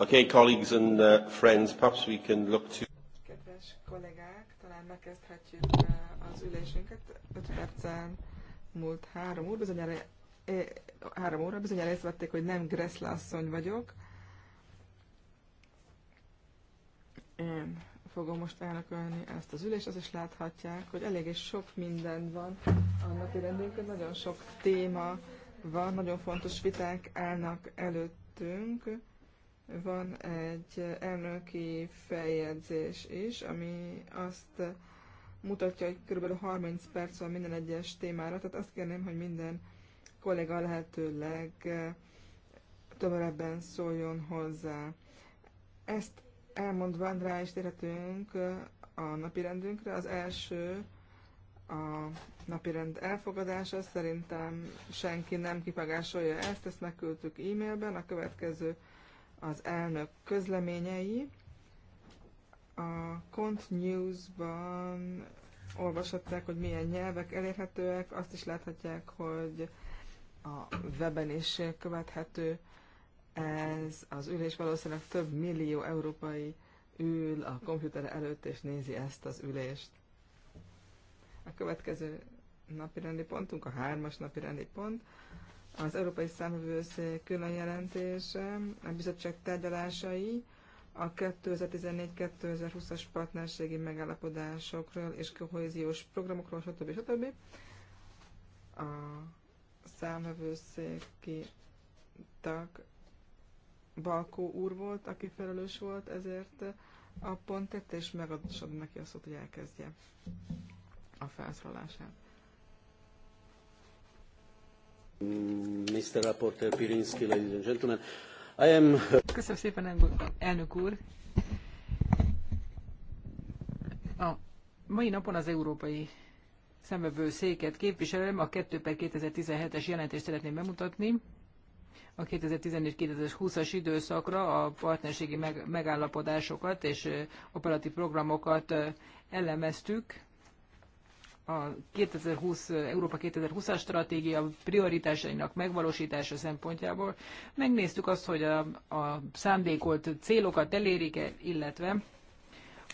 Okay, colleagues and uh, friends, perhaps we can look to... Kedves kollégák, talán megkezdhetjük uh, az ülésünket. 5 percen múlt három óra, bizonyára, eh, három óra, bizonyára észrevették, hogy nem Gressle asszony vagyok. Én fogom most elnökölni ezt az ülést, az is láthatják, hogy is sok minden van a napi rendünkön, nagyon sok téma van, nagyon fontos viták állnak előttünk. Van egy elnöki feljegyzés is, ami azt mutatja, hogy kb. 30 perc van minden egyes témára, tehát azt kérném, hogy minden kolléga lehetőleg tömörebben szóljon hozzá. Ezt elmondva rá is térhetünk a napirendünkre. Az első a napirend elfogadása. Szerintem senki nem kipagásolja ezt, ezt megküldtük e-mailben. A következő az elnök közleményei. A Cont News-ban olvashatták, hogy milyen nyelvek elérhetőek, azt is láthatják, hogy a weben is követhető ez az ülés. Valószínűleg több millió európai ül a komputer előtt és nézi ezt az ülést. A következő napi rendi pontunk, a hármas napi rendi pont, az Európai Számvevőszék külön jelentése, a bizottság tárgyalásai, a 2014-2020-as partnerségi megállapodásokról és kohéziós programokról, stb. stb. A számvevőszéki tag Balkó úr volt, aki felelős volt ezért a pontért, és megadásod neki a szót, hogy elkezdje a felszólását. Mr. Rapporteur Pirinski, ladies and gentlemen. I am... Uh, Köszönöm szépen, elnök úr. A mai napon az európai szembevő széket képviselem, a 2 per 2017-es jelentést szeretném bemutatni. A 2014-2020-as időszakra a partnerségi megállapodásokat és operatív programokat elemeztük a 2020, Európa 2020-as stratégia prioritásainak megvalósítása szempontjából. Megnéztük azt, hogy a, a szándékolt célokat elérik-e, illetve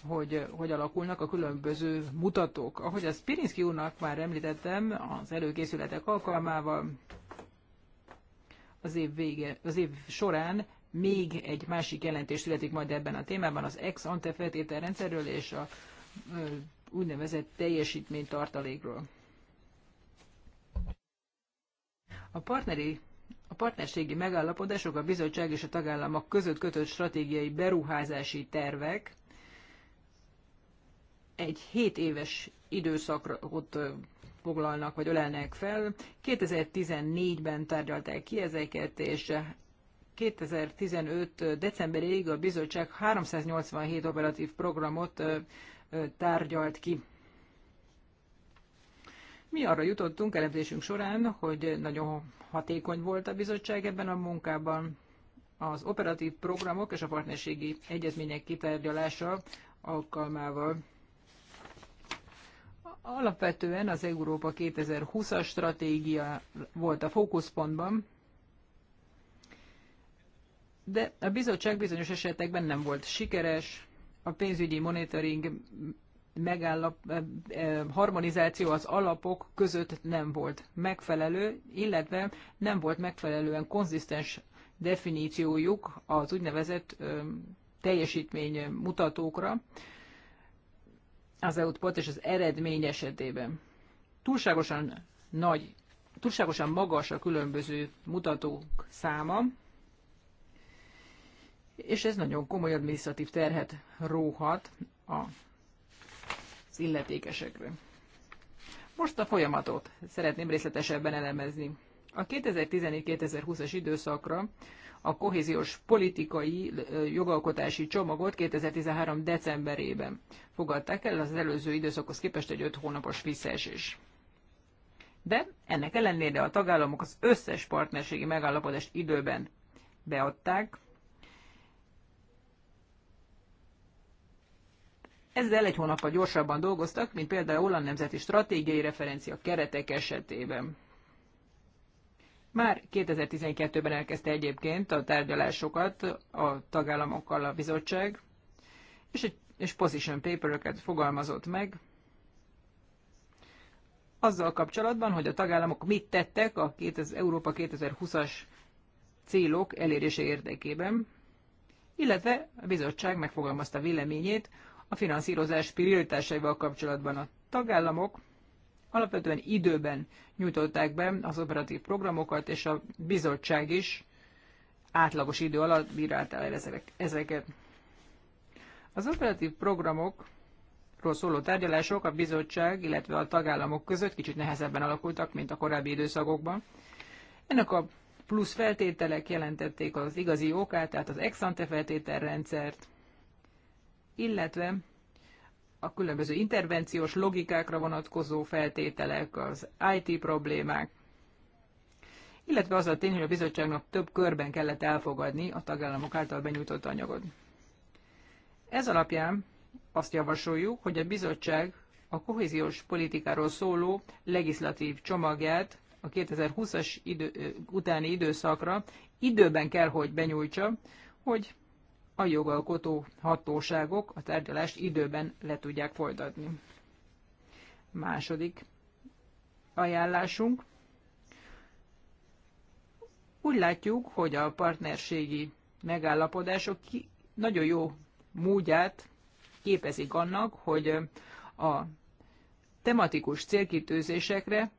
hogy hogy alakulnak a különböző mutatók. Ahogy a Spirinski úrnak már említettem, az előkészületek alkalmával az év, vége, az év során még egy másik jelentés születik majd ebben a témában, az ex ante feltételrendszerről és a úgynevezett teljesítménytartalékról. A partneri a partnerségi megállapodások a bizottság és a tagállamok között kötött stratégiai beruházási tervek egy 7 éves időszakot foglalnak, vagy ölelnek fel. 2014-ben tárgyalták ki ezeket, és 2015. decemberéig a bizottság 387 operatív programot tárgyalt ki. Mi arra jutottunk elemzésünk során, hogy nagyon hatékony volt a bizottság ebben a munkában. Az operatív programok és a partnerségi egyezmények kitárgyalása alkalmával. Alapvetően az Európa 2020-as stratégia volt a fókuszpontban, de a bizottság bizonyos esetekben nem volt sikeres, a pénzügyi monitoring megállap, harmonizáció az alapok között nem volt megfelelő, illetve nem volt megfelelően konzisztens definíciójuk az úgynevezett teljesítmény mutatókra az output és az eredmény esetében. Túlságosan nagy, túlságosan magas a különböző mutatók száma, és ez nagyon komoly administratív terhet róhat az illetékesekre. Most a folyamatot szeretném részletesebben elemezni. A 2014-2020-as időszakra a kohéziós politikai jogalkotási csomagot 2013. decemberében fogadták el, az előző időszakhoz képest egy 5 hónapos visszaesés. De ennek ellenére a tagállamok az összes partnerségi megállapodást időben beadták, Ezzel egy hónappal gyorsabban dolgoztak, mint például a Nemzeti Stratégiai Referencia keretek esetében. Már 2012-ben elkezdte egyébként a tárgyalásokat a tagállamokkal a bizottság, és, egy, és position paper fogalmazott meg, azzal kapcsolatban, hogy a tagállamok mit tettek a 2000, Európa 2020-as célok elérése érdekében, illetve a bizottság megfogalmazta véleményét a finanszírozás prioritásaival kapcsolatban a tagállamok alapvetően időben nyújtották be az operatív programokat, és a bizottság is átlagos idő alatt bírálta el ezeket. Az operatív programokról szóló tárgyalások a bizottság, illetve a tagállamok között kicsit nehezebben alakultak, mint a korábbi időszakokban. Ennek a plusz feltételek jelentették az igazi okát, tehát az ex ante feltételrendszert, illetve a különböző intervenciós logikákra vonatkozó feltételek, az IT problémák, illetve az a tény, hogy a bizottságnak több körben kellett elfogadni a tagállamok által benyújtott anyagot. Ez alapján azt javasoljuk, hogy a bizottság a kohéziós politikáról szóló legislatív csomagját a 2020-as idő, utáni időszakra időben kell, hogy benyújtsa, hogy a jogalkotó hatóságok a tárgyalást időben le tudják folytatni. Második ajánlásunk. Úgy látjuk, hogy a partnerségi megállapodások ki, nagyon jó módját képezik annak, hogy a tematikus célkitűzésekre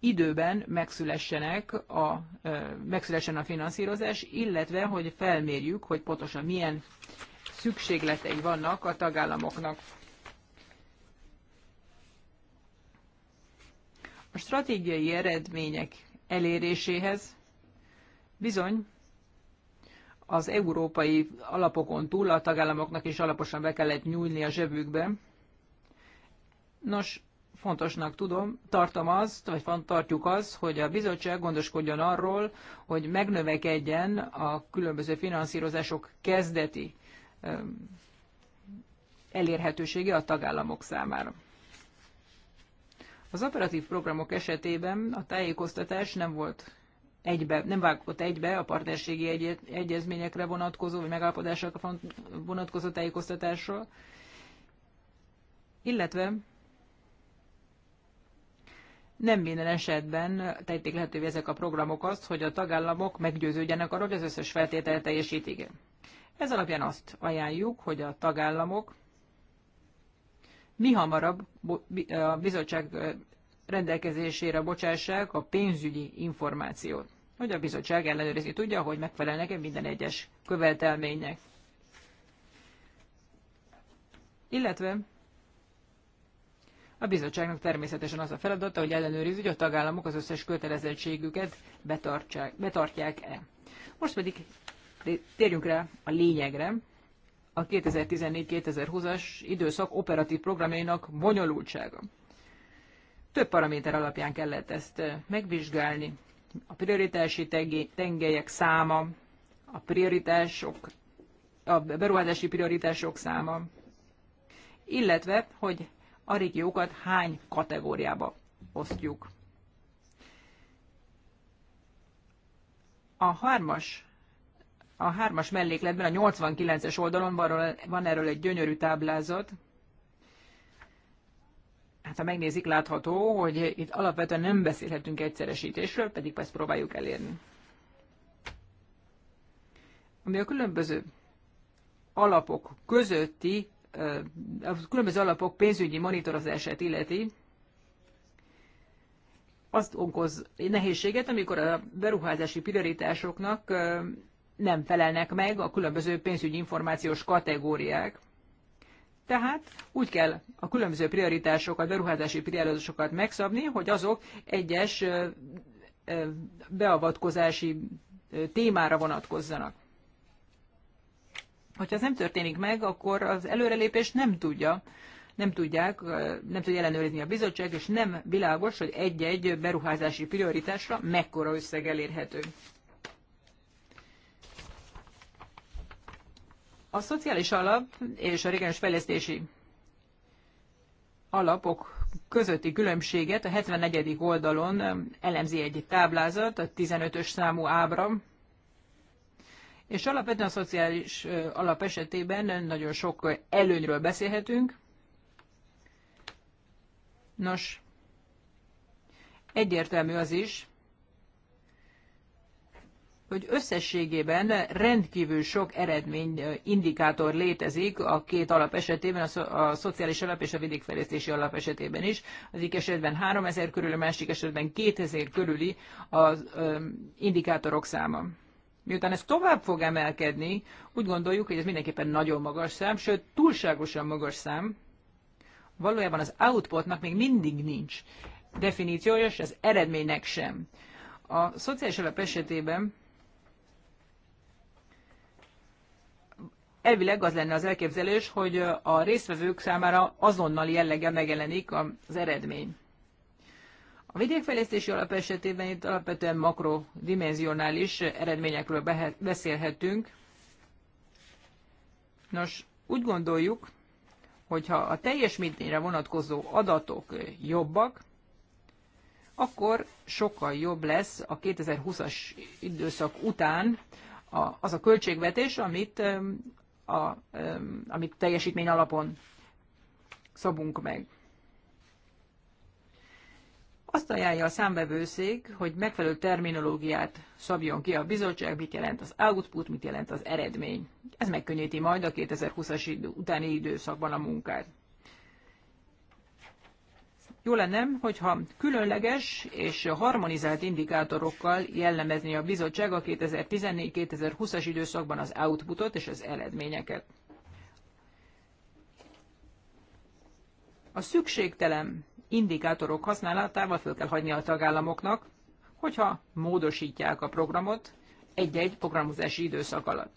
időben megszülessenek a, megszülessen a finanszírozás, illetve hogy felmérjük, hogy pontosan milyen szükségletei vannak a tagállamoknak. A stratégiai eredmények eléréséhez bizony az európai alapokon túl a tagállamoknak is alaposan be kellett nyúlni a zsebükbe. Nos, fontosnak tudom, tartom azt, vagy tartjuk azt, hogy a bizottság gondoskodjon arról, hogy megnövekedjen a különböző finanszírozások kezdeti elérhetősége a tagállamok számára. Az operatív programok esetében a tájékoztatás nem volt egybe, nem vágott egybe a partnerségi egyezményekre vonatkozó, vagy megállapodásokra vonatkozó tájékoztatásról, illetve nem minden esetben tették lehetővé ezek a programok azt, hogy a tagállamok meggyőződjenek arról, hogy az összes feltételt teljesítik. Ez alapján azt ajánljuk, hogy a tagállamok mi hamarabb a bizottság rendelkezésére bocsássák a pénzügyi információt, hogy a bizottság ellenőrizni tudja, hogy megfelelnek-e minden egyes követelménynek. Illetve a bizottságnak természetesen az a feladata, hogy ellenőriz, hogy a tagállamok az összes kötelezettségüket betartják-e. Most pedig térjünk rá a lényegre, a 2014-2020-as időszak operatív programjainak bonyolultsága. Több paraméter alapján kellett ezt eh, megvizsgálni. A prioritási tengelyek száma, a prioritások, a beruházási prioritások száma, illetve, hogy a régiókat hány kategóriába osztjuk. A hármas, a hármas mellékletben, a 89-es oldalon van, van erről egy gyönyörű táblázat. Hát ha megnézik, látható, hogy itt alapvetően nem beszélhetünk egyszeresítésről, pedig ezt próbáljuk elérni. Ami a különböző alapok közötti a különböző alapok pénzügyi monitorozását illeti, azt okoz nehézséget, amikor a beruházási prioritásoknak nem felelnek meg a különböző pénzügyi információs kategóriák. Tehát úgy kell a különböző prioritásokat, beruházási prioritásokat megszabni, hogy azok egyes beavatkozási témára vonatkozzanak. Hogyha ez nem történik meg, akkor az előrelépést nem tudja nem tudják, nem tudja ellenőrizni a bizottság, és nem világos, hogy egy-egy beruházási prioritásra mekkora összeg elérhető. A szociális alap és a regionális fejlesztési alapok közötti különbséget a 74. oldalon elemzi egy táblázat, a 15-ös számú ábra. És alapvetően a szociális alap esetében nagyon sok előnyről beszélhetünk. Nos, egyértelmű az is, hogy összességében rendkívül sok eredmény indikátor létezik a két alap esetében, a, szo a szociális alap és a vidékfejlesztési alap esetében is. Az egyik esetben 3000 körül, a másik esetben 2000 körüli az ö, indikátorok száma miután ez tovább fog emelkedni, úgy gondoljuk, hogy ez mindenképpen nagyon magas szám, sőt túlságosan magas szám. Valójában az outputnak még mindig nincs definíciója, és az eredménynek sem. A szociális alap esetében elvileg az lenne az elképzelés, hogy a résztvevők számára azonnal jellege megjelenik az eredmény. A vidékfejlesztési alap esetében itt alapvetően makrodimenzionális eredményekről beszélhetünk. Nos, úgy gondoljuk, hogyha a teljes mintényre vonatkozó adatok jobbak, akkor sokkal jobb lesz a 2020-as időszak után az a költségvetés, amit, a, amit teljesítmény alapon szabunk meg. Azt ajánlja a számbevőszék, hogy megfelelő terminológiát szabjon ki a bizottság, mit jelent az output, mit jelent az eredmény. Ez megkönnyíti majd a 2020-as idő, utáni időszakban a munkát. Jó lenne, hogyha különleges és harmonizált indikátorokkal jellemezni a bizottság a 2014-2020-as időszakban az outputot és az eredményeket. A szükségtelen indikátorok használatával föl kell hagyni a tagállamoknak, hogyha módosítják a programot egy-egy programozási időszak alatt.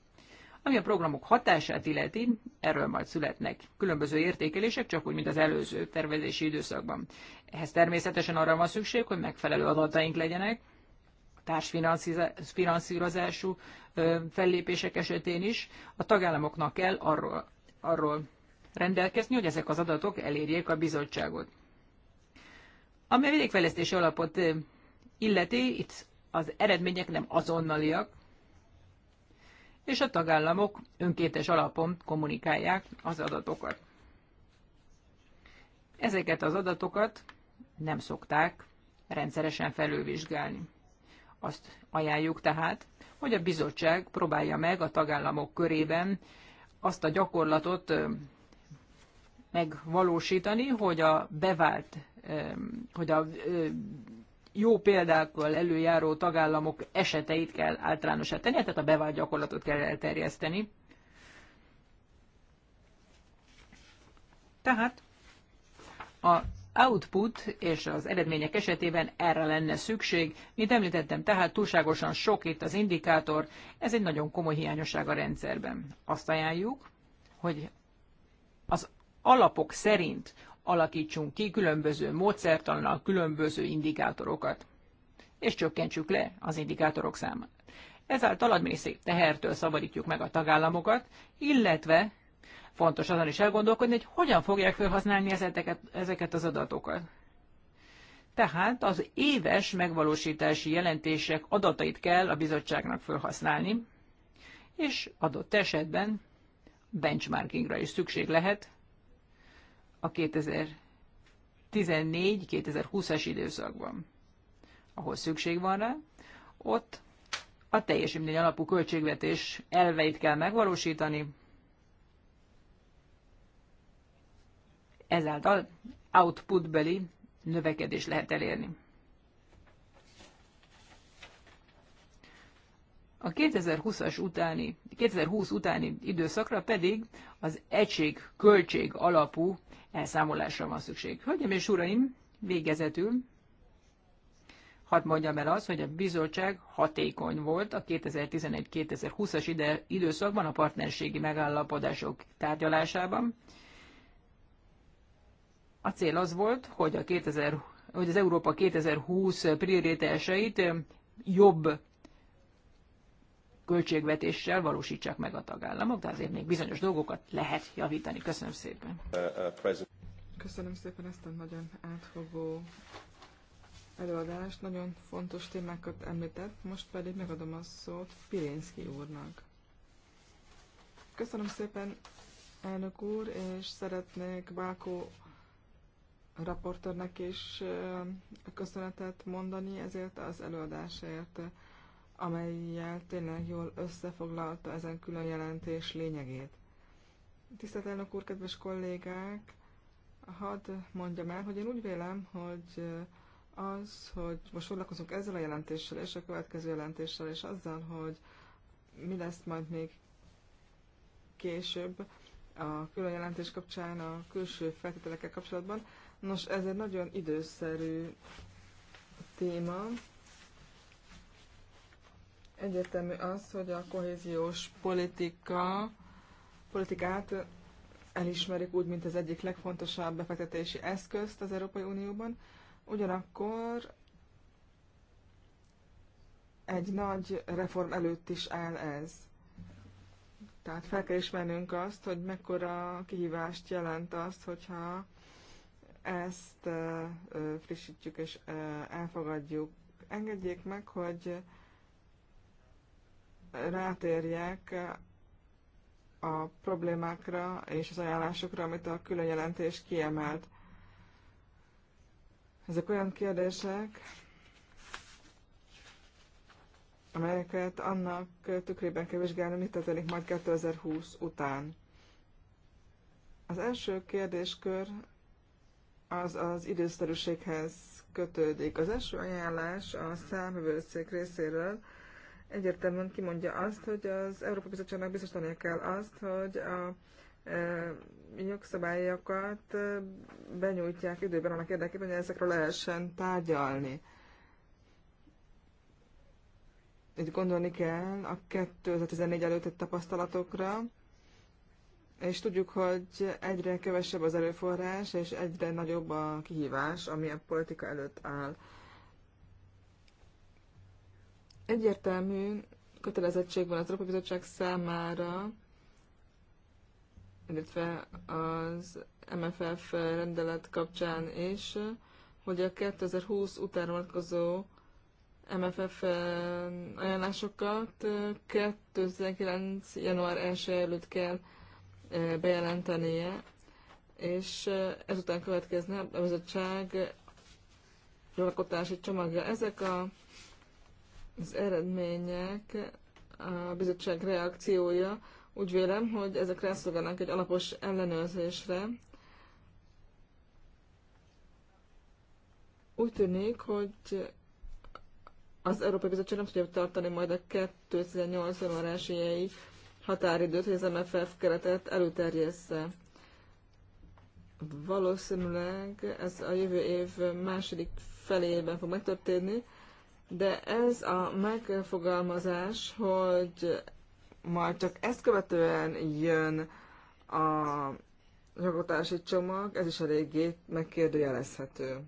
Ami a programok hatását illeti, erről majd születnek különböző értékelések, csak úgy, mint az előző tervezési időszakban. Ehhez természetesen arra van szükség, hogy megfelelő adataink legyenek, társfinanszírozású fellépések esetén is a tagállamoknak kell arról, arról rendelkezni, hogy ezek az adatok elérjék a bizottságot. Ami a vidékfejlesztési alapot illeti, itt az eredmények nem azonnaliak, és a tagállamok önkéntes alapon kommunikálják az adatokat. Ezeket az adatokat nem szokták rendszeresen felülvizsgálni. Azt ajánljuk tehát, hogy a bizottság próbálja meg a tagállamok körében azt a gyakorlatot megvalósítani, hogy a bevált, hogy a jó példákkal előjáró tagállamok eseteit kell általánosá tenni, tehát a bevált gyakorlatot kell elterjeszteni. Tehát a output és az eredmények esetében erre lenne szükség. Mint említettem, tehát túlságosan sok itt az indikátor, ez egy nagyon komoly hiányosság a rendszerben. Azt ajánljuk, hogy az alapok szerint alakítsunk ki különböző módszertannal különböző indikátorokat, és csökkentsük le az indikátorok számát. Ezáltal adminisztrív tehertől szabadítjuk meg a tagállamokat, illetve fontos azon is elgondolkodni, hogy hogyan fogják felhasználni ezeket, ezeket az adatokat. Tehát az éves megvalósítási jelentések adatait kell a bizottságnak felhasználni, és adott esetben benchmarkingra is szükség lehet, a 2014-2020-as időszakban, ahol szükség van rá, ott a teljes mindegy alapú költségvetés elveit kell megvalósítani, ezáltal outputbeli növekedés lehet elérni. A 2020 utáni, 2020 utáni időszakra pedig az egység költség alapú elszámolásra van szükség. Hölgyeim és uraim, végezetül hadd mondjam el az, hogy a bizottság hatékony volt a 2011-2020-as időszakban a partnerségi megállapodások tárgyalásában. A cél az volt, hogy, a 2000, hogy az Európa 2020 prioritásait jobb költségvetéssel valósítsák meg a tagállamok, de azért még bizonyos dolgokat lehet javítani. Köszönöm szépen. Köszönöm szépen ezt a nagyon átfogó előadást, nagyon fontos témákat említett, most pedig megadom a szót Pirinszki úrnak. Köszönöm szépen, elnök úr, és szeretnék Bálkó raportőrnek is köszönetet mondani ezért az előadásért amelyel tényleg jól összefoglalta ezen külön jelentés lényegét. Tisztelt elnök úr, kedves kollégák! Hadd mondjam el, hogy én úgy vélem, hogy az, hogy most foglalkozunk ezzel a jelentéssel és a következő jelentéssel, és azzal, hogy mi lesz majd még később a külön jelentés kapcsán, a külső feltételekkel kapcsolatban. Nos, ez egy nagyon időszerű téma, Egyértelmű az, hogy a kohéziós politika, politikát elismerik úgy, mint az egyik legfontosabb befektetési eszközt az Európai Unióban. Ugyanakkor egy nagy reform előtt is áll ez. Tehát fel kell ismernünk azt, hogy mekkora kihívást jelent azt, hogyha ezt frissítjük és elfogadjuk. Engedjék meg, hogy rátérjek a problémákra és az ajánlásokra, amit a külön jelentés kiemelt. Ezek olyan kérdések, amelyeket annak tükrében kell vizsgálni, mit történik majd 2020 után. Az első kérdéskör az az időszerűséghez kötődik. Az első ajánlás a számvevőszék részéről egyértelműen kimondja azt, hogy az Európai Bizottságnak biztosítania kell azt, hogy a e, jogszabályokat e, benyújtják időben annak érdekében, hogy ezekről lehessen tárgyalni. Itt gondolni kell a 2014 előtti tapasztalatokra, és tudjuk, hogy egyre kevesebb az erőforrás, és egyre nagyobb a kihívás, ami a politika előtt áll. Egyértelmű kötelezettség van az Európai Bizottság számára, illetve az MFF rendelet kapcsán is, hogy a 2020 után vonatkozó MFF ajánlásokat 2019. január 1 előtt kell eh, bejelentenie, és eh, ezután következne a bizottság jogalkotási csomagja. Ezek a az eredmények, a bizottság reakciója, úgy vélem, hogy ezek rászolgálnak egy alapos ellenőrzésre. Úgy tűnik, hogy az Európai Bizottság nem tudja tartani majd a 2008 januári határidőt, hogy az MFF keretet előterjessze. Valószínűleg ez a jövő év második felében fog megtörténni, de ez a megfogalmazás, hogy majd csak ezt követően jön a jogotási csomag, ez is eléggé megkérdőjelezhető.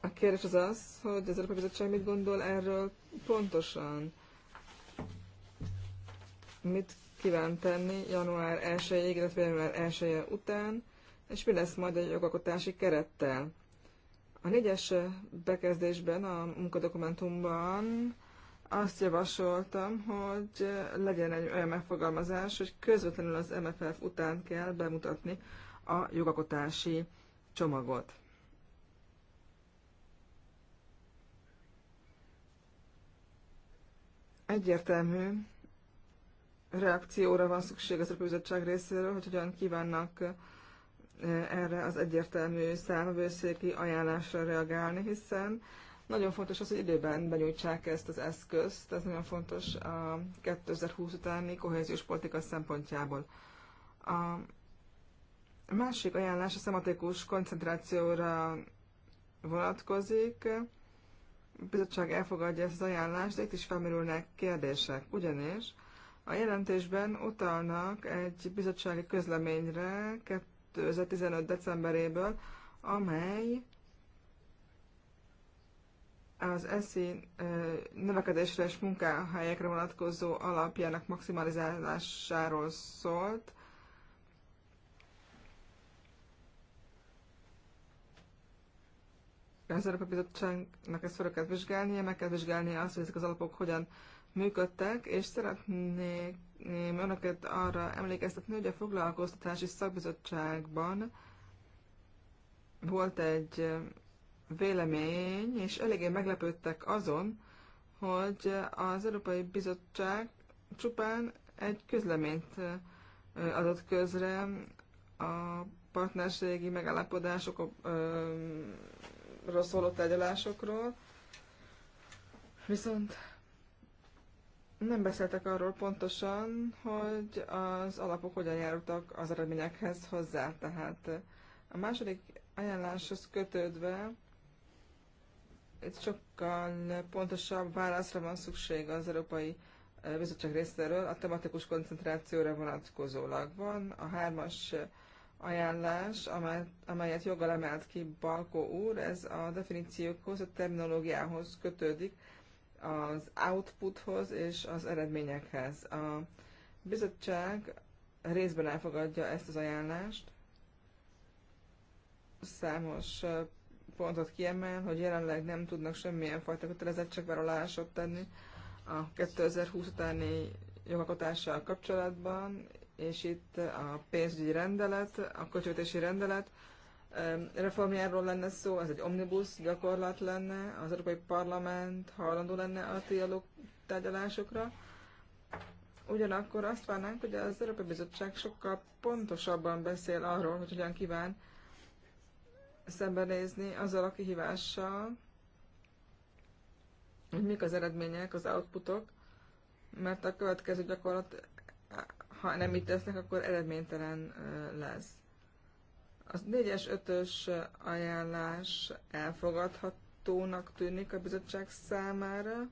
A kérdés az az, hogy az Európai Bizottság mit gondol erről pontosan? Mit kíván tenni január 1-ig, illetve január 1 -e után, és mi lesz majd egy jogalkotási kerettel? A négyes bekezdésben, a munkadokumentumban azt javasoltam, hogy legyen egy olyan megfogalmazás, hogy közvetlenül az MFF után kell bemutatni a jogakotási csomagot. Egyértelmű reakcióra van szükség az Európai Bizottság részéről, hogy hogyan kívánnak erre az egyértelmű számvőszéki ajánlásra reagálni, hiszen nagyon fontos az, hogy időben benyújtsák ezt az eszközt, ez nagyon fontos a 2020 utáni kohéziós politika szempontjából. A másik ajánlás a szematikus koncentrációra vonatkozik. A bizottság elfogadja ezt az ajánlást, de itt is felmerülnek kérdések. Ugyanis a jelentésben utalnak egy bizottsági közleményre 2015. decemberéből, amely az ESZI eh, növekedésre és munkahelyekre vonatkozó alapjának maximalizálásáról szólt. Az Európai Bizottságnak ezt fel kell vizsgálnia, meg kell vizsgálnia azt, hogy ezek az alapok hogyan működtek, és szeretnék szeretném önöket arra emlékeztetni, hogy a foglalkoztatási szakbizottságban volt egy vélemény, és eléggé meglepődtek azon, hogy az Európai Bizottság csupán egy közleményt adott közre a partnerségi megállapodásokról szóló tárgyalásokról, viszont nem beszéltek arról pontosan, hogy az alapok hogyan járultak az eredményekhez hozzá. Tehát a második ajánláshoz kötődve egy sokkal pontosabb válaszra van szükség az Európai Bizottság részéről a tematikus koncentrációra vonatkozólag. Van a hármas ajánlás, amelyet, joggal emelt ki Balkó úr, ez a definíciókhoz, a terminológiához kötődik, az outputhoz és az eredményekhez. A bizottság részben elfogadja ezt az ajánlást, számos pontot kiemel, hogy jelenleg nem tudnak semmilyen fajta kötelezettségvállalásot tenni a 2020 utáni jogalkotással kapcsolatban, és itt a pénzügyi rendelet, a költségvetési rendelet, reformjáról lenne szó, ez egy omnibus gyakorlat lenne, az Európai Parlament hajlandó lenne a trialóg tárgyalásokra. Ugyanakkor azt várnánk, hogy az Európai Bizottság sokkal pontosabban beszél arról, hogy hogyan kíván szembenézni azzal a kihívással, hogy mik az eredmények, az outputok, mert a következő gyakorlat, ha nem így tesznek, akkor eredménytelen lesz. Az 4-es, 5-ös ajánlás elfogadhatónak tűnik a bizottság számára.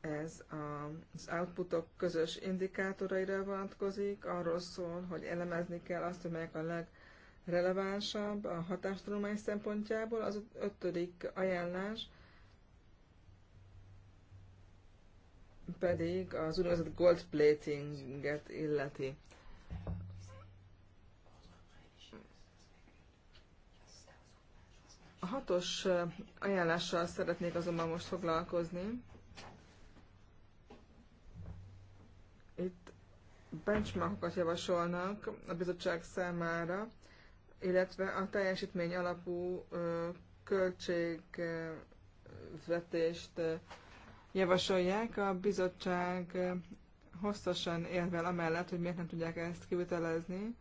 Ez az outputok közös indikátoraira vonatkozik, arról szól, hogy elemezni kell azt, hogy melyek a legrelevánsabb relevánsabb a hatástudomány szempontjából. Az ötödik ajánlás pedig az úgynevezett gold platinget illeti. A hatos ajánlással szeretnék azonban most foglalkozni. Itt benchmarkokat javasolnak a bizottság számára, illetve a teljesítmény alapú költségvetést javasolják. A bizottság hosszasan érvel amellett, hogy miért nem tudják ezt kivitelezni,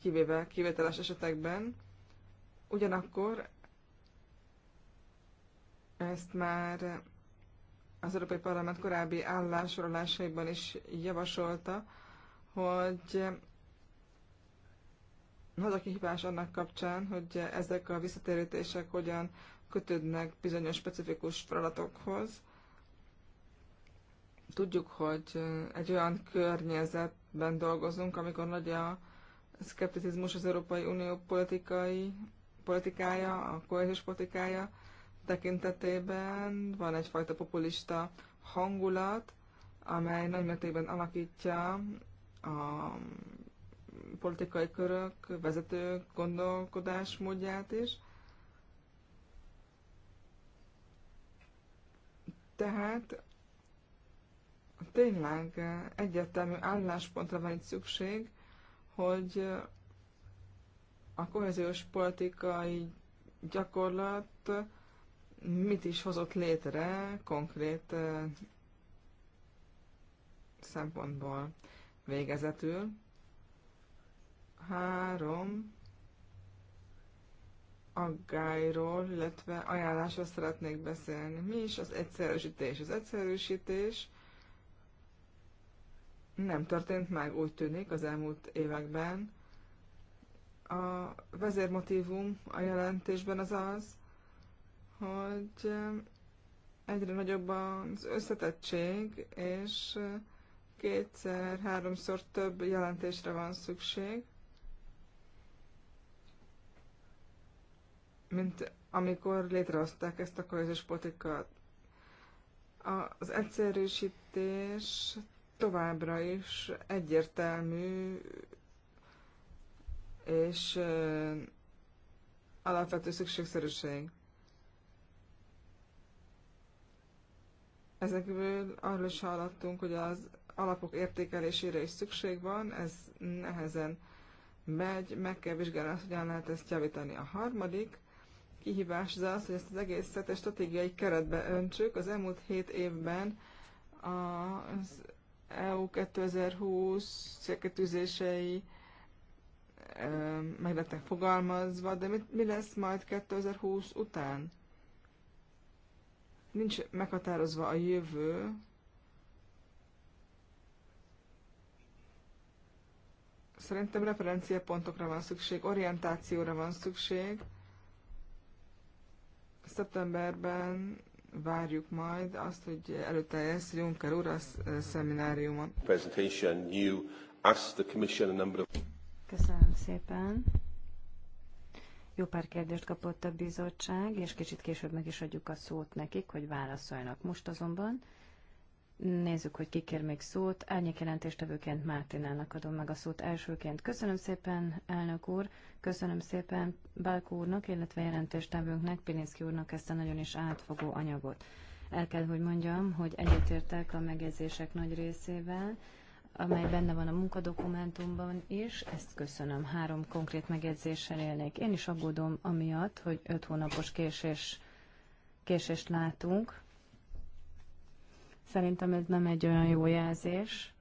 kivéve kivételes esetekben Ugyanakkor ezt már az Európai Parlament korábbi állásolásaiban is javasolta, hogy az a kihívás annak kapcsán, hogy ezek a visszatérítések hogyan kötődnek bizonyos specifikus feladatokhoz. Tudjuk, hogy egy olyan környezetben dolgozunk, amikor nagy a szkepticizmus az Európai Unió politikai politikája, a kohéziós politikája tekintetében van egyfajta populista hangulat, amely nagymértékben alakítja a politikai körök, vezetők módját is. Tehát tényleg egyértelmű álláspontra van itt szükség, hogy a kohéziós politikai gyakorlat mit is hozott létre konkrét eh, szempontból végezetül. Három aggályról, illetve ajánlásról szeretnék beszélni. Mi is az egyszerűsítés? Az egyszerűsítés nem történt meg, úgy tűnik, az elmúlt években a vezérmotívum a jelentésben az az, hogy um, egyre nagyobb az összetettség, és uh, kétszer-háromszor több jelentésre van szükség, mint amikor létrehozták ezt a közös politikát. Az egyszerűsítés továbbra is egyértelmű és alapvető szükségszerűség. Ezen kívül arról is hallottunk, hogy az alapok értékelésére is szükség van, ez nehezen megy, meg kell vizsgálni azt, hogyan lehet ezt javítani. A harmadik kihívás az az, hogy ezt az egészet egy stratégiai keretbe öntsük. Az elmúlt hét évben az EU 2020 célkötűzései meg lettek fogalmazva, de mit, mi lesz majd 2020 után? Nincs meghatározva a jövő, szerintem referenciapontokra van szükség, orientációra van szükség. Szeptemberben várjuk majd azt, hogy előteljes Juncker úr a szemináriumon. Presentation, you asked the commission a number of... Köszönöm szépen. Jó pár kérdést kapott a bizottság, és kicsit később meg is adjuk a szót nekik, hogy válaszoljanak. Most azonban nézzük, hogy ki kér még szót. Árnyékjelentéstevőként Mártinának adom meg a szót elsőként. Köszönöm szépen, elnök úr, köszönöm szépen Balkó úrnak, illetve jelentéstevőnknek, Pilinszki úrnak ezt a nagyon is átfogó anyagot. El kell, hogy mondjam, hogy egyetértek a megjegyzések nagy részével, amely benne van a munkadokumentumban is. Ezt köszönöm. Három konkrét megjegyzéssel élnék. Én is aggódom amiatt, hogy öt hónapos késés, késést látunk. Szerintem ez nem egy olyan jó jelzés.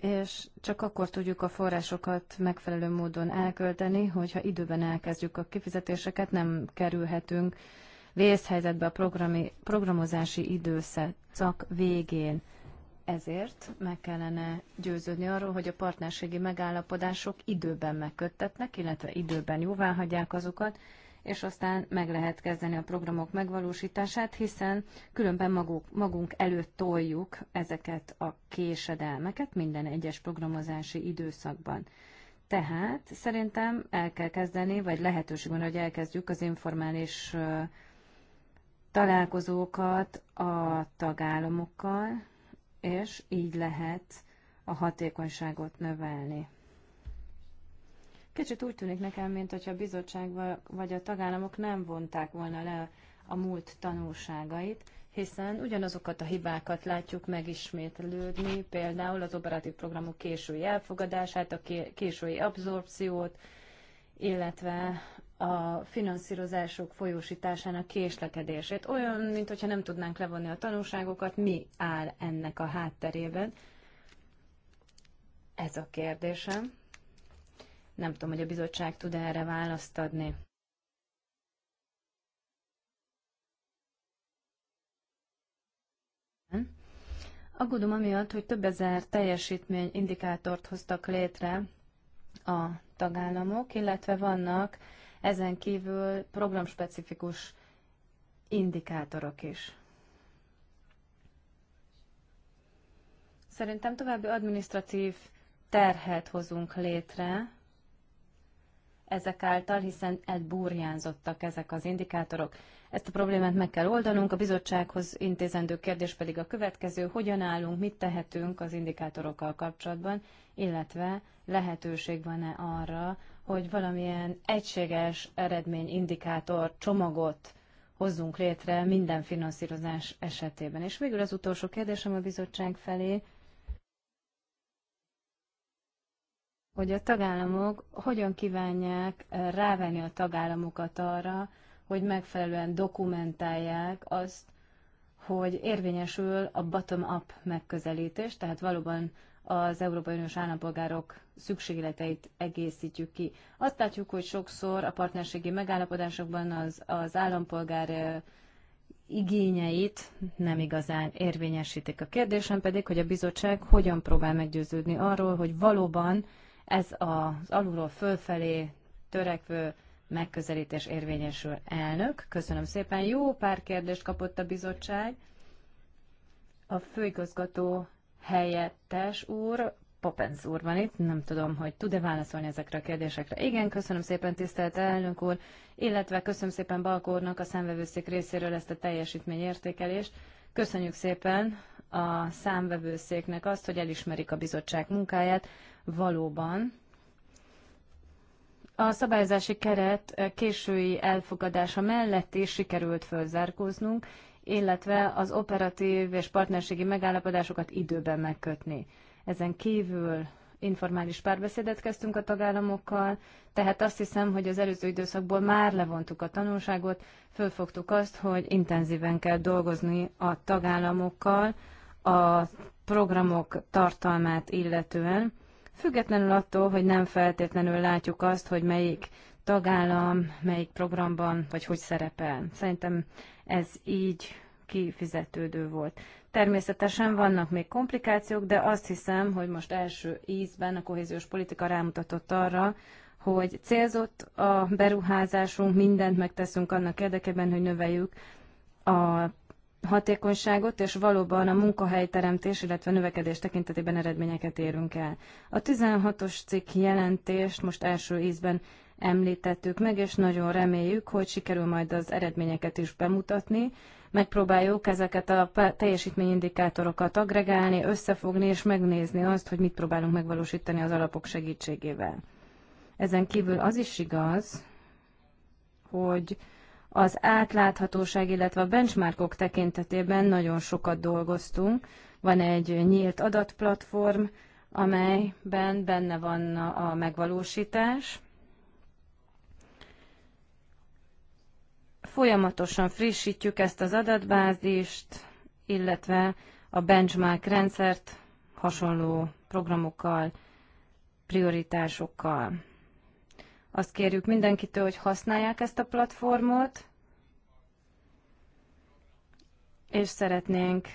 És csak akkor tudjuk a forrásokat megfelelő módon elkölteni, hogyha időben elkezdjük a kifizetéseket, nem kerülhetünk vészhelyzetbe a programi, programozási időszak végén. Ezért meg kellene győződni arról, hogy a partnerségi megállapodások időben megköttetnek, illetve időben jóváhagyják azokat, és aztán meg lehet kezdeni a programok megvalósítását, hiszen különben maguk, magunk előtt toljuk ezeket a késedelmeket minden egyes programozási időszakban. Tehát szerintem el kell kezdeni, vagy lehetőség van, hogy elkezdjük az informális találkozókat a tagállamokkal, és így lehet a hatékonyságot növelni. Kicsit úgy tűnik nekem, mint hogyha a bizottság vagy a tagállamok nem vonták volna le a múlt tanulságait, hiszen ugyanazokat a hibákat látjuk megismétlődni, például az operatív programok késői elfogadását, a késői abszorpciót, illetve a finanszírozások folyósításának késlekedését. Olyan, mintha nem tudnánk levonni a tanulságokat, mi áll ennek a hátterében. Ez a kérdésem. Nem tudom, hogy a bizottság tud -e erre választ adni. Aggódom amiatt, hogy több ezer teljesítmény indikátort hoztak létre a tagállamok, illetve vannak ezen kívül programspecifikus indikátorok is. Szerintem további administratív terhet hozunk létre ezek által, hiszen elburjánzottak ezek az indikátorok. Ezt a problémát meg kell oldanunk, a bizottsághoz intézendő kérdés pedig a következő, hogyan állunk, mit tehetünk az indikátorokkal kapcsolatban, illetve lehetőség van-e arra, hogy valamilyen egységes eredményindikátor csomagot hozzunk létre minden finanszírozás esetében. És végül az utolsó kérdésem a bizottság felé, hogy a tagállamok hogyan kívánják eh, rávenni a tagállamokat arra, hogy megfelelően dokumentálják azt, hogy érvényesül a bottom-up megközelítés, tehát valóban az Európai Uniós állampolgárok szükségleteit egészítjük ki. Azt látjuk, hogy sokszor a partnerségi megállapodásokban az, az állampolgár igényeit nem igazán érvényesítik. A kérdésem pedig, hogy a bizottság hogyan próbál meggyőződni arról, hogy valóban ez az alulról fölfelé törekvő megközelítés érvényesül elnök. Köszönöm szépen. Jó pár kérdést kapott a bizottság. A főigazgató helyettes úr, Popenc úr van itt, nem tudom, hogy tud-e válaszolni ezekre a kérdésekre. Igen, köszönöm szépen, tisztelt elnök úr, illetve köszönöm szépen Balkórnak a számvevőszék részéről ezt a teljesítményértékelést. Köszönjük szépen a számvevőszéknek azt, hogy elismerik a bizottság munkáját. Valóban a szabályozási keret késői elfogadása mellett is sikerült fölzárkóznunk, illetve az operatív és partnerségi megállapodásokat időben megkötni. Ezen kívül informális párbeszédet kezdtünk a tagállamokkal, tehát azt hiszem, hogy az előző időszakból már levontuk a tanulságot, fölfogtuk azt, hogy intenzíven kell dolgozni a tagállamokkal a programok tartalmát illetően, függetlenül attól, hogy nem feltétlenül látjuk azt, hogy melyik tagállam melyik programban, vagy hogy szerepel. Szerintem ez így kifizetődő volt. Természetesen vannak még komplikációk, de azt hiszem, hogy most első ízben a kohéziós politika rámutatott arra, hogy célzott a beruházásunk, mindent megteszünk annak érdekében, hogy növeljük a hatékonyságot, és valóban a munkahelyteremtés, illetve a növekedés tekintetében eredményeket érünk el. A 16-os cikk jelentést most első ízben említettük meg, és nagyon reméljük, hogy sikerül majd az eredményeket is bemutatni. Megpróbáljuk ezeket a teljesítményindikátorokat agregálni, összefogni és megnézni azt, hogy mit próbálunk megvalósítani az alapok segítségével. Ezen kívül az is igaz, hogy az átláthatóság, illetve a benchmarkok tekintetében nagyon sokat dolgoztunk. Van egy nyílt adatplatform, amelyben benne van a megvalósítás, Folyamatosan frissítjük ezt az adatbázist, illetve a benchmark rendszert hasonló programokkal, prioritásokkal. Azt kérjük mindenkitől, hogy használják ezt a platformot, és szeretnénk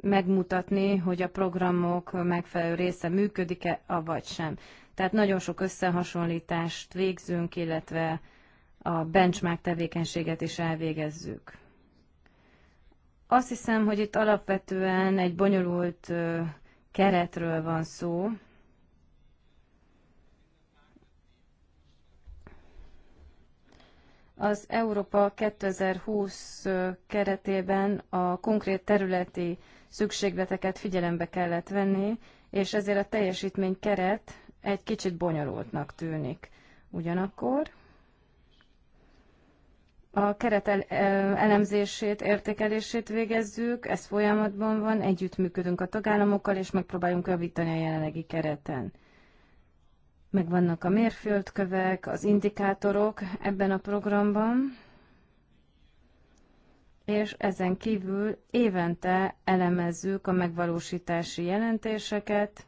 megmutatni, hogy a programok megfelelő része működik-e, avagy sem. Tehát nagyon sok összehasonlítást végzünk, illetve a benchmark tevékenységet is elvégezzük. Azt hiszem, hogy itt alapvetően egy bonyolult keretről van szó, az Európa 2020 keretében a konkrét területi szükségleteket figyelembe kellett venni, és ezért a teljesítmény keret egy kicsit bonyolultnak tűnik. Ugyanakkor a keret elemzését, értékelését végezzük, ez folyamatban van, együttműködünk a tagállamokkal, és megpróbáljunk javítani a jelenlegi kereten. Megvannak a mérföldkövek, az indikátorok ebben a programban, és ezen kívül évente elemezzük a megvalósítási jelentéseket,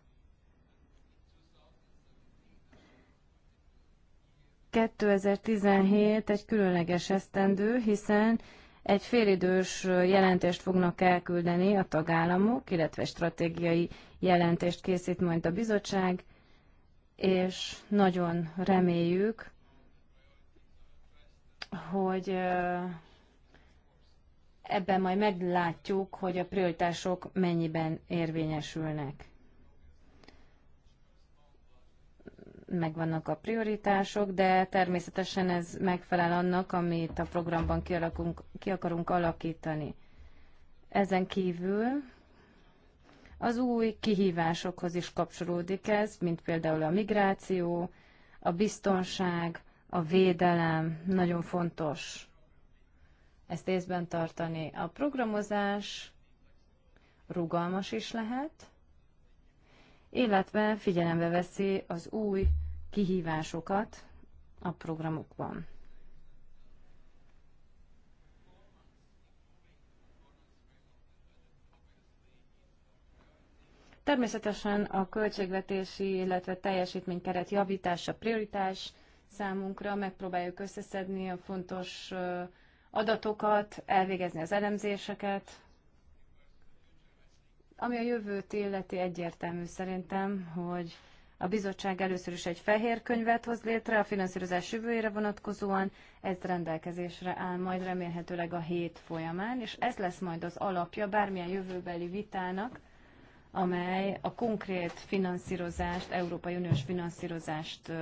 2017 egy különleges esztendő, hiszen egy félidős jelentést fognak elküldeni a tagállamok, illetve stratégiai jelentést készít majd a bizottság, és nagyon reméljük, hogy ebben majd meglátjuk, hogy a prioritások mennyiben érvényesülnek. megvannak a prioritások, de természetesen ez megfelel annak, amit a programban ki, ki akarunk alakítani. Ezen kívül az új kihívásokhoz is kapcsolódik ez, mint például a migráció, a biztonság, a védelem, nagyon fontos ezt észben tartani. A programozás rugalmas is lehet, illetve figyelembe veszi az új kihívásokat a programokban. Természetesen a költségvetési, illetve teljesítménykeret javítása prioritás számunkra, megpróbáljuk összeszedni a fontos adatokat, elvégezni az elemzéseket. Ami a jövőt illeti egyértelmű szerintem, hogy a bizottság először is egy fehér könyvet hoz létre a finanszírozás jövőjére vonatkozóan, ez rendelkezésre áll majd remélhetőleg a hét folyamán, és ez lesz majd az alapja bármilyen jövőbeli vitának, amely a konkrét finanszírozást, Európai Uniós finanszírozást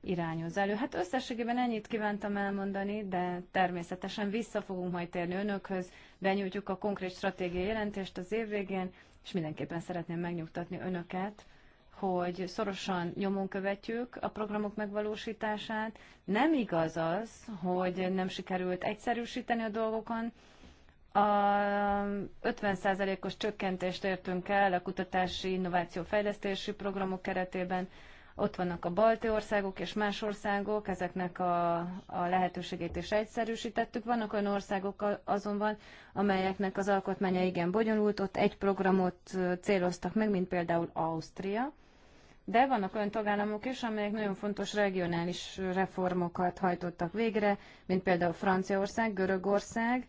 irányoz elő. Hát összességében ennyit kívántam elmondani, de természetesen vissza fogunk majd térni önökhöz, benyújtjuk a konkrét stratégiai jelentést az év végén, és mindenképpen szeretném megnyugtatni önöket, hogy szorosan nyomon követjük a programok megvalósítását. Nem igaz az, hogy nem sikerült egyszerűsíteni a dolgokon. A 50%-os csökkentést értünk el a kutatási innováció fejlesztési programok keretében. Ott vannak a balti országok és más országok, ezeknek a, a lehetőségét is egyszerűsítettük. Vannak olyan országok azonban, amelyeknek az alkotmánya igen bonyolult, ott egy programot céloztak meg, mint például Ausztria de vannak olyan tagállamok is, amelyek nagyon fontos regionális reformokat hajtottak végre, mint például Franciaország, Görögország,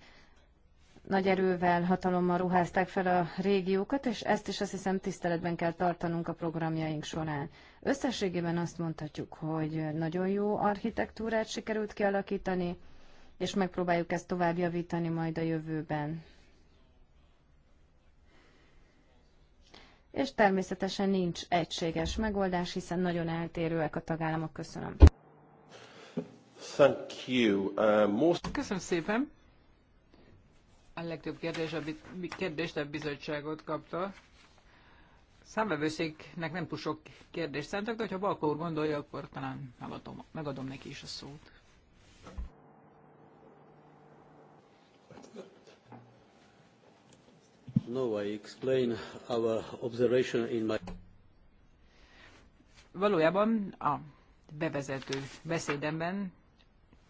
nagy erővel, hatalommal ruházták fel a régiókat, és ezt is azt hiszem tiszteletben kell tartanunk a programjaink során. Összességében azt mondhatjuk, hogy nagyon jó architektúrát sikerült kialakítani, és megpróbáljuk ezt tovább javítani majd a jövőben. és természetesen nincs egységes megoldás, hiszen nagyon eltérőek a tagállamok. Köszönöm. Thank you. Uh, most... Köszönöm szépen. A legtöbb kérdés a, kérdést a bizottságot kapta. Számvevőszéknek nem túl sok kérdést szántak, de ha Balkó úr gondolja, akkor talán megadom, megadom neki is a szót. No, I explain our observation in my... Valójában a bevezető beszédemben,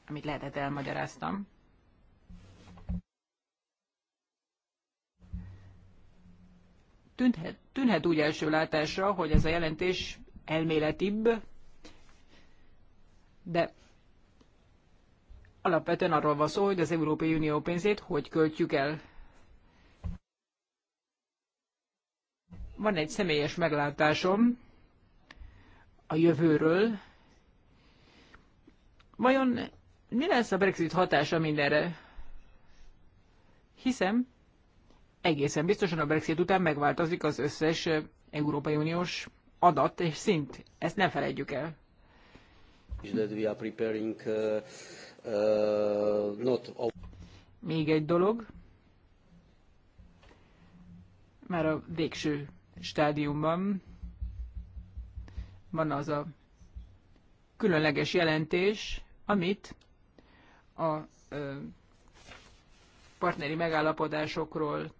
amit lehetett elmagyaráztam, tűnhet, tűnhet úgy első látásra, hogy ez a jelentés elméletibb, de alapvetően arról van szó, hogy az Európai Unió pénzét hogy költjük el Van egy személyes meglátásom a jövőről. Vajon mi lesz a Brexit hatása mindenre? Hiszem, egészen biztosan a Brexit után megváltozik az összes Európai Uniós adat és szint. Ezt ne felejtjük el. Uh, uh, Még egy dolog. Már a végső stádiumban van az a különleges jelentés, amit a partneri megállapodásokról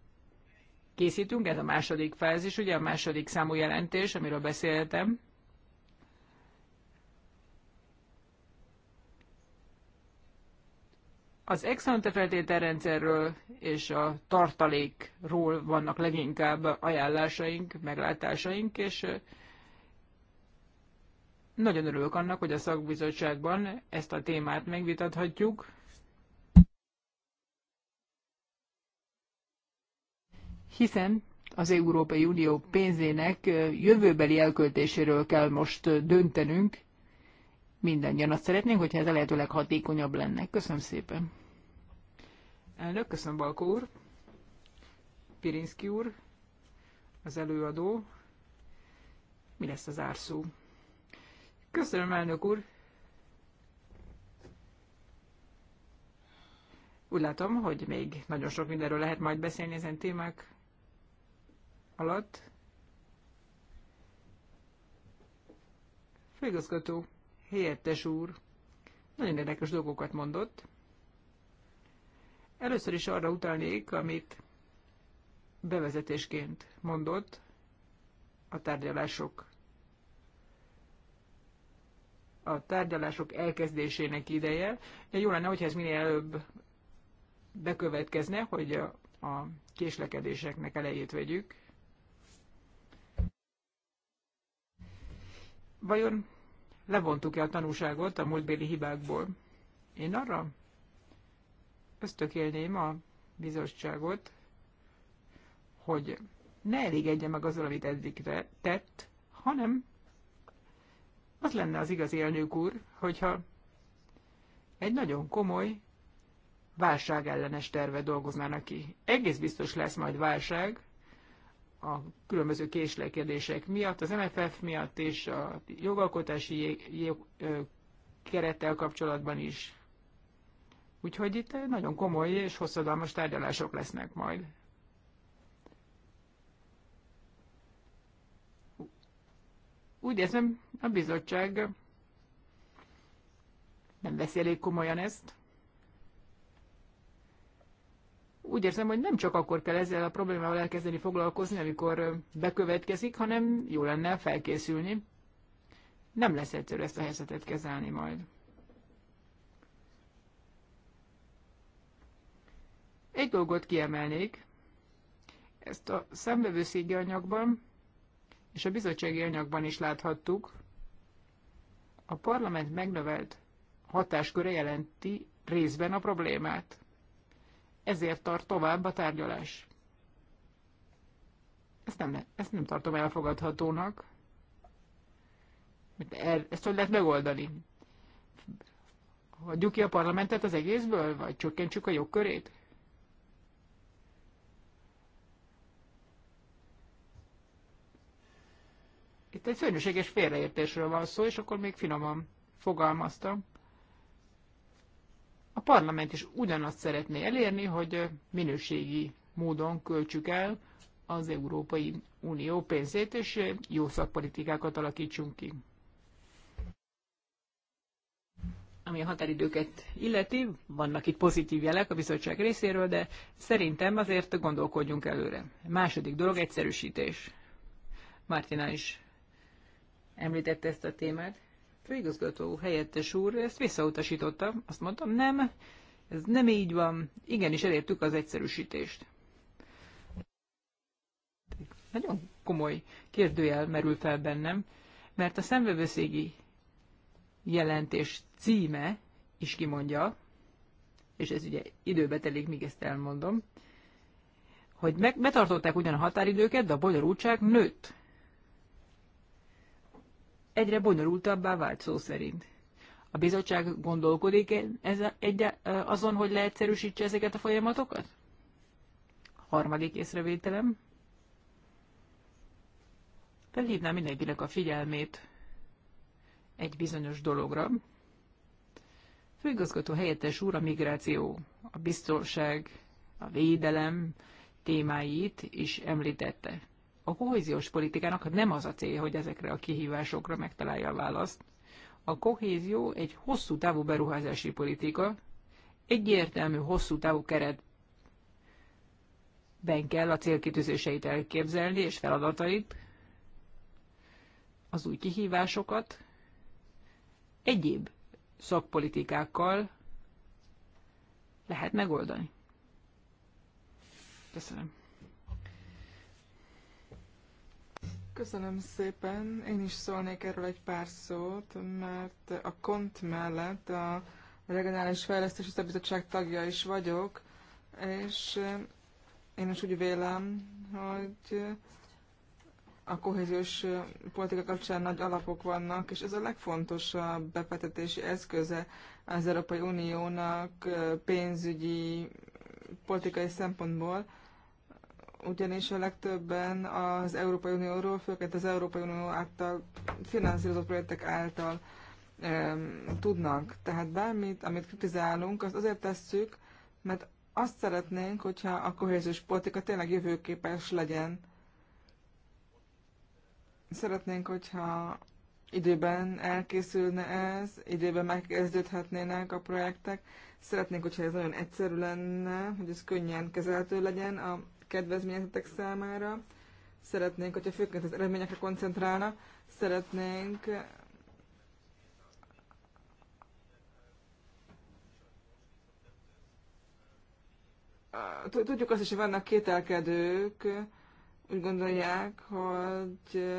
készítünk, ez a második fázis, ugye a második számú jelentés, amiről beszéltem. Az exante feltételrendszerről és a tartalékról vannak leginkább ajánlásaink, meglátásaink, és nagyon örülök annak, hogy a szakbizottságban ezt a témát megvitathatjuk. Hiszen az Európai Unió pénzének jövőbeli elköltéséről kell most döntenünk, mindannyian azt szeretnénk, hogyha ez a lehetőleg leghatékonyabb lenne. Köszönöm szépen. Elnök, köszönöm Balkó úr. Pirinszki úr, az előadó. Mi lesz az árszó? Köszönöm, elnök úr. Úgy látom, hogy még nagyon sok mindenről lehet majd beszélni ezen témák alatt. Főigazgató helyettes úr nagyon érdekes dolgokat mondott. Először is arra utalnék, amit bevezetésként mondott a tárgyalások a tárgyalások elkezdésének ideje. Jó lenne, hogyha ez minél előbb bekövetkezne, hogy a késlekedéseknek elejét vegyük. Vajon levontuk-e a tanúságot a múltbéli hibákból. Én arra ösztökélném a bizottságot, hogy ne elégedje meg azzal, amit eddig tett, hanem az lenne az igazi elnök úr, hogyha egy nagyon komoly válságellenes terve dolgoznának ki. Egész biztos lesz majd válság, a különböző késlekedések miatt, az MFF miatt és a jogalkotási kerettel kapcsolatban is. Úgyhogy itt nagyon komoly és hosszadalmas tárgyalások lesznek majd. Úgy érzem, a bizottság nem veszi elég komolyan ezt úgy érzem, hogy nem csak akkor kell ezzel a problémával elkezdeni foglalkozni, amikor bekövetkezik, hanem jó lenne felkészülni. Nem lesz egyszerű ezt a helyzetet kezelni majd. Egy dolgot kiemelnék, ezt a szembevőszégi anyagban és a bizottsági anyagban is láthattuk. A parlament megnövelt hatásköre jelenti részben a problémát ezért tart tovább a tárgyalás. Ezt nem, ezt nem tartom elfogadhatónak. Er, ezt hogy lehet megoldani? Hagyjuk ki a parlamentet az egészből, vagy csökkentsük a jogkörét? Itt egy szörnyűséges félreértésről van szó, és akkor még finoman fogalmaztam. A parlament is ugyanazt szeretné elérni, hogy minőségi módon költsük el az Európai Unió pénzét, és jó szakpolitikákat alakítsunk ki. Ami a határidőket illeti, vannak itt pozitív jelek a bizottság részéről, de szerintem azért gondolkodjunk előre. Második dolog, egyszerűsítés. Martina is említette ezt a témát főigazgató helyettes úr ezt visszautasította, azt mondtam, nem, ez nem így van, igenis elértük az egyszerűsítést. Nagyon komoly kérdőjel merül fel bennem, mert a szemvevőszégi jelentés címe is kimondja, és ez ugye időbe telik, míg ezt elmondom, hogy meg, betartották ugyan a határidőket, de a bonyolultság nőtt egyre bonyolultabbá vált szó szerint. A bizottság gondolkodik -e ez a, egy, azon, hogy leegyszerűsítse ezeket a folyamatokat? Harmadik észrevételem. Felhívnám mindenkinek a figyelmét egy bizonyos dologra. Főigazgató helyettes úr a migráció, a biztonság, a védelem témáit is említette a kohéziós politikának nem az a célja, hogy ezekre a kihívásokra megtalálja a választ. A kohézió egy hosszú távú beruházási politika, egyértelmű hosszú távú keretben kell a célkitűzéseit elképzelni és feladatait, az új kihívásokat, egyéb szakpolitikákkal lehet megoldani. Köszönöm. Köszönöm szépen. Én is szólnék erről egy pár szót, mert a KONT mellett a Regionális Fejlesztési Szabizottság tagja is vagyok, és én is úgy vélem, hogy a kohéziós politika kapcsán nagy alapok vannak, és ez a legfontosabb befektetési eszköze az Európai Uniónak pénzügyi, politikai szempontból, ugyanis a legtöbben az Európai Unióról, főként az Európai Unió által finanszírozott projektek által um, tudnak. Tehát bármit, amit kritizálunk, azt azért tesszük, mert azt szeretnénk, hogyha a kohéziós politika tényleg jövőképes legyen. Szeretnénk, hogyha időben elkészülne ez, időben megkezdődhetnének a projektek. Szeretnénk, hogyha ez nagyon egyszerű lenne, hogy ez könnyen kezelhető legyen. A kedvezményezetek számára. Szeretnénk, hogyha főként az eredményekre koncentrálna, szeretnénk Tudjuk azt is, hogy vannak kételkedők, úgy gondolják, hogy,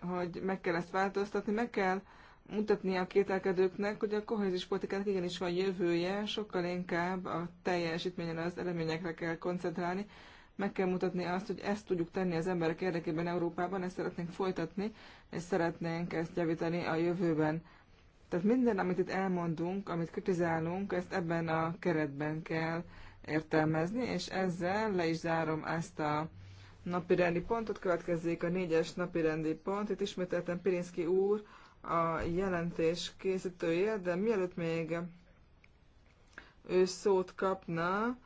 hogy meg kell ezt változtatni, meg kell mutatni a kételkedőknek, hogy a kohézis politikának igenis van jövője, sokkal inkább a teljesítményen az eredményekre kell koncentrálni, meg kell mutatni azt, hogy ezt tudjuk tenni az emberek érdekében Európában, ezt szeretnénk folytatni, és szeretnénk ezt javítani a jövőben. Tehát minden, amit itt elmondunk, amit kritizálunk, ezt ebben a keretben kell értelmezni, és ezzel le is zárom ezt a napirendi pontot. Következzék a négyes napirendi pont. Itt ismételten Pirinszki úr a jelentés készítője, de mielőtt még ő szót kapna,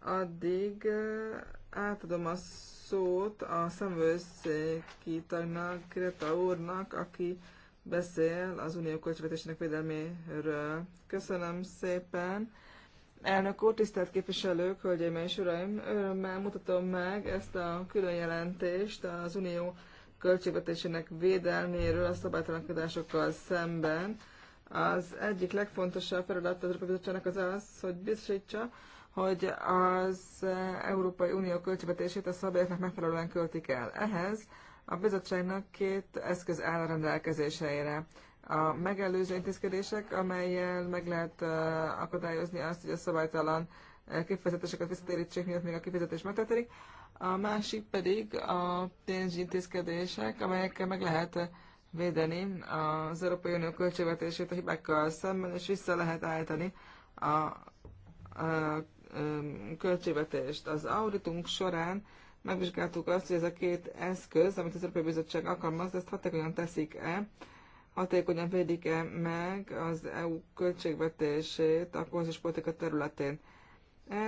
addig eh, átadom a szót a szemvőszéki tagnak, Greta úrnak, aki beszél az unió költségvetésének védelméről. Köszönöm szépen! Elnök úr, tisztelt képviselők, hölgyeim és uraim! Örömmel mutatom meg ezt a külön jelentést az unió költségvetésének védelméről a szabálytalankodásokkal szemben. Az egyik legfontosabb feladat az Európai Bizottságnak az az, hogy biztosítsa, hogy az Európai Unió költségvetését a szabályoknak megfelelően költik el. Ehhez a bizottságnak két eszköz áll a rendelkezésére. A megelőző intézkedések, amelyel meg lehet akadályozni azt, hogy a szabálytalan kifizetéseket visszatérítsék, miatt még a kifizetés megtörténik a másik pedig a pénzügyi intézkedések, amelyekkel meg lehet védeni az Európai Unió költségvetését a hibákkal szemben, és vissza lehet állítani a, a, a költségvetést. Az auditunk során megvizsgáltuk azt, hogy ez a két eszköz, amit az Európai Bizottság alkalmaz, ezt hatékonyan teszik-e, hatékonyan védik-e meg az EU költségvetését a kohéziós politika területén.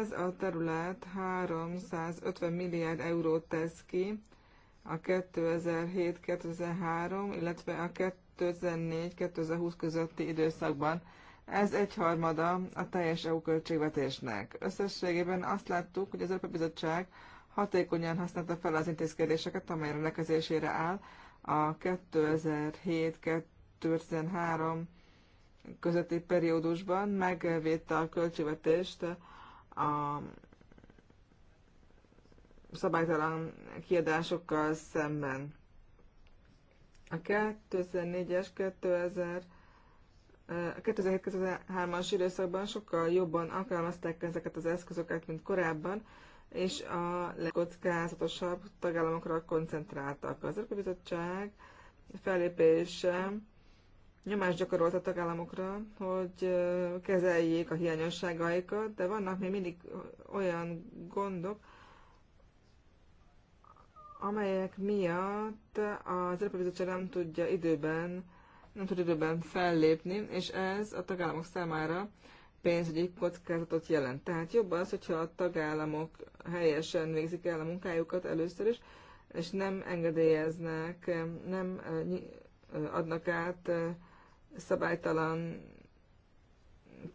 Ez a terület 350 milliárd eurót tesz ki a 2007-2003, illetve a 2004-2020 közötti időszakban. Ez egyharmada a teljes EU költségvetésnek. Összességében azt láttuk, hogy az Európai Bizottság hatékonyan használta fel az intézkedéseket, amely rendelkezésére áll a 2007-2013 közötti periódusban, megvédte a költségvetést a szabálytalan kiadásokkal szemben. A 2004-es, 2007-2003-as időszakban sokkal jobban alkalmazták ezeket az eszközöket, mint korábban, és a legkockázatosabb tagállamokra koncentráltak. Az Európai Bizottság fellépése nyomást gyakorolt a tagállamokra, hogy kezeljék a hiányosságaikat, de vannak még mindig olyan gondok, amelyek miatt az Európai Bizottság nem tudja időben, nem tud időben fellépni, és ez a tagállamok számára pénzügyi kockázatot jelent. Tehát jobb az, hogyha a tagállamok helyesen végzik el a munkájukat először is, és nem engedélyeznek, nem adnak át szabálytalan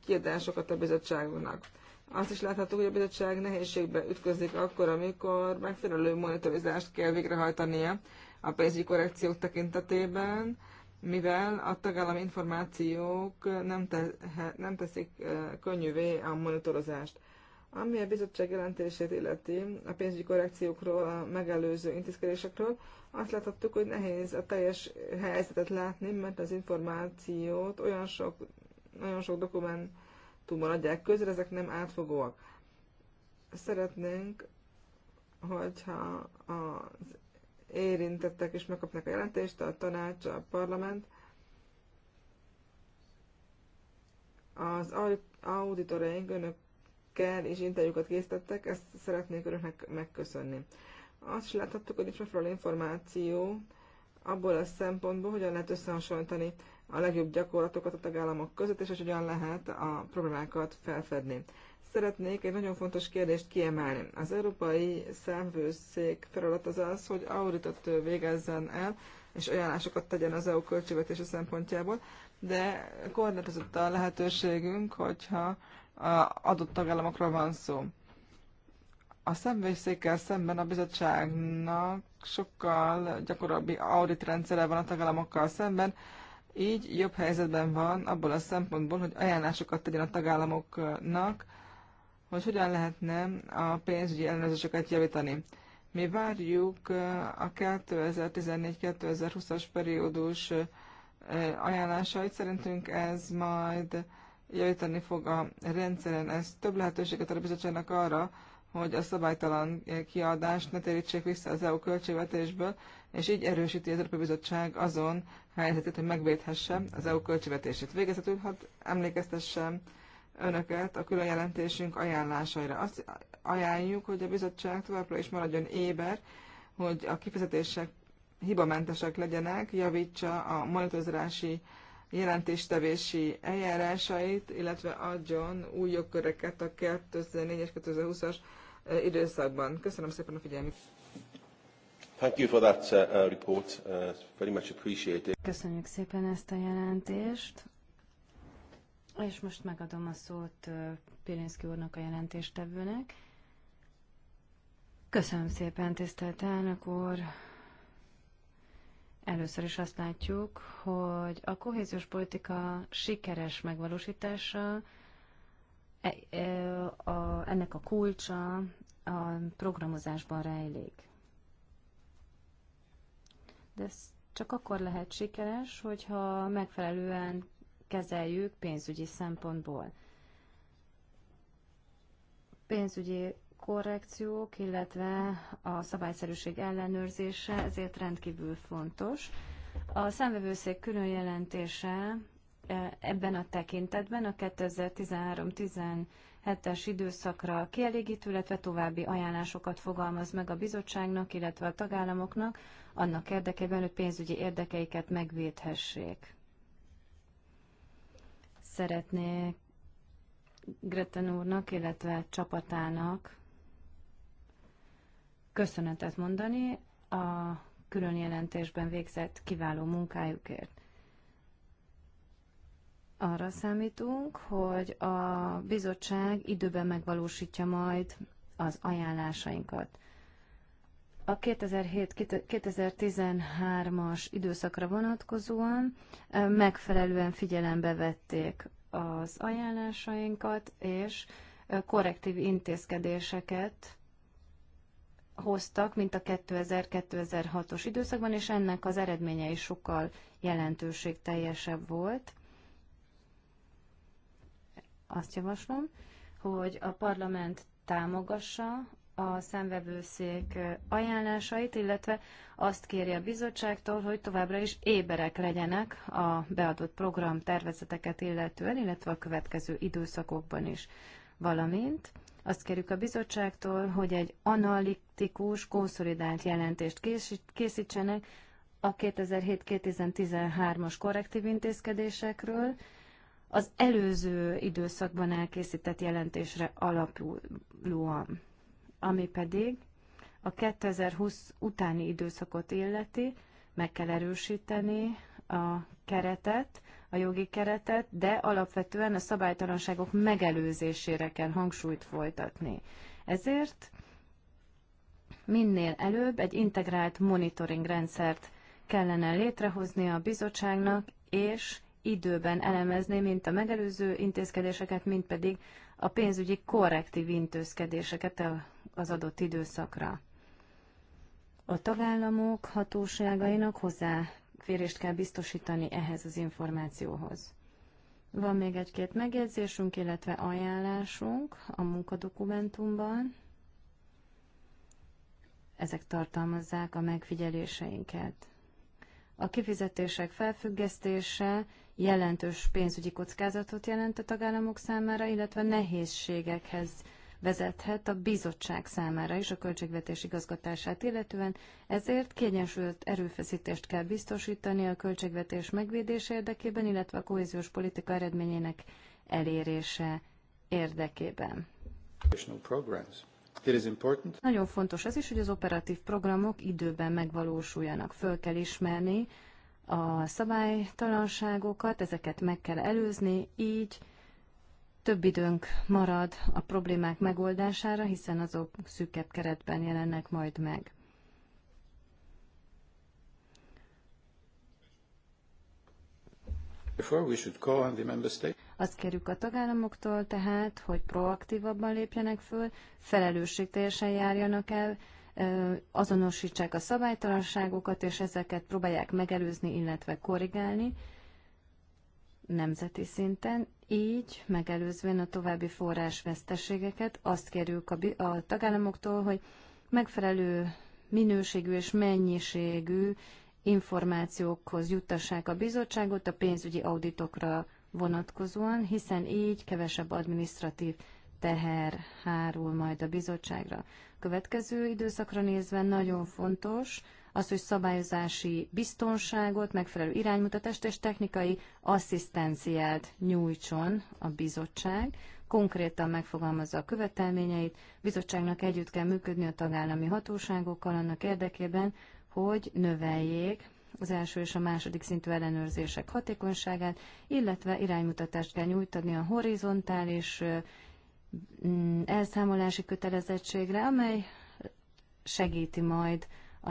kiadásokat a bizottságnak. Azt is látható, hogy a bizottság nehézségbe ütközik akkor, amikor megfelelő monitorizást kell végrehajtania a pénzügyi korrekciók tekintetében, mivel a tagállami információk nem, te, nem teszik eh, könnyűvé a monitorozást. Ami a bizottság jelentését illeti a pénzügyi korrekciókról, a megelőző intézkedésekről, azt láthattuk, hogy nehéz a teljes helyzetet látni, mert az információt olyan sok, nagyon sok dokumentumban adják közre, ezek nem átfogóak. Szeretnénk, hogyha az érintettek is megkapnak a jelentést, a tanács, a parlament, az auditoraink önök akikkel és interjúkat készítettek, ezt szeretnék önöknek megköszönni. Azt is láthattuk, hogy nincs megfelelő információ abból a szempontból, hogyan lehet összehasonlítani a legjobb gyakorlatokat a tagállamok között, és hogy hogyan lehet a problémákat felfedni. Szeretnék egy nagyon fontos kérdést kiemelni. Az Európai Számvőszék feladat az az, hogy auditot végezzen el, és ajánlásokat tegyen az EU költségvetése szempontjából, de korlátozott a lehetőségünk, hogyha adott tagállamokról van szó. A szemvészékkel szemben a bizottságnak sokkal gyakorabbi rendszere van a tagállamokkal szemben, így jobb helyzetben van abból a szempontból, hogy ajánlásokat tegyen a tagállamoknak, hogy hogyan lehetne a pénzügyi ellenőrzéseket javítani. Mi várjuk a 2014-2020-as periódus ajánlásait, szerintünk ez majd javítani fog a rendszeren. Ez több lehetőséget ad a bizottságnak arra, hogy a szabálytalan kiadást ne térítsék vissza az EU költségvetésből, és így erősíti az Európai Bizottság azon helyzetét, hogy megvédhesse az EU költségvetését. Végezetül hadd hát emlékeztessem önöket a külön jelentésünk ajánlásaira. Azt ajánljuk, hogy a bizottság továbbra is maradjon éber, hogy a kifizetések hibamentesek legyenek, javítsa a monitorozási jelentéstevési eljárásait, illetve adjon új jogköröket a 2004-es 2020-as időszakban. Köszönöm szépen a figyelmet! Thank you for that uh, uh, report. Uh, very much appreciated. Köszönjük szépen ezt a jelentést. És most megadom a szót Pirinszki úrnak a jelentéstevőnek. Köszönöm szépen, tisztelt elnök úr, Először is azt látjuk, hogy a kohéziós politika sikeres megvalósítása e, e, ennek a kulcsa a programozásban rejlik. De ez csak akkor lehet sikeres, hogyha megfelelően kezeljük pénzügyi szempontból. Pénzügyi korrekciók, illetve a szabályszerűség ellenőrzése, ezért rendkívül fontos. A számvevőszék külön jelentése e, ebben a tekintetben a 2013-17-es időszakra kielégítő, illetve további ajánlásokat fogalmaz meg a bizottságnak, illetve a tagállamoknak, annak érdekében, hogy pénzügyi érdekeiket megvédhessék. Szeretnék Greten úrnak, illetve csapatának köszönetet mondani a külön jelentésben végzett kiváló munkájukért. Arra számítunk, hogy a bizottság időben megvalósítja majd az ajánlásainkat. A 2007-2013-as időszakra vonatkozóan megfelelően figyelembe vették az ajánlásainkat, és korrektív intézkedéseket hoztak, mint a 2000-2006-os időszakban, és ennek az eredménye is sokkal jelentőségteljesebb volt. Azt javaslom, hogy a parlament támogassa a szemvevőszék ajánlásait, illetve azt kéri a bizottságtól, hogy továbbra is éberek legyenek a beadott program tervezeteket illetően, illetve a következő időszakokban is. Valamint azt kérjük a bizottságtól, hogy egy analitikus, konszolidált jelentést készítsenek a 2007-2013-as korrektív intézkedésekről, az előző időszakban elkészített jelentésre alapulóan, ami pedig a 2020 utáni időszakot illeti, meg kell erősíteni a keretet, a jogi keretet, de alapvetően a szabálytalanságok megelőzésére kell hangsúlyt folytatni. Ezért minél előbb egy integrált monitoring rendszert kellene létrehozni a bizottságnak, és időben elemezni, mint a megelőző intézkedéseket, mint pedig a pénzügyi korrektív intézkedéseket az adott időszakra. A tagállamok hatóságainak hozzá hozzáférést kell biztosítani ehhez az információhoz. Van még egy-két megjegyzésünk, illetve ajánlásunk a munkadokumentumban. Ezek tartalmazzák a megfigyeléseinket. A kifizetések felfüggesztése jelentős pénzügyi kockázatot jelent a tagállamok számára, illetve nehézségekhez vezethet a bizottság számára is a költségvetés igazgatását illetően, ezért kiegyensúlyozott erőfeszítést kell biztosítani a költségvetés megvédése érdekében, illetve a kohéziós politika eredményének elérése érdekében. Nagyon fontos az is, hogy az operatív programok időben megvalósuljanak. Föl kell ismerni a szabálytalanságokat, ezeket meg kell előzni, így több időnk marad a problémák megoldására, hiszen azok szűkebb keretben jelennek majd meg. Azt kérjük a tagállamoktól tehát, hogy proaktívabban lépjenek föl, felelősségteljesen járjanak el, azonosítsák a szabálytalanságokat, és ezeket próbálják megelőzni, illetve korrigálni nemzeti szinten, így, megelőzvén a további forrásveszteségeket, azt kérjük a, a tagállamoktól, hogy megfelelő minőségű és mennyiségű információkhoz juttassák a bizottságot a pénzügyi auditokra vonatkozóan, hiszen így kevesebb adminisztratív teher hárul majd a bizottságra. Következő időszakra nézve nagyon fontos, az, hogy szabályozási biztonságot, megfelelő iránymutatást és technikai asszisztenciát nyújtson a bizottság, konkrétan megfogalmazza a követelményeit, bizottságnak együtt kell működni a tagállami hatóságokkal annak érdekében, hogy növeljék az első és a második szintű ellenőrzések hatékonyságát, illetve iránymutatást kell nyújtani a horizontális elszámolási kötelezettségre, amely segíti majd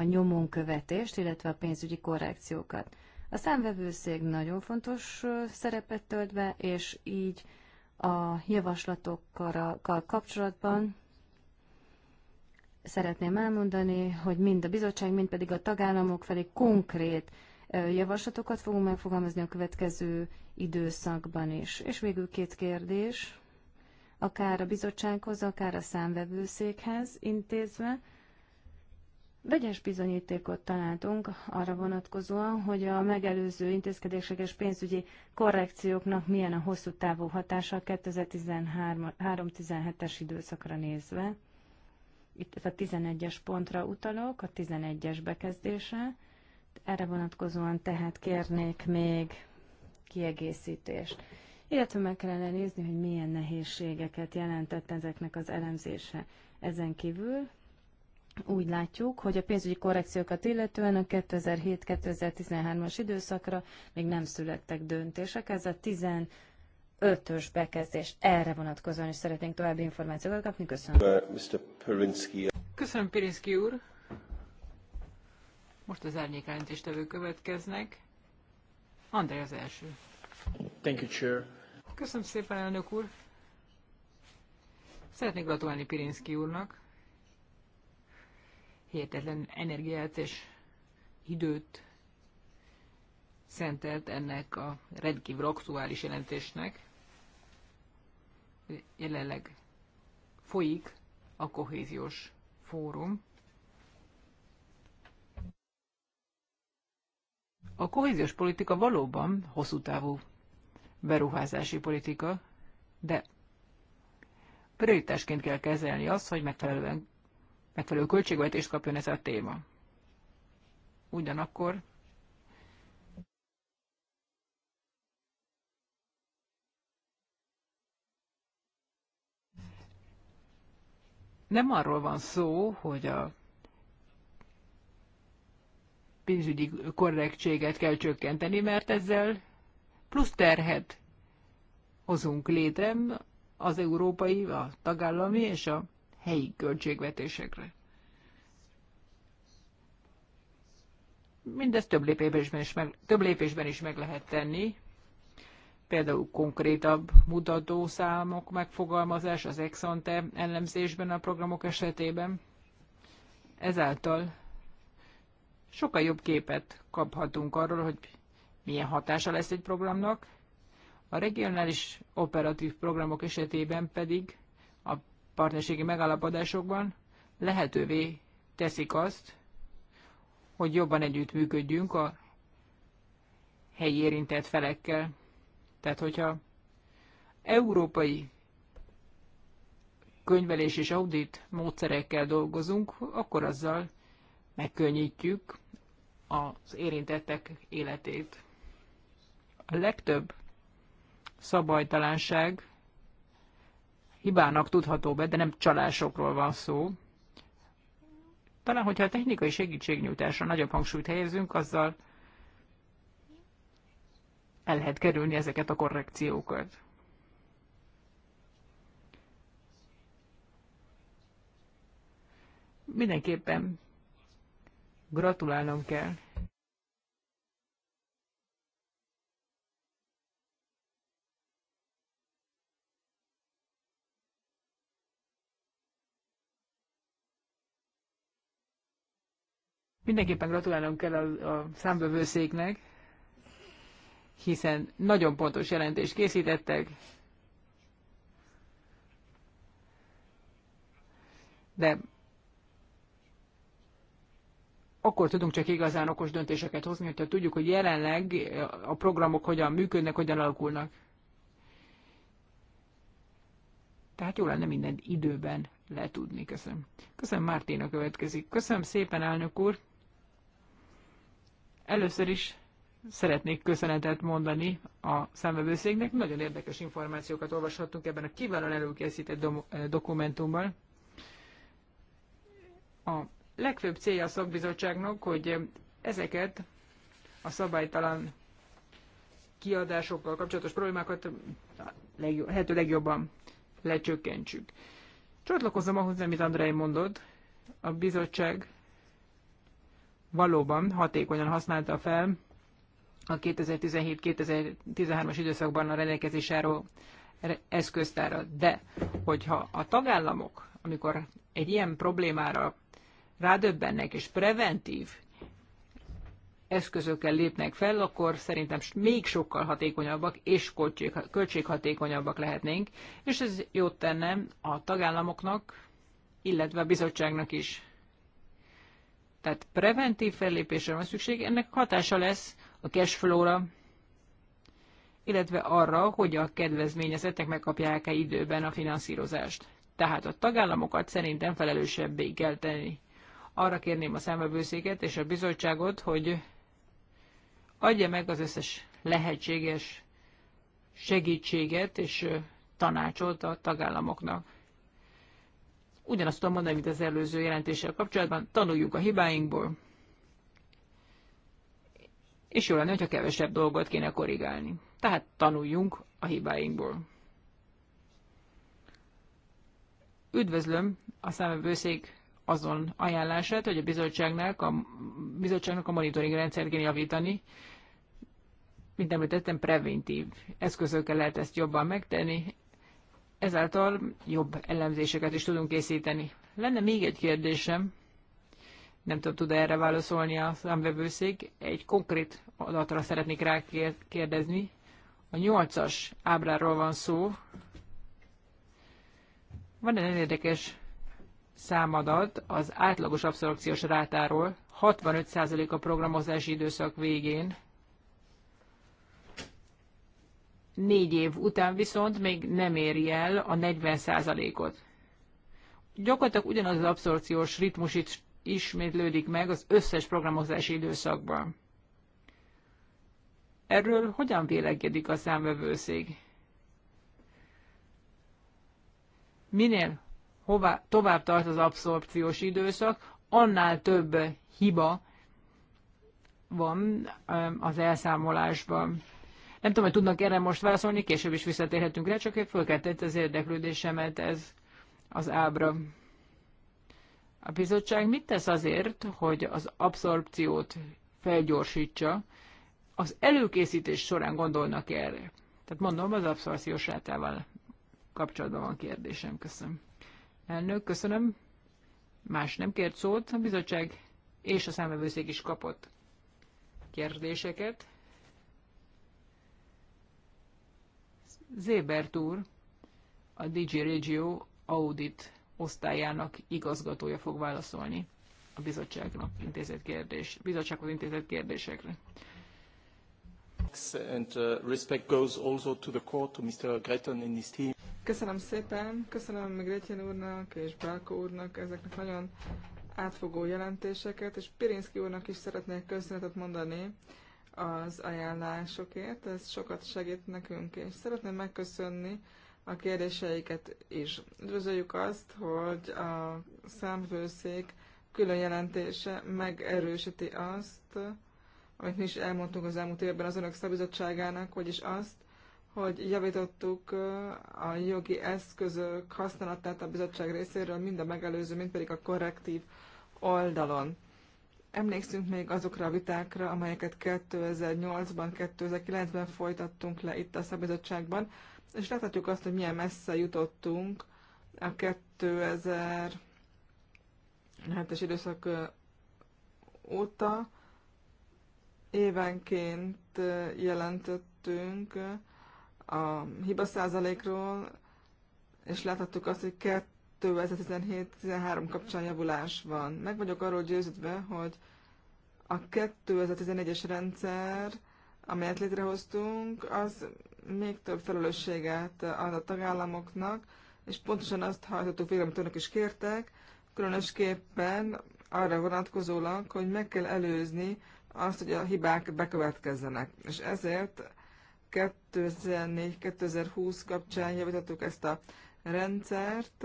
a követést, illetve a pénzügyi korrekciókat. A számvevőszék nagyon fontos szerepet tölt be, és így a javaslatokkal kapcsolatban szeretném elmondani, hogy mind a bizottság, mind pedig a tagállamok felé konkrét javaslatokat fogunk megfogalmazni a következő időszakban is. És végül két kérdés, akár a bizottsághoz, akár a számvevőszékhez intézve. Vegyes bizonyítékot találtunk arra vonatkozóan, hogy a megelőző intézkedések és pénzügyi korrekcióknak milyen a hosszú távú hatása a 2013-17-es időszakra nézve. Itt a 11-es pontra utalok, a 11-es bekezdése. Erre vonatkozóan tehát kérnék még kiegészítést. Illetve meg kellene nézni, hogy milyen nehézségeket jelentett ezeknek az elemzése. Ezen kívül úgy látjuk, hogy a pénzügyi korrekciókat illetően a 2007-2013-as időszakra még nem születtek döntések. Ez a 15-ös bekezdés erre vonatkozóan is szeretnénk további információkat kapni. Köszönöm. Uh, Mr. Köszönöm, Pirinszki úr. Most az árnyékjelentéstevő következnek. André az első. Thank you, Chair. Köszönöm szépen, elnök úr. Szeretnék gratulálni Pirinszki úrnak hihetetlen energiát és időt szentelt ennek a rendkívül aktuális jelentésnek. Jelenleg folyik a kohéziós fórum. A kohéziós politika valóban hosszú távú beruházási politika, de prioritásként kell kezelni azt, hogy megfelelően megfelelő költségvetést kapjon ez a téma. Ugyanakkor nem arról van szó, hogy a pénzügyi korrektséget kell csökkenteni, mert ezzel plusz terhet hozunk létre az európai, a tagállami és a helyi költségvetésekre. Mindezt több lépésben is meg, több lépésben is meg lehet tenni, például konkrétabb mutatószámok megfogalmazás az exante ellenzésben a programok esetében. Ezáltal sokkal jobb képet kaphatunk arról, hogy milyen hatása lesz egy programnak, a regionális operatív programok esetében pedig partnerségi megállapodásokban lehetővé teszik azt, hogy jobban együttműködjünk a helyi érintett felekkel. Tehát, hogyha európai könyvelés és audit módszerekkel dolgozunk, akkor azzal megkönnyítjük az érintettek életét. A legtöbb szabálytalanság hibának tudható be, de nem csalásokról van szó. Talán, hogyha a technikai segítségnyújtásra nagyobb hangsúlyt helyezünk, azzal el lehet kerülni ezeket a korrekciókat. Mindenképpen gratulálnom kell Mindenképpen gratulálnom kell a, a számbevőszéknek, hiszen nagyon pontos jelentést készítettek, de akkor tudunk csak igazán okos döntéseket hozni, hogyha tudjuk, hogy jelenleg a programok hogyan működnek, hogyan alakulnak. Tehát jó lenne minden időben letudni. Köszönöm. Köszönöm Márténa következik. Köszönöm szépen, elnök úr. Először is szeretnék köszönetet mondani a számvevőszéknek. Nagyon érdekes információkat olvashattunk ebben a kiválóan előkészített eh, dokumentumban. A legfőbb célja a szakbizottságnak, hogy ezeket a szabálytalan kiadásokkal kapcsolatos problémákat legjobb, lehető legjobban lecsökkentsük. Csatlakozom ahhoz, amit Andrei mondott, a bizottság valóban hatékonyan használta fel a 2017-2013-as időszakban a rendelkezés álló eszköztára. De, hogyha a tagállamok, amikor egy ilyen problémára rádöbbennek és preventív eszközökkel lépnek fel, akkor szerintem még sokkal hatékonyabbak és költséghatékonyabbak lehetnénk, és ez jót tenne a tagállamoknak, illetve a bizottságnak is. Tehát preventív fellépésre van szükség, ennek hatása lesz a cash flow-ra, illetve arra, hogy a kedvezményezettek megkapják-e időben a finanszírozást. Tehát a tagállamokat szerintem felelősebbé kell tenni. Arra kérném a számvevőszéket és a bizottságot, hogy adja meg az összes lehetséges segítséget és tanácsot a tagállamoknak. Ugyanazt tudom mondani, mint az előző jelentéssel kapcsolatban, tanuljuk a hibáinkból, és jó lenne, hogyha kevesebb dolgot kéne korrigálni. Tehát tanuljunk a hibáinkból. Üdvözlöm a számvevőszék azon ajánlását, hogy a bizottságnak a, bizottságnak a monitoring rendszert kéne javítani. Mint említettem, preventív eszközökkel lehet ezt jobban megtenni, ezáltal jobb ellenzéseket is tudunk készíteni. Lenne még egy kérdésem, nem tudom, tud -e erre válaszolni a számvevőszék. Egy konkrét adatra szeretnék rá kérdezni. A nyolcas ábráról van szó. Van egy érdekes számadat az átlagos abszorpciós rátáról. 65% a programozási időszak végén négy év után viszont még nem éri el a 40%-ot. Gyakorlatilag ugyanaz az abszorciós ritmus itt ismétlődik meg az összes programozási időszakban. Erről hogyan vélekedik a számvevőszék? Minél hová, tovább tart az abszorpciós időszak, annál több hiba van az elszámolásban. Nem tudom, hogy tudnak erre most válaszolni, később is visszatérhetünk rá, csak épp fölkeltett az érdeklődésemet ez az ábra. A bizottság mit tesz azért, hogy az abszorpciót felgyorsítsa? Az előkészítés során gondolnak erre. Tehát mondom, az abszorpciós rátával kapcsolatban van kérdésem. Köszönöm. Elnök, köszönöm. Más nem kért szót. A bizottság és a számvevőszék is kapott kérdéseket. Zébert úr a Digi Regio Audit osztályának igazgatója fog válaszolni a bizottságnak intézett kérdés, bizottsághoz intézett kérdésekre. And, uh, respect goes also to the court, to Mr. Gretton and his team. Köszönöm szépen, köszönöm Gretjen úrnak és Bálko úrnak ezeknek nagyon átfogó jelentéseket, és Pirinszki úrnak is szeretnék köszönetet mondani az ajánlásokért, ez sokat segít nekünk, és szeretném megköszönni a kérdéseiket is. Üdvözöljük azt, hogy a számvőszék külön jelentése megerősíti azt, amit mi is elmondtunk az elmúlt évben az önök szabizottságának, vagyis azt, hogy javítottuk a jogi eszközök használatát a bizottság részéről mind a megelőző, mind pedig a korrektív oldalon. Emlékszünk még azokra a vitákra, amelyeket 2008-ban, 2009-ben folytattunk le itt a szabizottságban, és láthatjuk azt, hogy milyen messze jutottunk a 2007-es időszak óta. Évenként jelentettünk a hiba százalékról, és láthattuk azt, hogy 2017-13 kapcsán javulás van. Meg vagyok arról győződve, hogy a 2011-es rendszer, amelyet létrehoztunk, az még több felelősséget ad a tagállamoknak, és pontosan azt hajtottuk végre, amit önök is kértek, különösképpen arra vonatkozólag, hogy meg kell előzni azt, hogy a hibák bekövetkezzenek. És ezért 2004-2020 kapcsán javítottuk ezt a rendszert,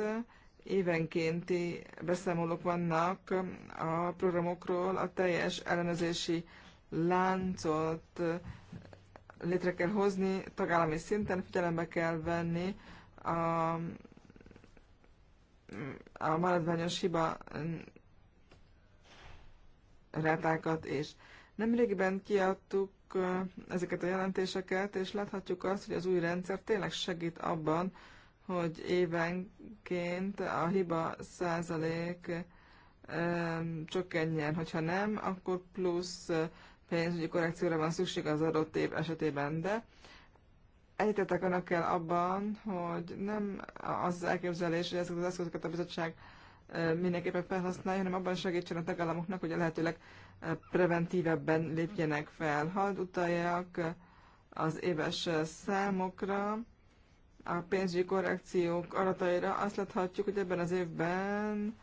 évenkénti beszámolók vannak a programokról, a teljes ellenőrzési láncot eh, létre kell hozni, tagállami szinten figyelembe kell venni a, a maradványos hiba eh, rátákat is. Nemrégiben kiadtuk eh, ezeket a jelentéseket, és láthatjuk azt, hogy az új rendszer tényleg segít abban, hogy évenként a hiba százalék csökkenjen, hogyha nem, akkor plusz pénzügyi korrekcióra van szükség az adott év esetében, de egyetetek kell abban, hogy nem az elképzelés, hogy ezeket az eszközöket a bizottság mindenképpen felhasználja, hanem abban segítsen a tagállamoknak, hogy a lehetőleg preventívebben lépjenek fel. Hadd utaljak az éves számokra, a pénzügyi korrekciók adataira, azt láthatjuk, hogy ebben az évben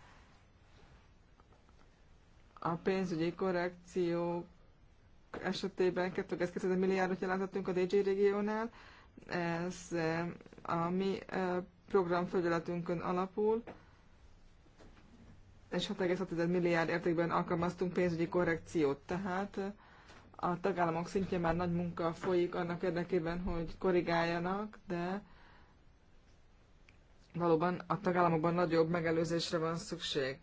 a pénzügyi korrekciók esetében 2,2 milliárdot jelentettünk a DG régiónál. Ez eh, a mi eh, programfelületünkön alapul, és 6,6 milliárd értékben alkalmaztunk pénzügyi korrekciót. Tehát eh, a tagállamok szintjén már nagy munka folyik annak érdekében, hogy korrigáljanak, de valóban a tagállamokban nagyobb megelőzésre van szükség.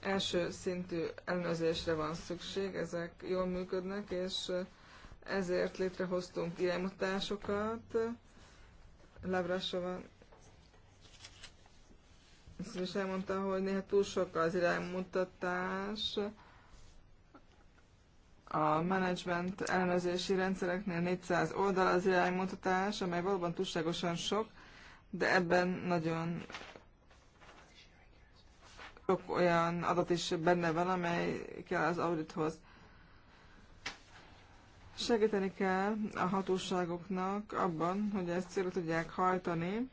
Első szintű ellenőrzésre van szükség, ezek jól működnek, és ezért létrehoztunk iránymutatásokat. mutatásokat. Levrasova is elmondta, hogy néha túl sok az iránymutatás, a menedzsment ellenőrzési rendszereknél 400 oldal az iránymutatás, amely valóban túlságosan sok, de ebben nagyon sok olyan adat is benne van, amely kell az audithoz. Segíteni kell a hatóságoknak abban, hogy ezt célra tudják hajtani,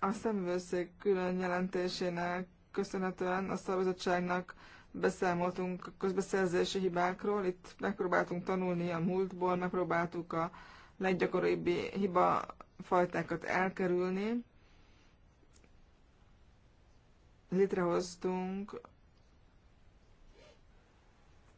a szemüvőszék külön jelentésének köszönhetően a szabadságnak beszámoltunk a közbeszerzési hibákról, itt megpróbáltunk tanulni a múltból, megpróbáltuk a leggyakoribb hiba fajtákat elkerülni. Létrehoztunk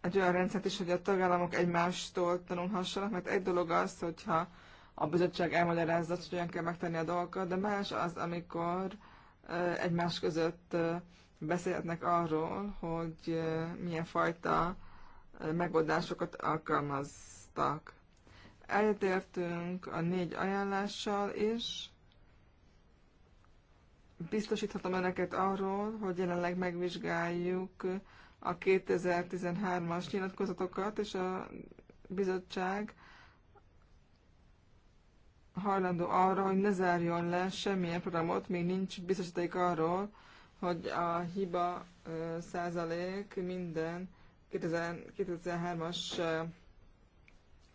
egy olyan rendszert is, hogy a tagállamok egymástól tanulhassanak, mert egy dolog az, hogyha a bizottság elmagyarázza, hogy hogyan kell megtenni a dolgokat, de más az, amikor egymás között beszélhetnek arról, hogy milyen fajta megoldásokat alkalmaztak. Eltértünk a négy ajánlással is. Biztosíthatom önöket arról, hogy jelenleg megvizsgáljuk a 2013-as nyilatkozatokat, és a bizottság hajlandó arra, hogy ne zárjon le semmilyen programot, még nincs biztosíték arról, hogy a hiba százalék minden 2003-as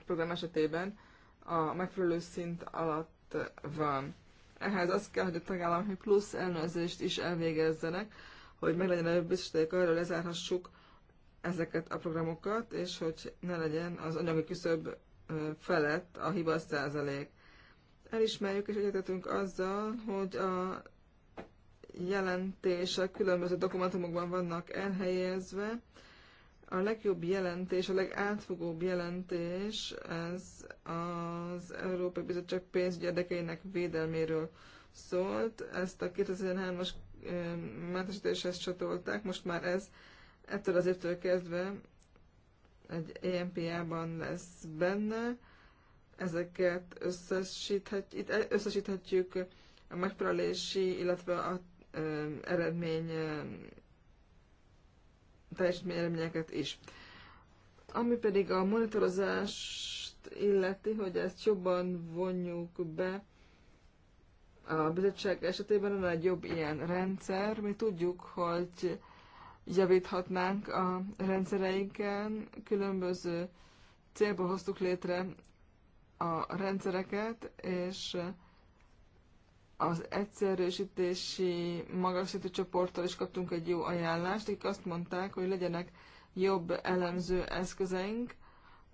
program esetében a megfelelő szint alatt van. Ehhez az kell, hogy a tagállami plusz ellenőrzést is elvégezzenek, hogy legyen a biztosíték arra, lezárhassuk ezeket a programokat, és hogy ne legyen az anyagi küszöb felett a hiba százalék elismerjük és egyetetünk azzal, hogy a jelentések különböző dokumentumokban vannak elhelyezve. A legjobb jelentés, a legátfogóbb jelentés ez az Európai Bizottság pénzügyi érdekeinek védelméről szólt. Ezt a 2003-as mentesítéshez csatolták, most már ez ettől az évtől kezdve egy EMPA-ban lesz benne ezeket összesíthetjük, itt összesíthetjük a megfelelési, illetve a ö, eredmény ö, teljesítmény eredményeket is. Ami pedig a monitorozást illeti, hogy ezt jobban vonjuk be, a bizottság esetében van egy jobb ilyen rendszer. Mi tudjuk, hogy javíthatnánk a rendszereinken, különböző célból hoztuk létre a rendszereket, és az egyszerűsítési magasítő csoporttal is kaptunk egy jó ajánlást, akik azt mondták, hogy legyenek jobb elemző eszközeink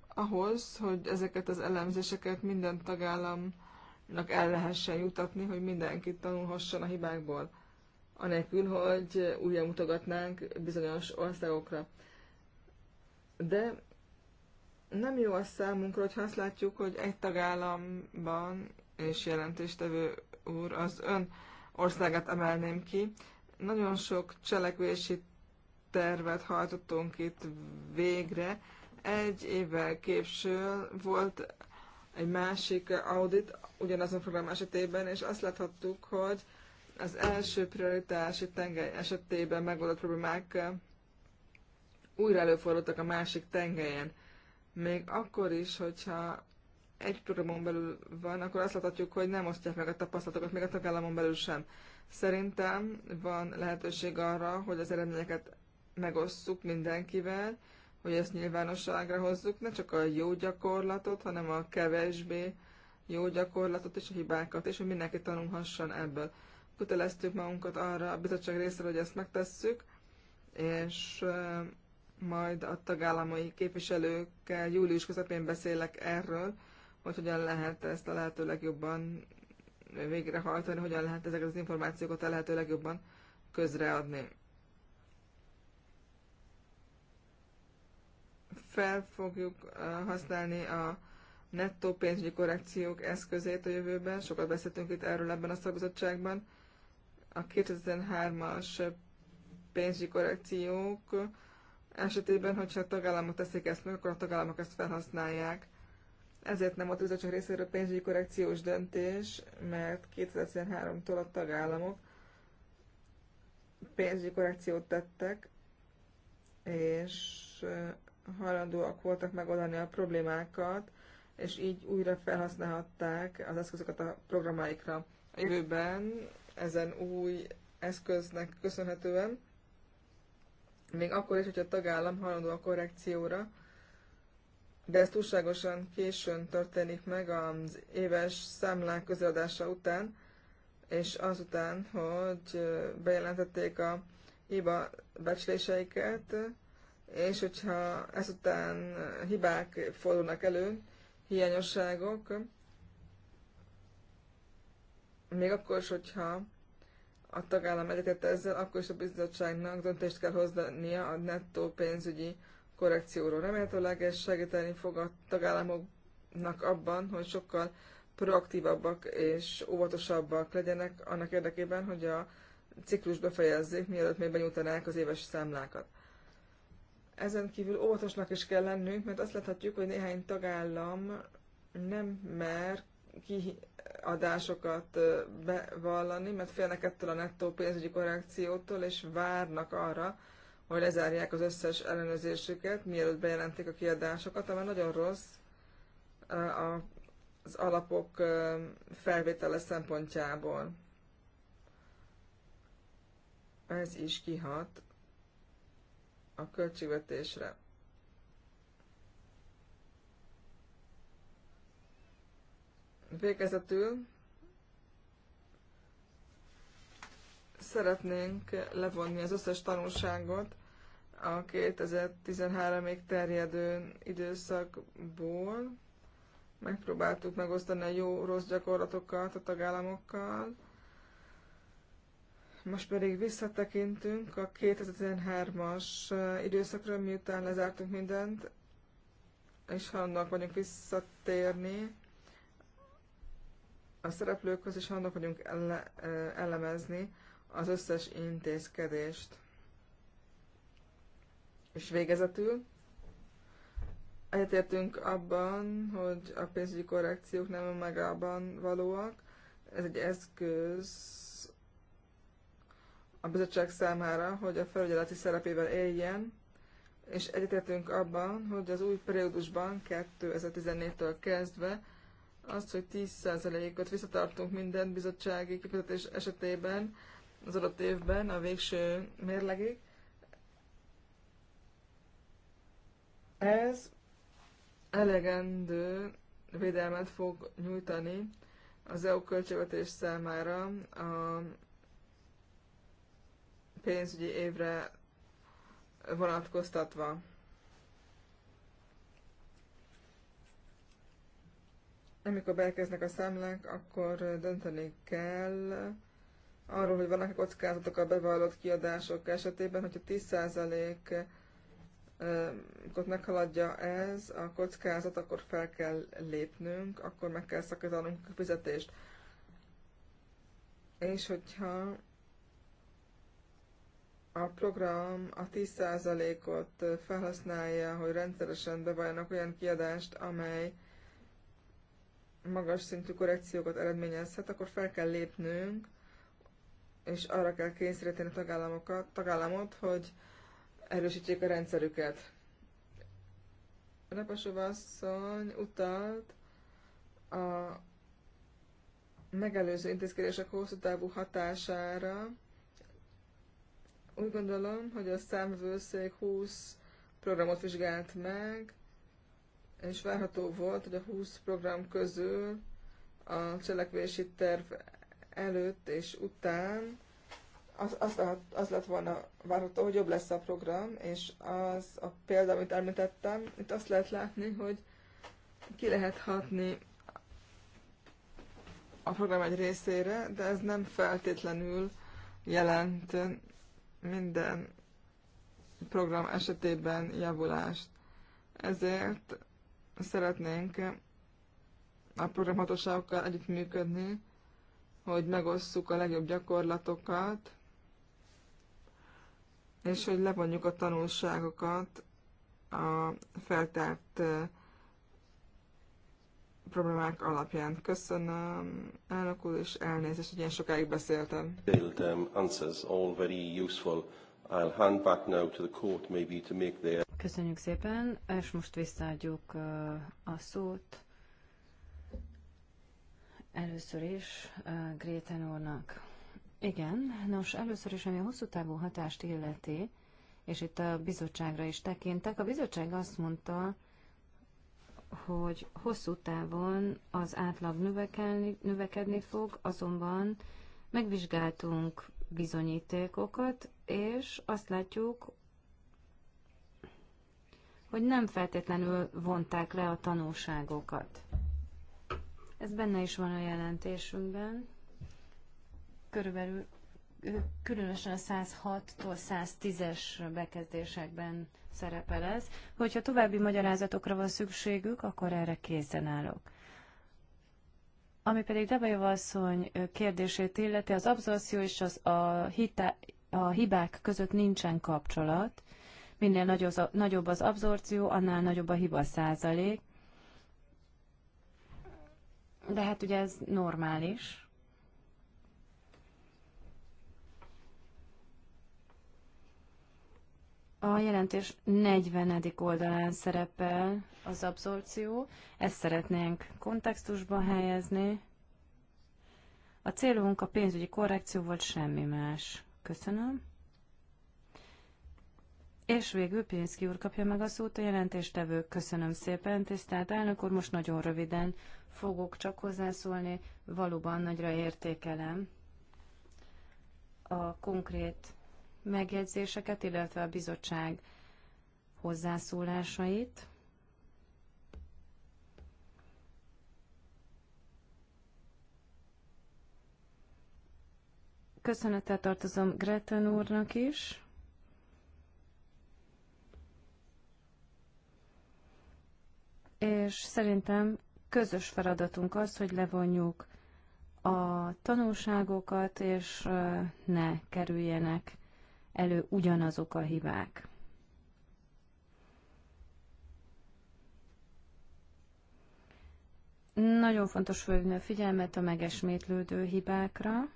ahhoz, hogy ezeket az elemzéseket minden tagállamnak el lehessen jutatni, hogy mindenki tanulhasson a hibákból, anélkül, hogy újra mutogatnánk bizonyos országokra. De nem jó a számunkra, hogy azt látjuk, hogy egy tagállamban, és jelentéstevő úr, az ön országát emelném ki, nagyon sok cselekvési tervet hajtottunk itt végre. Egy évvel később volt egy másik audit ugyanazon program esetében, és azt láthattuk, hogy az első prioritási tengely esetében megoldott problémák újra előfordultak a másik tengelyen még akkor is, hogyha egy programon belül van, akkor azt láthatjuk, hogy nem osztják meg a tapasztalatokat, még a tagállamon belül sem. Szerintem van lehetőség arra, hogy az eredményeket megosszuk mindenkivel, hogy ezt nyilvánosságra hozzuk, ne csak a jó gyakorlatot, hanem a kevésbé jó gyakorlatot és a hibákat, és hogy mindenki tanulhasson ebből. Köteleztük magunkat arra a bizottság részéről, hogy ezt megtesszük, és majd a tagállamai képviselőkkel július közepén beszélek erről, hogy hogyan lehet ezt a lehető legjobban végrehajtani, hogyan lehet ezeket az információkat a lehető legjobban közreadni. Fel fogjuk uh, használni a nettó pénzügyi korrekciók eszközét a jövőben, sokat beszéltünk itt erről ebben a szakbizottságban. A 2003-as pénzügyi korrekciók esetében, hogyha a tagállamok teszik ezt meg, akkor a tagállamok ezt felhasználják. Ezért nem a bizottság részéről pénzügyi korrekciós döntés, mert 2003 tól a tagállamok pénzügyi korrekciót tettek, és hajlandóak voltak megoldani a problémákat, és így újra felhasználhatták az eszközöket a programáikra. A jövőben ezen új eszköznek köszönhetően még akkor is, hogyha a tagállam hajlandó a korrekcióra, de ez túlságosan későn történik meg az éves számlák közeladása után, és azután, hogy bejelentették a hiba becsléseiket, és hogyha ezután hibák fordulnak elő, hiányosságok, még akkor is, hogyha a tagállam egyetett ezzel, akkor is a bizottságnak döntést kell hoznia a nettó pénzügyi korrekcióról. Remélhetőleg ez segíteni fog a tagállamoknak abban, hogy sokkal proaktívabbak és óvatosabbak legyenek annak érdekében, hogy a ciklus befejezzék, mielőtt még benyújtanák az éves számlákat. Ezen kívül óvatosnak is kell lennünk, mert azt láthatjuk, hogy néhány tagállam nem mer ki adásokat bevallani, mert félnek ettől a nettó pénzügyi korrekciótól, és várnak arra, hogy lezárják az összes ellenőrzésüket, mielőtt bejelentik a kiadásokat, ami nagyon rossz az alapok felvétele szempontjából. Ez is kihat a költségvetésre. Végezetül szeretnénk levonni az összes tanulságot a 2013-ig terjedő időszakból. Megpróbáltuk megosztani a jó-rossz gyakorlatokat a tagállamokkal. Most pedig visszatekintünk a 2013-as időszakra, miután lezártunk mindent, és hajlandóak vagyunk visszatérni a szereplőkhöz és annak vagyunk ele, elemezni az összes intézkedést. És végezetül egyetértünk abban, hogy a pénzügyi korrekciók nem önmagában valóak. Ez egy eszköz a bizottság számára, hogy a felügyeleti szerepével éljen, és egyetértünk abban, hogy az új periódusban 2014-től kezdve azt, hogy 10%-ot visszatartunk minden bizottsági kifizetés esetében az adott évben a végső mérlegig. Ez elegendő védelmet fog nyújtani az EU költségvetés számára a pénzügyi évre vonatkoztatva. amikor beérkeznek a számlák, akkor dönteni kell arról, hogy vannak-e kockázatok a bevallott kiadások esetében, hogyha 10%-ot meghaladja ez a kockázat, akkor fel kell lépnünk, akkor meg kell szakítanunk a fizetést. És hogyha a program a 10%-ot felhasználja, hogy rendszeresen bevalljanak olyan kiadást, amely magas szintű korrekciókat eredményezhet, akkor fel kell lépnünk, és arra kell kényszeríteni a tagállamokat, tagállamot, hogy erősítsék a rendszerüket. Repesov asszony utalt a megelőző intézkedések hosszú távú hatására. Úgy gondolom, hogy a számvőszék 20 programot vizsgált meg, és várható volt, hogy a 20 program közül a cselekvési terv előtt és után az, az, lehet, az lett volna várható, hogy jobb lesz a program, és az a példa, amit említettem, itt azt lehet látni, hogy ki lehet hatni a program egy részére, de ez nem feltétlenül jelent minden program esetében javulást. Ezért szeretnénk a programhatóságokkal együttműködni, hogy megosszuk a legjobb gyakorlatokat, és hogy levonjuk a tanulságokat a feltárt eh, problémák alapján. Köszönöm, elnök úr, és elnézést, hogy ilyen sokáig beszéltem. Detailed um, answers, all very useful. I'll hand back now to the court maybe to make their... Köszönjük szépen, és most visszaadjuk a szót először is Gréten úrnak. Igen, nos, először is, ami a hosszú távú hatást illeti, és itt a bizottságra is tekintek, a bizottság azt mondta, hogy hosszú távon az átlag növekelni, növekedni fog, azonban megvizsgáltunk bizonyítékokat, és azt látjuk, hogy nem feltétlenül vonták le a tanulságokat. Ez benne is van a jelentésünkben. Körülbelül különösen a 106-tól 110-es bekezdésekben szerepel ez. Hogyha további magyarázatokra van szükségük, akkor erre készen állok. Ami pedig Debajov asszony kérdését illeti, az abszorció és az a, hita, a hibák között nincsen kapcsolat. Minél nagyobb az abszorció, annál nagyobb a hiba százalék. De hát ugye ez normális. A jelentés 40. oldalán szerepel az abszorció, ezt szeretnénk kontextusba helyezni. A célunk a pénzügyi korrekció volt semmi más. Köszönöm. És végül Pénzki úr kapja meg a szót a jelentéstevő. Köszönöm szépen, tisztelt elnök úr, most nagyon röviden fogok csak hozzászólni. Valóban nagyra értékelem a konkrét megjegyzéseket, illetve a bizottság hozzászólásait. Köszönettel tartozom Greten úrnak is. és szerintem közös feladatunk az, hogy levonjuk a tanulságokat, és ne kerüljenek elő ugyanazok a hibák. Nagyon fontos fölvinni a figyelmet a megesmétlődő hibákra,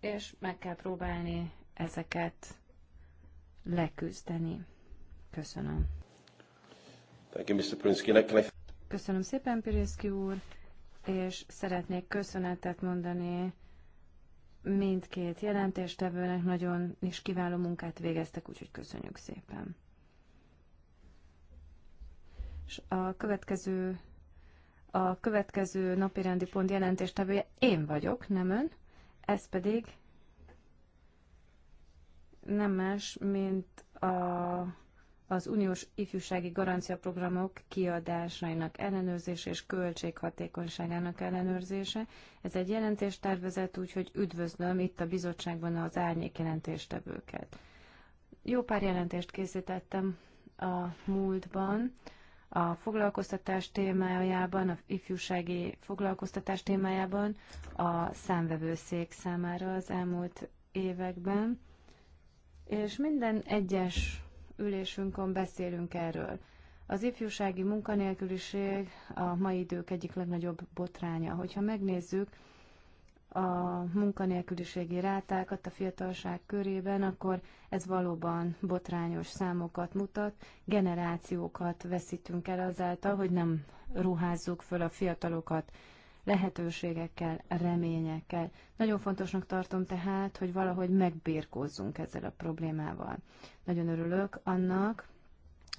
és meg kell próbálni ezeket leküzdeni. Köszönöm. Thank you, Mr. Köszönöm szépen, Pirinszki úr, és szeretnék köszönetet mondani mindkét jelentéstevőnek, nagyon is kiváló munkát végeztek, úgyhogy köszönjük szépen. És a következő, a következő napirendi pont jelentéstevője én vagyok, nem ön, ez pedig nem más, mint a az uniós ifjúsági garanciaprogramok kiadásainak ellenőrzése és költséghatékonyságának ellenőrzése. Ez egy jelentéstervezet, úgyhogy üdvözlöm itt a bizottságban az árnyék jelentéstevőket. Jó pár jelentést készítettem a múltban, a foglalkoztatás témájában, a ifjúsági foglalkoztatás témájában, a számvevőszék számára az elmúlt években, és minden egyes ülésünkön beszélünk erről. Az ifjúsági munkanélküliség a mai idők egyik legnagyobb botránya. Hogyha megnézzük a munkanélküliségi rátákat a fiatalság körében, akkor ez valóban botrányos számokat mutat. Generációkat veszítünk el azáltal, hogy nem ruházzuk föl a fiatalokat lehetőségekkel, reményekkel. Nagyon fontosnak tartom tehát, hogy valahogy megbírkózzunk ezzel a problémával. Nagyon örülök annak,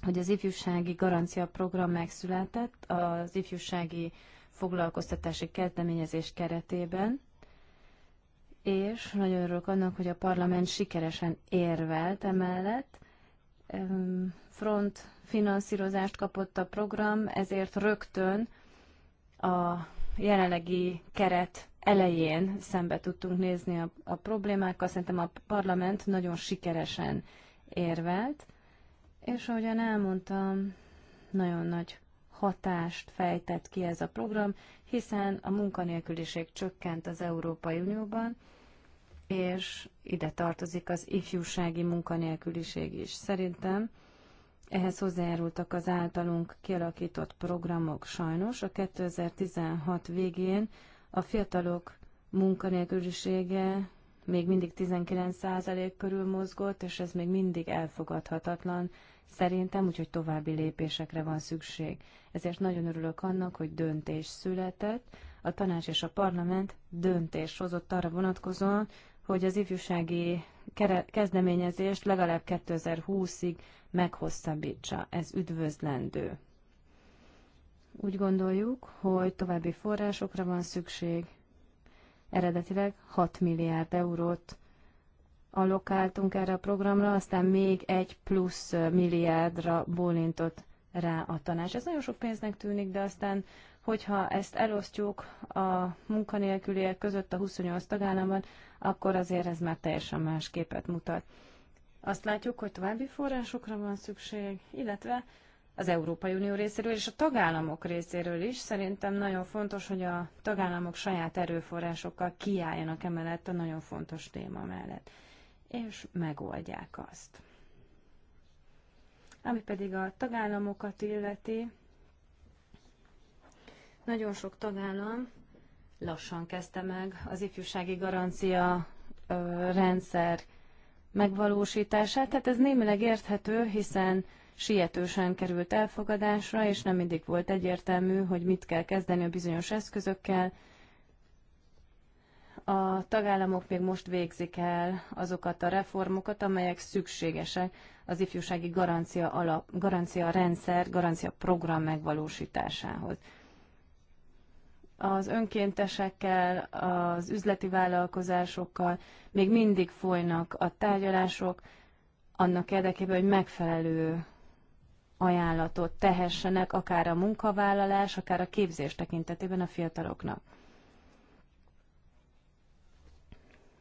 hogy az ifjúsági garancia program megszületett az ifjúsági foglalkoztatási kezdeményezés keretében, és nagyon örülök annak, hogy a parlament sikeresen érvelt emellett. Front finanszírozást kapott a program, ezért rögtön a jelenlegi keret elején szembe tudtunk nézni a, a problémákkal. Szerintem a parlament nagyon sikeresen érvelt, és ahogyan elmondtam, nagyon nagy hatást fejtett ki ez a program, hiszen a munkanélküliség csökkent az Európai Unióban, és ide tartozik az ifjúsági munkanélküliség is. Szerintem ehhez hozzájárultak az általunk kialakított programok sajnos. A 2016 végén a fiatalok munkanélkülisége még mindig 19% körül mozgott, és ez még mindig elfogadhatatlan szerintem, úgyhogy további lépésekre van szükség. Ezért nagyon örülök annak, hogy döntés született, a tanács és a parlament döntés hozott arra vonatkozóan, hogy az ifjúsági kezdeményezést legalább 2020-ig meghosszabbítsa. Ez üdvözlendő. Úgy gondoljuk, hogy további forrásokra van szükség. Eredetileg 6 milliárd eurót allokáltunk erre a programra, aztán még egy plusz milliárdra bólintott rá a tanács. Ez nagyon sok pénznek tűnik, de aztán, hogyha ezt elosztjuk a munkanélküliek között a 28 tagállamban, akkor azért ez már teljesen más képet mutat. Azt látjuk, hogy további forrásokra van szükség, illetve az Európai Unió részéről és a tagállamok részéről is. Szerintem nagyon fontos, hogy a tagállamok saját erőforrásokkal kiálljanak emellett a nagyon fontos téma mellett, és megoldják azt. Ami pedig a tagállamokat illeti, nagyon sok tagállam lassan kezdte meg az ifjúsági garancia rendszer megvalósítását. Tehát ez némileg érthető, hiszen sietősen került elfogadásra, és nem mindig volt egyértelmű, hogy mit kell kezdeni a bizonyos eszközökkel. A tagállamok még most végzik el azokat a reformokat, amelyek szükségesek az ifjúsági garancia, alap, garancia rendszer, garancia program megvalósításához az önkéntesekkel, az üzleti vállalkozásokkal még mindig folynak a tárgyalások, annak érdekében, hogy megfelelő ajánlatot tehessenek akár a munkavállalás, akár a képzés tekintetében a fiataloknak.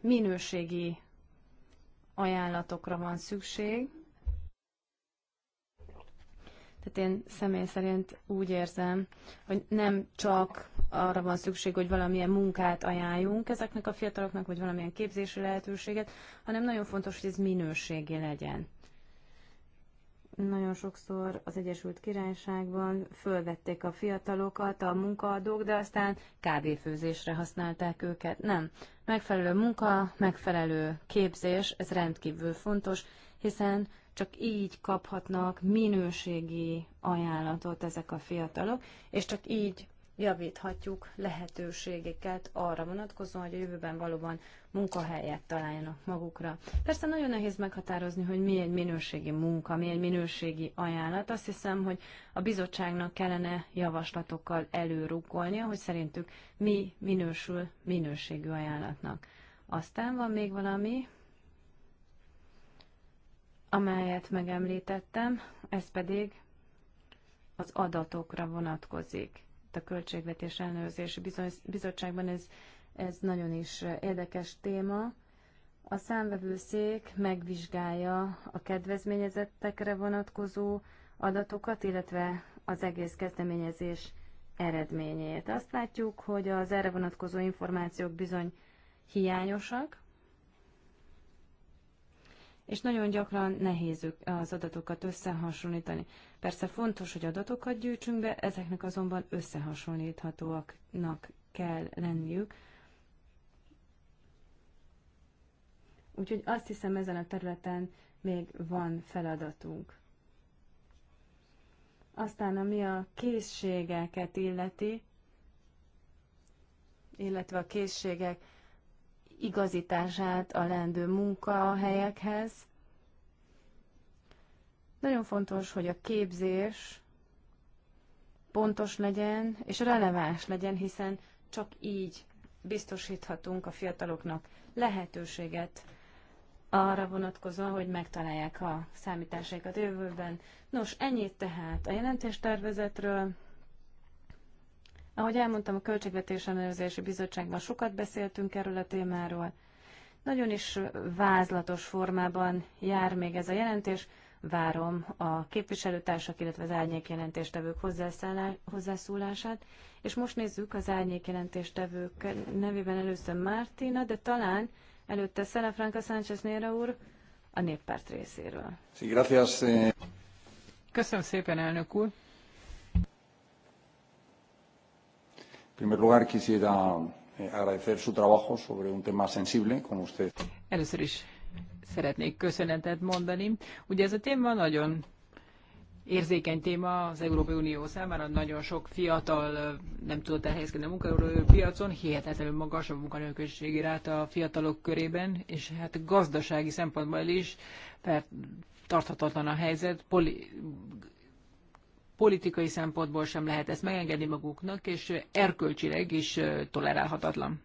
Minőségi ajánlatokra van szükség, tehát én személy szerint úgy érzem, hogy nem csak arra van szükség, hogy valamilyen munkát ajánljunk ezeknek a fiataloknak, vagy valamilyen képzési lehetőséget, hanem nagyon fontos, hogy ez minőségi legyen. Nagyon sokszor az Egyesült Királyságban fölvették a fiatalokat, a munkaadók, de aztán kávéfőzésre használták őket. Nem. Megfelelő munka, megfelelő képzés, ez rendkívül fontos, hiszen csak így kaphatnak minőségi ajánlatot ezek a fiatalok, és csak így javíthatjuk lehetőségeket arra vonatkozóan, hogy a jövőben valóban munkahelyet találjanak magukra. Persze nagyon nehéz meghatározni, hogy mi egy minőségi munka, mi egy minőségi ajánlat. Azt hiszem, hogy a bizottságnak kellene javaslatokkal előrukkolnia, hogy szerintük mi minősül minőségű ajánlatnak. Aztán van még valami, amelyet megemlítettem, ez pedig az adatokra vonatkozik. a Költségvetés Ellenőrzési Bizottságban ez, ez nagyon is érdekes téma. A számvevőszék megvizsgálja a kedvezményezettekre vonatkozó adatokat, illetve az egész kezdeményezés eredményét. Azt látjuk, hogy az erre vonatkozó információk bizony hiányosak, és nagyon gyakran nehéz az adatokat összehasonlítani. Persze fontos, hogy adatokat gyűjtsünk be, ezeknek azonban összehasonlíthatóaknak kell lenniük. Úgyhogy azt hiszem, ezen a területen még van feladatunk. Aztán, ami a készségeket illeti, illetve a készségek igazítását a leendő munkahelyekhez. Nagyon fontos, hogy a képzés pontos legyen és releváns legyen, hiszen csak így biztosíthatunk a fiataloknak lehetőséget arra vonatkozóan, hogy megtalálják a számításaikat jövőben. Nos, ennyit tehát a jelentéstervezetről. Ahogy elmondtam, a Költségvetés Ellenőrzési Bizottságban sokat beszéltünk erről a témáról. Nagyon is vázlatos formában jár még ez a jelentés. Várom a képviselőtársak, illetve az árnyék jelentéstevők hozzászólását. És most nézzük az árnyék jelentéstevők nevében először Mártina, de talán előtte Franca Sánchez Néra úr a néppárt részéről. Eh. Köszönöm szépen, elnök úr! primer lugar quisiera eh, agradecer su trabajo sobre un tema sensible como usted. Először is szeretnék köszönetet mondani. Ugye ez a téma nagyon érzékeny téma az Európai Unió számára, nagyon sok fiatal nem tudott elhelyezkedni a munkaerőpiacon, hihetetlenül magas a munkanélküliségi ráta a fiatalok körében, és hát gazdasági szempontból is, mert tarthatatlan a helyzet, poli- politikai szempontból sem lehet ezt megengedni maguknak, és erkölcsileg is tolerálhatatlan.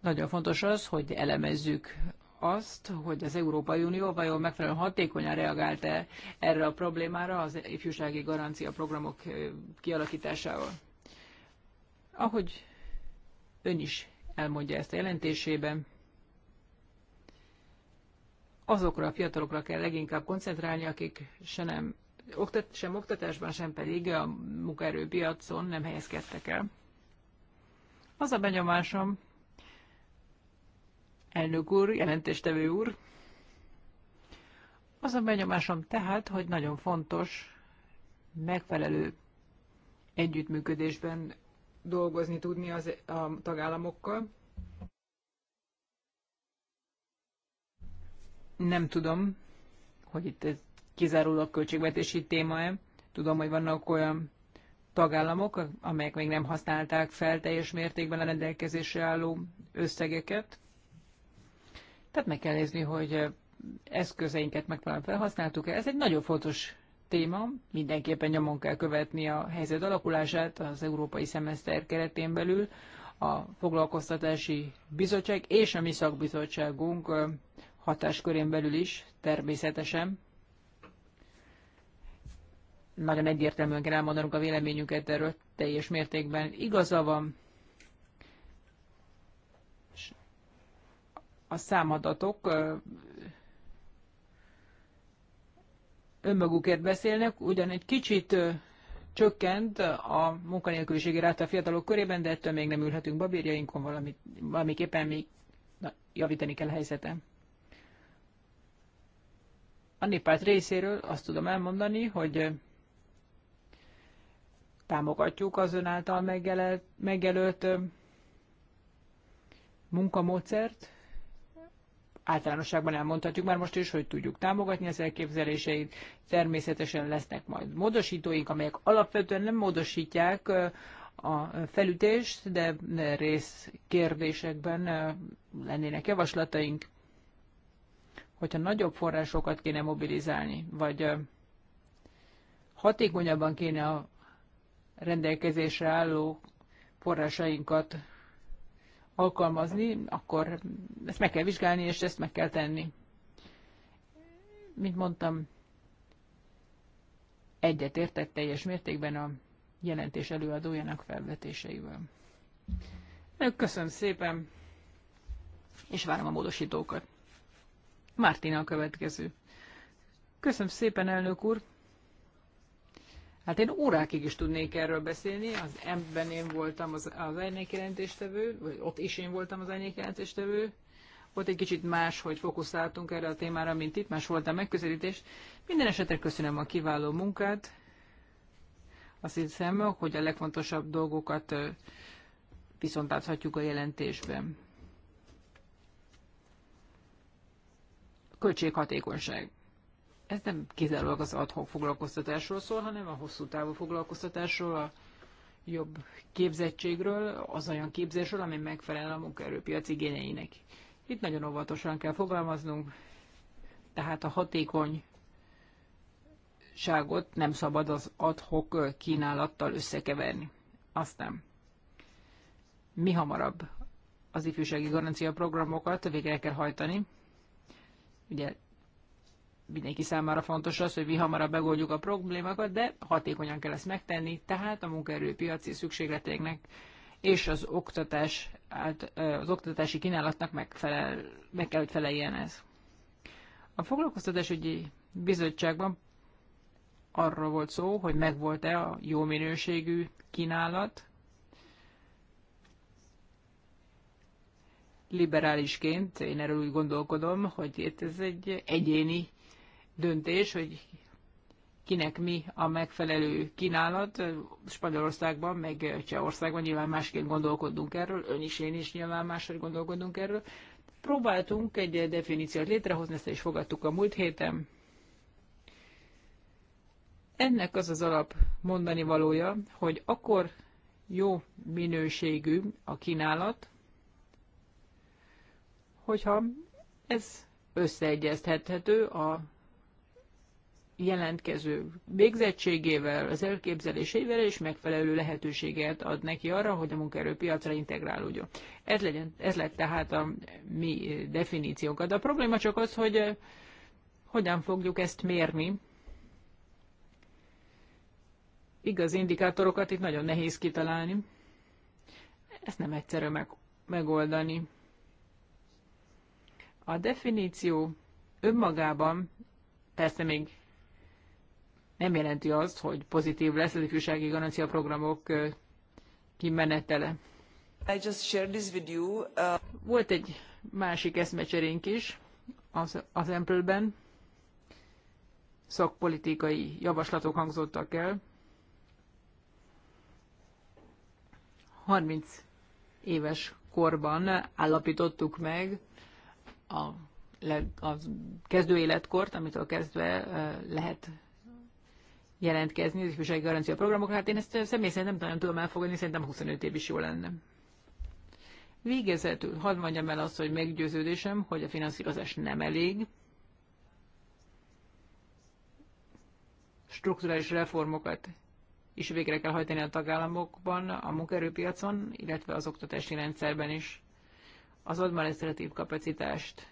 Nagyon fontos az, hogy elemezzük azt, hogy az Európai Unió vajon megfelelően hatékonyan reagálta e erre a problémára az ifjúsági garancia programok kialakításával. Ahogy ön is elmondja ezt a jelentésében, azokra a fiatalokra kell leginkább koncentrálni, akik se nem oktat, sem oktatásban, sem pedig a munkaerőpiacon nem helyezkedtek el. Az a benyomásom, elnök úr, jelentéstevő úr, az a benyomásom tehát, hogy nagyon fontos megfelelő együttműködésben dolgozni tudni az, a tagállamokkal. Nem tudom, hogy itt ez kizárólag költségvetési téma-e. Tudom, hogy vannak olyan tagállamok, amelyek még nem használták fel teljes mértékben a rendelkezésre álló összegeket. Tehát meg kell nézni, hogy eszközeinket megfelelően felhasználtuk-e. Ez egy nagyon fontos téma, mindenképpen nyomon kell követni a helyzet alakulását az európai szemeszter keretén belül. A foglalkoztatási bizottság és a mi szakbizottságunk hatáskörén belül is természetesen nagyon egyértelműen kell elmondanunk a véleményünket erről teljes mértékben. Igaza van, a számadatok önmagukért beszélnek, ugyan egy kicsit csökkent a munkanélküliségi ráta a fiatalok körében, de ettől még nem ülhetünk babírjainkon, valamit, valamiképpen még na, javítani kell a helyzetem. A néppárt részéről azt tudom elmondani, hogy támogatjuk az ön által megjelölt, munkamódszert. Általánosságban elmondhatjuk már most is, hogy tudjuk támogatni az elképzeléseit. Természetesen lesznek majd módosítóink, amelyek alapvetően nem módosítják a felütést, de rész kérdésekben lennének javaslataink. Hogyha nagyobb forrásokat kéne mobilizálni, vagy hatékonyabban kéne a rendelkezésre álló forrásainkat alkalmazni, akkor ezt meg kell vizsgálni, és ezt meg kell tenni. Mint mondtam, egyetértek teljes mértékben a jelentés előadójának felvetéseivel. Köszönöm szépen, és várom a módosítókat. Mártina a következő. Köszönöm szépen, elnök úr! Hát én órákig is tudnék erről beszélni, az ebben én voltam az, az elnyékjelentéstevő, vagy ott is én voltam az elnyékjelentéstevő, ott egy kicsit más, hogy fókuszáltunk erre a témára, mint itt, más volt a megközelítés. Minden esetre köszönöm a kiváló munkát. Azt hiszem, hogy a legfontosabb dolgokat viszont láthatjuk a jelentésben. Költséghatékonyság ez nem kizárólag az adhok foglalkoztatásról szól, hanem a hosszú távú foglalkoztatásról, a jobb képzettségről, az olyan képzésről, ami megfelel a munkaerőpiac igényeinek. Itt nagyon óvatosan kell fogalmaznunk, tehát a hatékony ságot nem szabad az adhok kínálattal összekeverni. Aztán mi hamarabb az ifjúsági garancia programokat végre kell hajtani. Ugye mindenki számára fontos az, hogy mi hamarabb megoldjuk a problémákat, de hatékonyan kell ezt megtenni, tehát a munkaerőpiaci szükségletének és az oktatás, az oktatási kínálatnak megfelel, meg kell, hogy feleljen ez. A foglalkoztatásügyi bizottságban arról volt szó, hogy megvolt-e a jó minőségű kínálat. Liberálisként én erről úgy gondolkodom, hogy itt ez egy egyéni döntés, hogy kinek mi a megfelelő kínálat. Spanyolországban, meg Csehországban nyilván másként gondolkodunk erről, ön is, én is nyilván máshogy gondolkodunk erről. Próbáltunk egy definíciót létrehozni, ezt is fogadtuk a múlt héten. Ennek az az alap mondani valója, hogy akkor jó minőségű a kínálat, hogyha ez összeegyeztethető a jelentkező végzettségével, az elképzeléseivel és megfelelő lehetőséget ad neki arra, hogy a munkaerőpiacra integrálódjon. Ez, legyen, ez lett tehát a mi definíciókat. a probléma csak az, hogy eh, hogyan fogjuk ezt mérni. Igaz indikátorokat itt nagyon nehéz kitalálni. Ezt nem egyszerű meg, megoldani. A definíció önmagában persze még nem jelenti azt, hogy pozitív lesz az ifjúsági garancia programok kimenetele. I just shared this with you. Uh... Volt egy másik eszmecserénk is az, az Ample-ben. Szakpolitikai javaslatok hangzottak el. 30 éves korban állapítottuk meg a, a életkort, amitől kezdve lehet jelentkezni az ifjúsági garancia programokra. Hát én ezt személy szerint nem nagyon tudom elfogadni, szerintem 25 év is jó lenne. Végezetül, hadd mondjam el azt, hogy meggyőződésem, hogy a finanszírozás nem elég. Strukturális reformokat is végre kell hajtani a tagállamokban, a munkaerőpiacon, illetve az oktatási rendszerben is. Az administratív kapacitást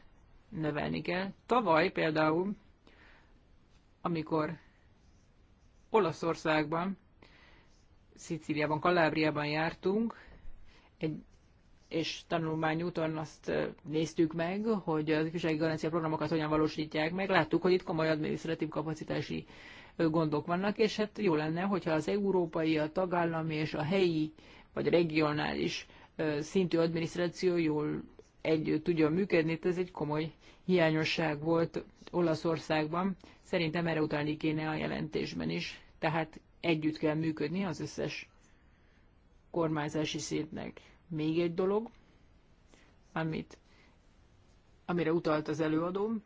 növelni kell. Tavaly például, amikor Olaszországban, Szicíliában, Kalábriában jártunk, egy, és tanulmányúton azt néztük meg, hogy az ifjúsági garancia programokat hogyan valósítják meg. Láttuk, hogy itt komoly adminisztratív kapacitási gondok vannak, és hát jó lenne, hogyha az európai, a tagállami és a helyi vagy regionális szintű adminisztráció jól együtt tudjon működni. Ez egy komoly hiányosság volt Olaszországban. Szerintem erre utalni kéne a jelentésben is, tehát együtt kell működni az összes kormányzási szintnek. Még egy dolog, amit, amire utalt az előadóm,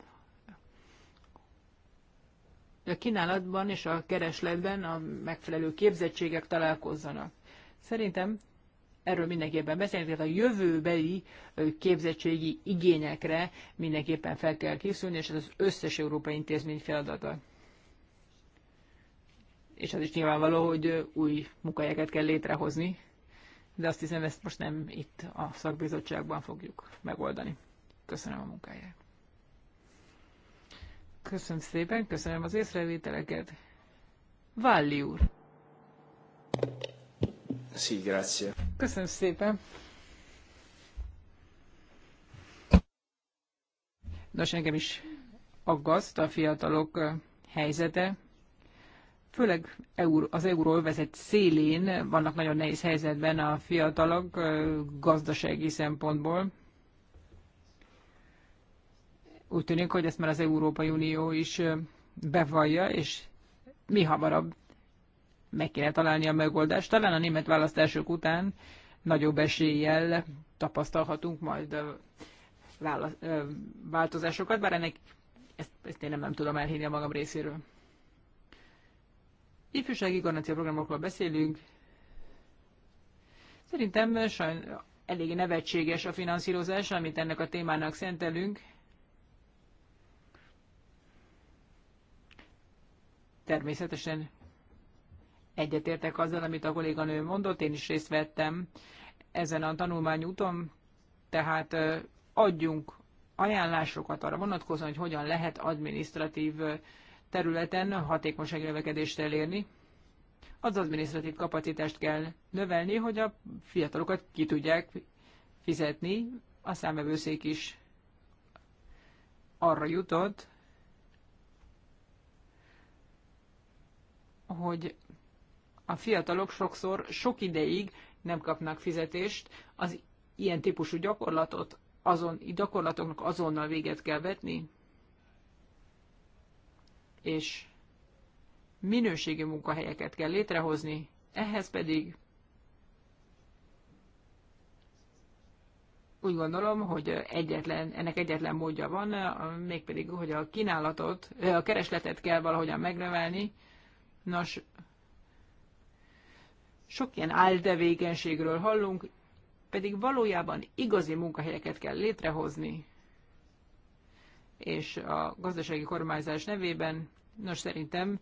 a kínálatban és a keresletben a megfelelő képzettségek találkozzanak. Szerintem erről mindenképpen beszélni, tehát a jövőbeli képzettségi igényekre mindenképpen fel kell készülni, és ez az összes európai intézmény feladata. És az is nyilvánvaló, hogy új munkahelyeket kell létrehozni, de azt hiszem, ezt most nem itt a szakbizottságban fogjuk megoldani. Köszönöm a munkáját. Köszönöm szépen, köszönöm az észrevételeket. Valli úr! grazie. Köszönöm szépen. Nos, engem is aggaszt a fiatalok helyzete. Főleg az euróvezet szélén vannak nagyon nehéz helyzetben a fiatalok gazdasági szempontból. Úgy tűnik, hogy ezt már az Európai Unió is bevallja, és mi hamarabb meg kéne találni a megoldást. Talán a német választások után nagyobb eséllyel tapasztalhatunk majd változásokat, bár ennek ezt, ezt én nem, nem tudom elhinni a magam részéről. Ifjúsági garancia programokról beszélünk. Szerintem sajn, elég nevetséges a finanszírozás, amit ennek a témának szentelünk. Természetesen Egyetértek azzal, amit a kolléganő mondott, én is részt vettem ezen a tanulmányúton, tehát adjunk ajánlásokat arra vonatkozóan, hogy hogyan lehet adminisztratív területen hatékonyság növekedést elérni. Az adminisztratív kapacitást kell növelni, hogy a fiatalokat ki tudják fizetni. A számvevőszék is arra jutott, hogy a fiatalok sokszor sok ideig nem kapnak fizetést, az ilyen típusú gyakorlatot, azon, gyakorlatoknak azonnal véget kell vetni, és minőségi munkahelyeket kell létrehozni, ehhez pedig úgy gondolom, hogy egyetlen, ennek egyetlen módja van, mégpedig, hogy a kínálatot, a keresletet kell valahogyan megnövelni. Nos, sok ilyen áltevékenységről hallunk, pedig valójában igazi munkahelyeket kell létrehozni, és a gazdasági kormányzás nevében, nos szerintem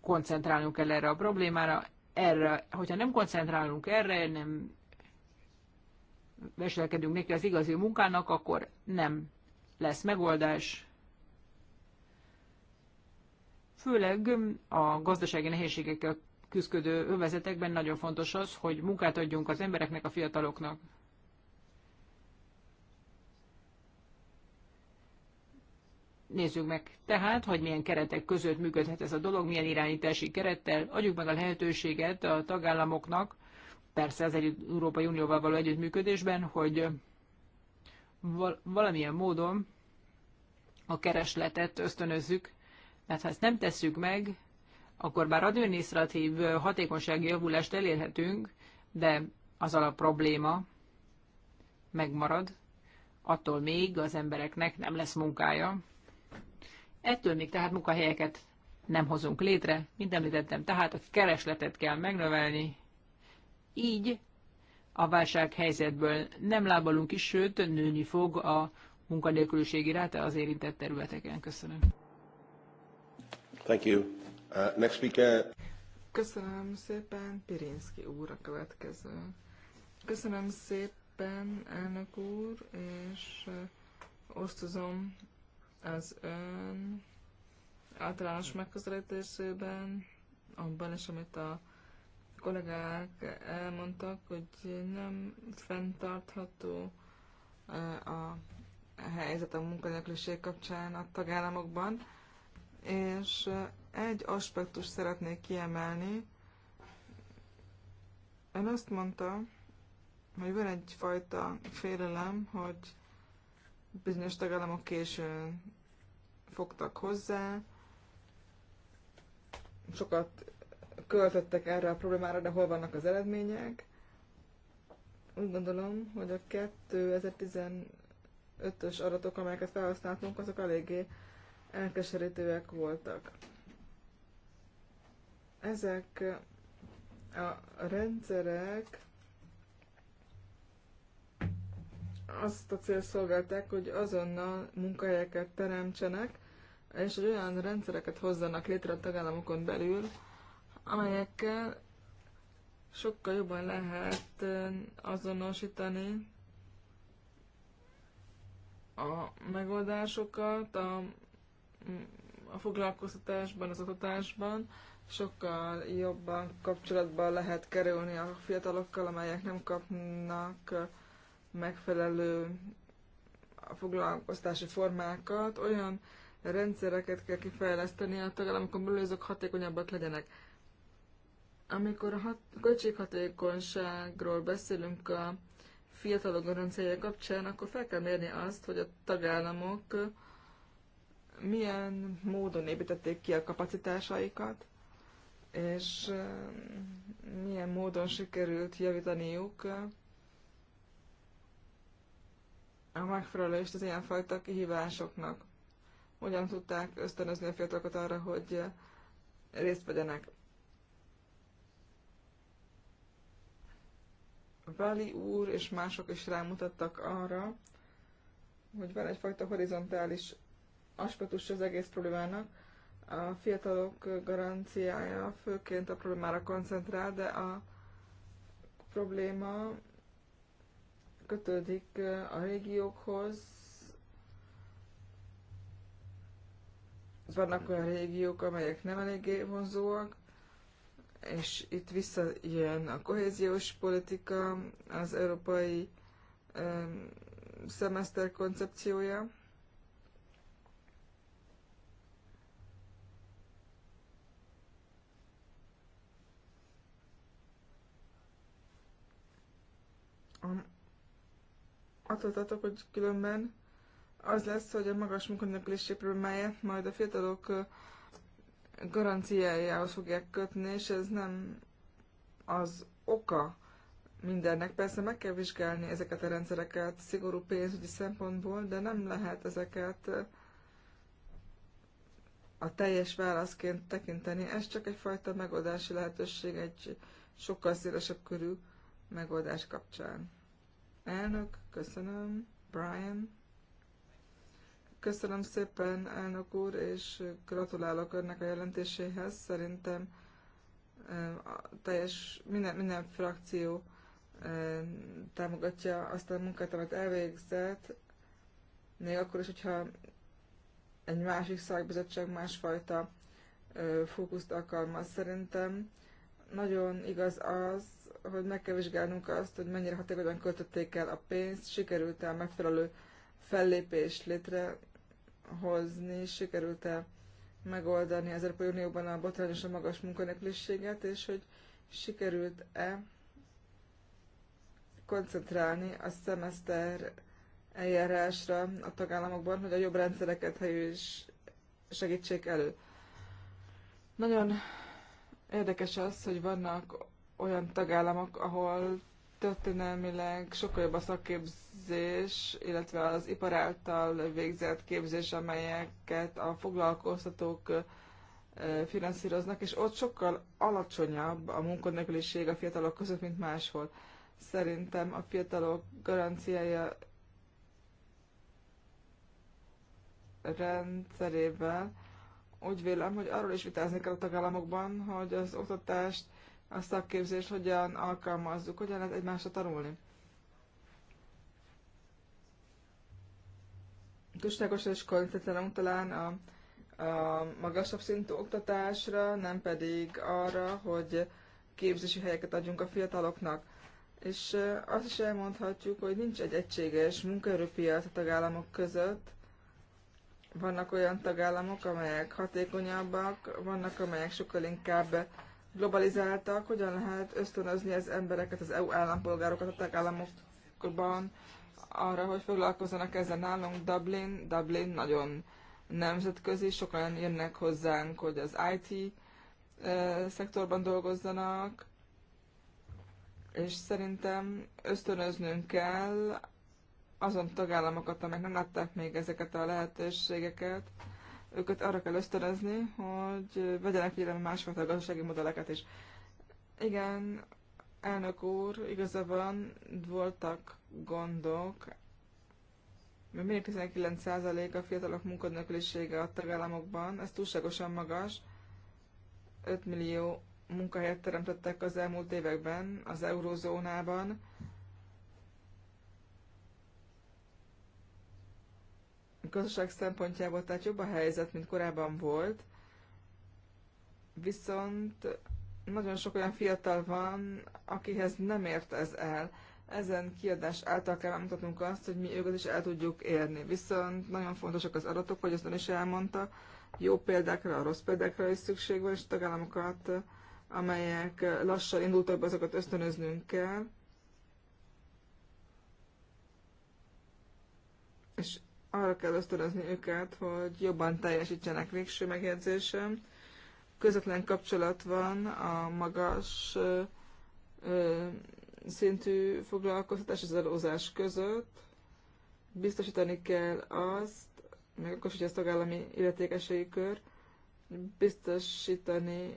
koncentrálnunk kell erre a problémára, erre, hogyha nem koncentrálunk erre, nem veselkedünk neki az igazi munkának, akkor nem lesz megoldás. Főleg a gazdasági nehézségekkel küzdködő övezetekben nagyon fontos az, hogy munkát adjunk az embereknek, a fiataloknak. Nézzük meg tehát, hogy milyen keretek között működhet ez a dolog, milyen irányítási kerettel. Adjuk meg a lehetőséget a tagállamoknak, persze az egy Európai Unióval való együttműködésben, hogy valamilyen módon a keresletet ösztönözzük, mert ha ezt nem tesszük meg, akkor bár adminisztratív hatékonysági javulást elérhetünk, de az a probléma megmarad, attól még az embereknek nem lesz munkája. Ettől még tehát munkahelyeket nem hozunk létre, mint említettem, tehát a keresletet kell megnövelni, így a válsághelyzetből nem lábalunk is, sőt nőni fog a munkanélküliségi ráta az érintett területeken. Köszönöm. Thank you. Uh, next speaker. Köszönöm szépen, Pirinszki úr a következő. Köszönöm szépen, elnök úr, és uh, osztozom az ön általános megközelítésében, abban is, amit a kollégák elmondtak, hogy nem fenntartható uh, a helyzet a munkanélküliség kapcsán a tagállamokban és eh, egy aspektust szeretnék kiemelni. Ön azt mondta, hogy van egyfajta félelem, hogy bizonyos tagállamok későn fogtak hozzá, sokat költöttek erre a problémára, de hol vannak az eredmények. Úgy gondolom, hogy a 2015-ös adatok, amelyeket felhasználtunk, azok eléggé elkeserítőek voltak. Ezek a rendszerek azt a cél szolgálták, hogy azonnal munkahelyeket teremtsenek, és hogy olyan rendszereket hozzanak létre a tagállamokon belül, amelyekkel sokkal jobban lehet azonosítani a megoldásokat, a a foglalkoztatásban, az oktatásban sokkal jobban kapcsolatban lehet kerülni a fiatalokkal, amelyek nem kapnak megfelelő a foglalkoztási formákat, olyan rendszereket kell kifejleszteni a tagállamokon belül, azok hatékonyabbak legyenek. Amikor a hat, költséghatékonyságról beszélünk a fiatalok garanciája kapcsán, akkor fel kell mérni azt, hogy a tagállamok milyen módon építették ki a kapacitásaikat, és milyen módon sikerült javítaniuk a megfelelést az ilyenfajta kihívásoknak. Hogyan tudták ösztönözni a fiatalokat arra, hogy részt vegyenek. Vali úr és mások is rámutattak arra, hogy van egyfajta horizontális aspektus az egész problémának. A fiatalok garanciája főként a problémára koncentrál, de a probléma kötődik eh, a régiókhoz. Vannak olyan régiók, amelyek nem eléggé vonzóak, és itt visszajön a kohéziós politika, az európai um, szemeszter koncepciója. attól tartok, hogy különben az lesz, hogy a magas munkanélküliség problémáját majd a fiatalok garanciájához fogják kötni, és ez nem az oka mindennek. Persze meg kell vizsgálni ezeket a rendszereket szigorú pénzügyi szempontból, de nem lehet ezeket a teljes válaszként tekinteni. Ez csak egyfajta megoldási lehetőség, egy sokkal szélesebb körül megoldás kapcsán. Elnök, köszönöm, Brian. Köszönöm szépen, elnök úr, és gratulálok önnek a jelentéséhez. Szerintem a teljes, minden, minden frakció támogatja azt a munkát, amit elvégzett, még akkor is, hogyha egy másik szakbizottság másfajta fókuszt alkalmaz. Szerintem nagyon igaz az, hogy meg kell vizsgálnunk azt, hogy mennyire hatékonyan költötték el a pénzt, sikerült el megfelelő fellépést létrehozni, sikerült el megoldani az Európai Unióban a botrányosan magas munkanélküliséget, és hogy sikerült-e koncentrálni a szemeszter eljárásra a tagállamokban, hogy a jobb rendszereket helyül is segítsék elő. Nagyon érdekes az, hogy vannak olyan tagállamok, ahol történelmileg sokkal jobb a szakképzés, illetve az ipar által végzett képzés, amelyeket a foglalkoztatók finanszíroznak, és ott sokkal alacsonyabb a munkanélküliség a fiatalok között, mint máshol. Szerintem a fiatalok garanciája rendszerével úgy vélem, hogy arról is vitázni kell a tagállamokban, hogy az oktatást a szakképzést hogyan alkalmazzuk, hogyan lehet egymásra tanulni. Külságos és koncentrálanul talán a, a magasabb szintű oktatásra, nem pedig arra, hogy képzési helyeket adjunk a fiataloknak. És azt is elmondhatjuk, hogy nincs egy egységes munkaerőpiac a tagállamok között. Vannak olyan tagállamok, amelyek hatékonyabbak, vannak, amelyek sokkal inkább globalizáltak, hogyan lehet ösztönözni az embereket, az EU állampolgárokat a tagállamokban arra, hogy foglalkozzanak ezzel nálunk. Dublin, Dublin nagyon nemzetközi, sokan jönnek hozzánk, hogy az IT szektorban dolgozzanak, és szerintem ösztönöznünk kell azon tagállamokat, amelyek nem látták még ezeket a lehetőségeket, őket arra kell ösztönözni, hogy vegyenek figyelembe másfajta gazdasági modelleket is. Igen, elnök úr, igaza van, voltak gondok. Még 19% a fiatalok munkanélkülisége a tagállamokban, ez túlságosan magas. 5 millió munkahelyet teremtettek az elmúlt években az eurózónában, gazdaság szempontjából tehát jobb a helyzet, mint korábban volt, viszont nagyon sok olyan fiatal van, akihez nem ért ez el. Ezen kiadás által kell mutatunk azt, hogy mi őket is el tudjuk érni. Viszont nagyon fontosak az adatok, hogy azt ön is elmondta, jó példákra, a rossz példákra is szükség van, és tagállamokat, amelyek lassan indultak be, azokat ösztönöznünk kell. És arra kell ösztönözni őket, hogy jobban teljesítsenek végső megjegyzésem. Közvetlen kapcsolat van a magas ö, szintű foglalkoztatás az adózás között. Biztosítani kell azt, meg akkor, hogy a tagállami illetékeségi kör, biztosítani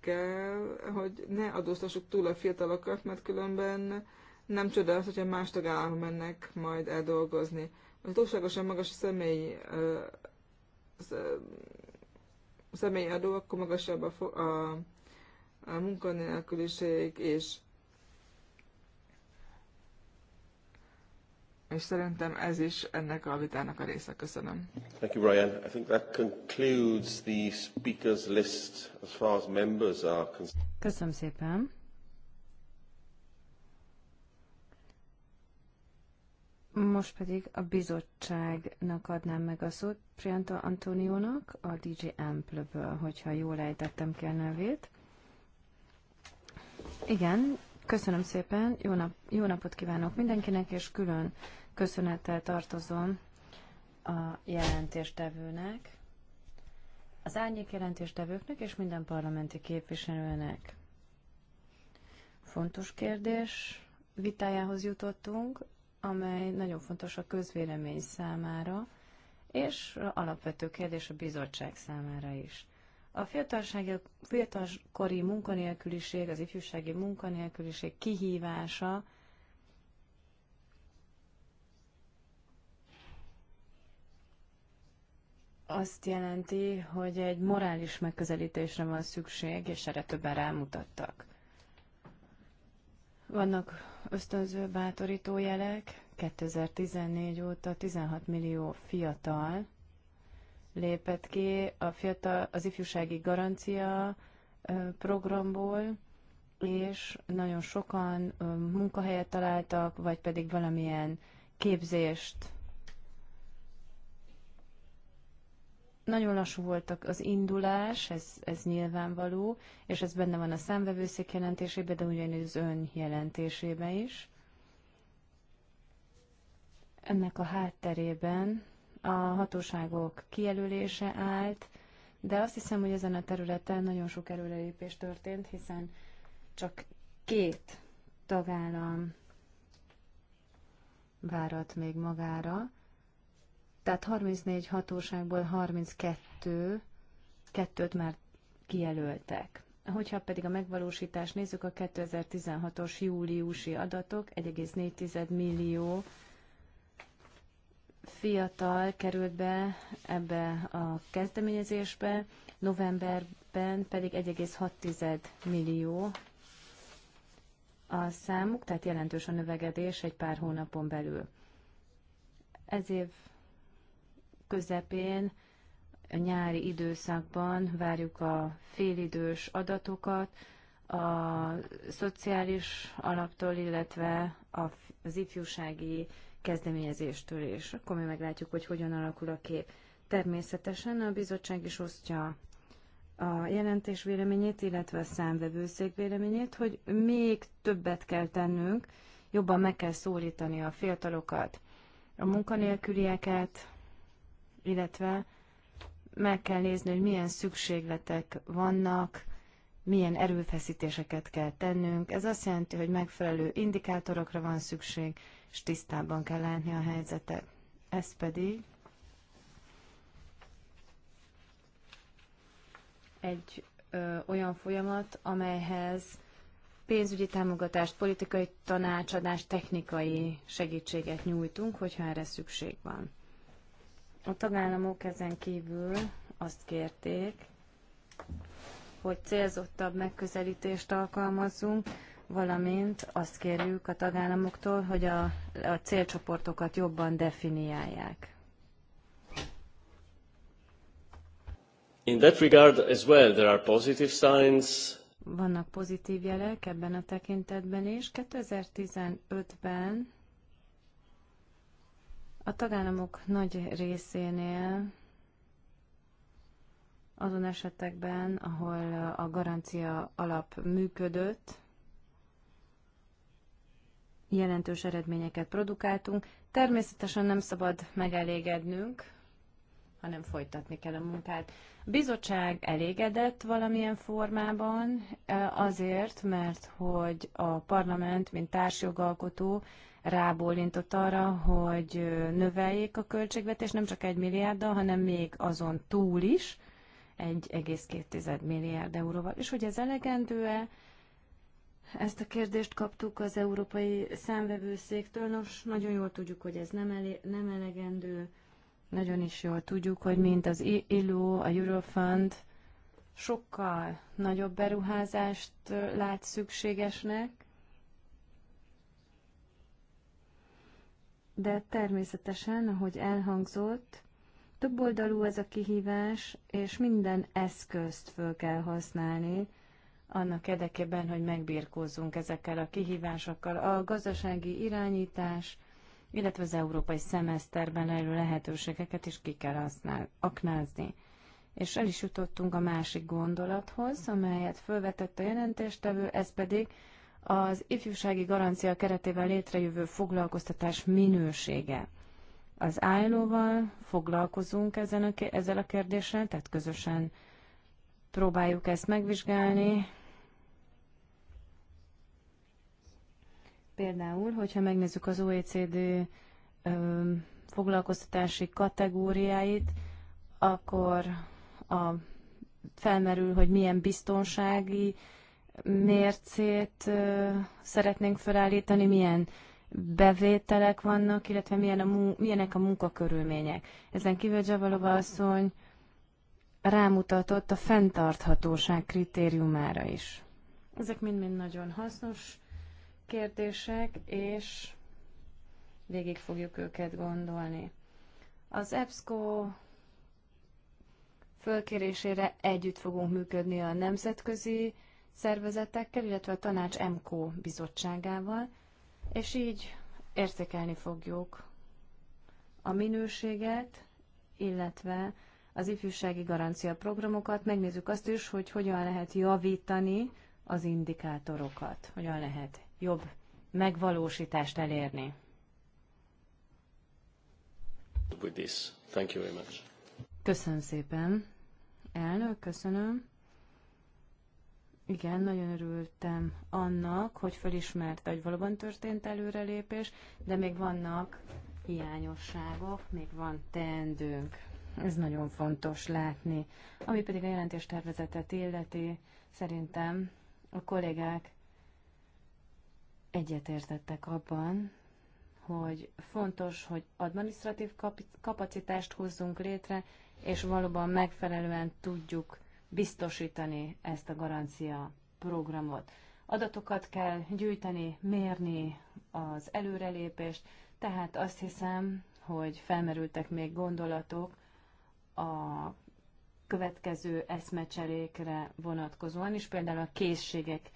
kell, hogy ne adóztassuk túl a fiatalokat, mert különben nem csoda az, hogyha más tagállamok mennek majd eldolgozni hogy túlságosan magas a személy, a személy adó, akkor magasabb a, a, a munkanélküliség és és szerintem ez is ennek a vitának a része. Köszönöm. Thank you, Ryan. I think that concludes the speakers list as far as members are concerned. Köszönöm szépen. Most pedig a bizottságnak adnám meg a szót Prianta Antoniónak, a DJ Ample-ből, hogyha jól ejtettem ki a nevét. Igen, köszönöm szépen, jó, nap, jó napot kívánok mindenkinek, és külön köszönettel tartozom a jelentéstevőnek, az árnyék jelentéstevőknek és minden parlamenti képviselőnek. Fontos kérdés, vitájához jutottunk, amely nagyon fontos a közvélemény számára, és alapvető kérdés a bizottság számára is. A fiatalkori munkanélküliség, az ifjúsági munkanélküliség kihívása azt jelenti, hogy egy morális megközelítésre van szükség, és erre többen rámutattak. Vannak ösztönző, bátorító jelek. 2014 óta 16 millió fiatal lépett ki a fiatal, az ifjúsági garancia programból, és nagyon sokan munkahelyet találtak, vagy pedig valamilyen képzést Nagyon lassú voltak az indulás, ez, ez nyilvánvaló, és ez benne van a számvevőszék jelentésében, de ugyanúgy az ön jelentésében is. Ennek a hátterében a hatóságok kijelölése állt, de azt hiszem, hogy ezen a területen nagyon sok előrelépés történt, hiszen csak két tagállam várat még magára, tehát 34 hatóságból 32, kettőt már kijelöltek. Hogyha pedig a megvalósítást nézzük, a 2016-os júliusi adatok 1,4 millió fiatal került be ebbe a kezdeményezésbe, novemberben pedig 1,6 millió a számuk, tehát jelentős a növekedés egy pár hónapon belül. Ez év közepén, a nyári időszakban várjuk a félidős adatokat, a szociális alaptól, illetve az ifjúsági kezdeményezéstől is. Akkor mi meglátjuk, hogy hogyan alakul a kép. Természetesen a bizottság is osztja a jelentés véleményét, illetve a számvevőszék véleményét, hogy még többet kell tennünk, jobban meg kell szólítani a fiatalokat, a munkanélkülieket, illetve meg kell nézni, hogy milyen szükségletek vannak, milyen erőfeszítéseket kell tennünk. Ez azt jelenti, hogy megfelelő indikátorokra van szükség, és tisztában kell látni a helyzetet. Ez pedig egy ö, olyan folyamat, amelyhez pénzügyi támogatást, politikai tanácsadást, technikai segítséget nyújtunk, hogyha erre szükség van. A tagállamok ezen kívül azt kérték, hogy célzottabb megközelítést alkalmazzunk, valamint azt kérjük a tagállamoktól, hogy a, a célcsoportokat jobban definiálják. In that regard as well there are positive signs. Vannak pozitív jelek ebben a tekintetben is. 2015-ben a tagállamok nagy részénél azon esetekben, ahol a garancia alap működött, jelentős eredményeket produkáltunk. Természetesen nem szabad megelégednünk, hanem folytatni kell a munkát. A bizottság elégedett valamilyen formában e, azért, mert hogy a parlament, mint társjogalkotó rábólintott arra, hogy növeljék a költségvetés, nem csak egy milliárddal, hanem még azon túl is, 1,2 milliárd euróval. És hogy ez elegendő-e? Ezt a kérdést kaptuk az Európai Számvevőszéktől. Nos, nagyon jól tudjuk, hogy ez nem, ele- nem elegendő. Nagyon is jól tudjuk, hogy mint az ILO, a Eurofund sokkal nagyobb beruházást lát szükségesnek, de természetesen, ahogy elhangzott, többoldalú ez a kihívás, és minden eszközt föl kell használni annak érdekében, hogy megbírkózzunk ezekkel a kihívásokkal. A gazdasági irányítás, illetve az európai szemeszterben elő lehetőségeket is ki kell használ, aknázni. És el is jutottunk a másik gondolathoz, amelyet felvetett a jelentéstevő, ez pedig az ifjúsági garancia keretében létrejövő foglalkoztatás minősége. Az állóval foglalkozunk ezen a, ezzel a kérdéssel, tehát közösen próbáljuk ezt megvizsgálni. Például, hogyha megnézzük az OECD ö, foglalkoztatási kategóriáit, akkor a, felmerül, hogy milyen biztonsági ö, mércét szeretnénk felállítani, milyen bevételek vannak, illetve milyen a munka milyenek a munkakörülmények. Ezen kívül Zsabalova asszony rámutatott a fenntarthatóság kritériumára is. Ezek mind-mind nagyon hasznos kérdések, és végig fogjuk őket gondolni. Az EBSCO fölkérésére együtt fogunk működni a nemzetközi szervezetekkel, illetve a Tanács MKO bizottságával, és így értékelni fogjuk a minőséget, illetve az ifjúsági garancia programokat. Megnézzük azt is, hogy hogyan lehet javítani az indikátorokat, hogyan lehet jobb megvalósítást elérni. Köszönöm szépen. Elnök, köszönöm. Igen, nagyon örültem annak, hogy felismerte, hogy valóban történt előrelépés, de még vannak hiányosságok, még van teendőnk. Ez nagyon fontos látni. Ami pedig a jelentéstervezetet illeti, szerintem a kollégák egyetértettek abban, hogy fontos, hogy administratív kapacitást hozzunk létre, és valóban megfelelően tudjuk biztosítani ezt a garancia programot. Adatokat kell gyűjteni, mérni az előrelépést, tehát azt hiszem, hogy felmerültek még gondolatok a következő eszmecserékre vonatkozóan is, például a készségek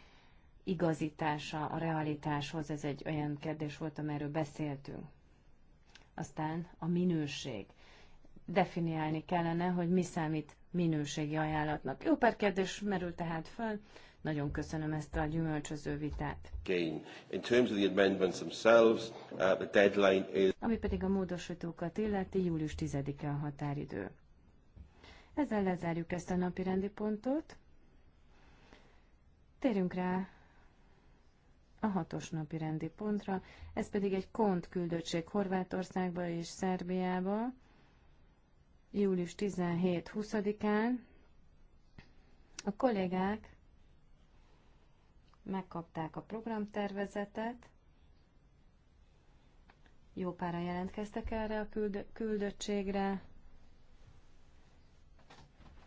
igazítása a realitáshoz, ez egy olyan kérdés volt, amelyről beszéltünk. Aztán a minőség definiálni kellene, hogy mi számít minőségi ajánlatnak. Jó pár kérdés merül tehát föl. Nagyon köszönöm ezt a gyümölcsöző vitát. In terms of the uh, the is... Ami pedig a módosítókat illeti, július 10-e a határidő. Ezzel lezárjuk ezt a napi rendi pontot. Térjünk rá a hatos napi rendi pontra, ez pedig egy kont küldöttség Horvátországba és Szerbiába július 17-20-án a kollégák megkapták a programtervezetet, jó pára jelentkeztek erre a küld- küldöttségre,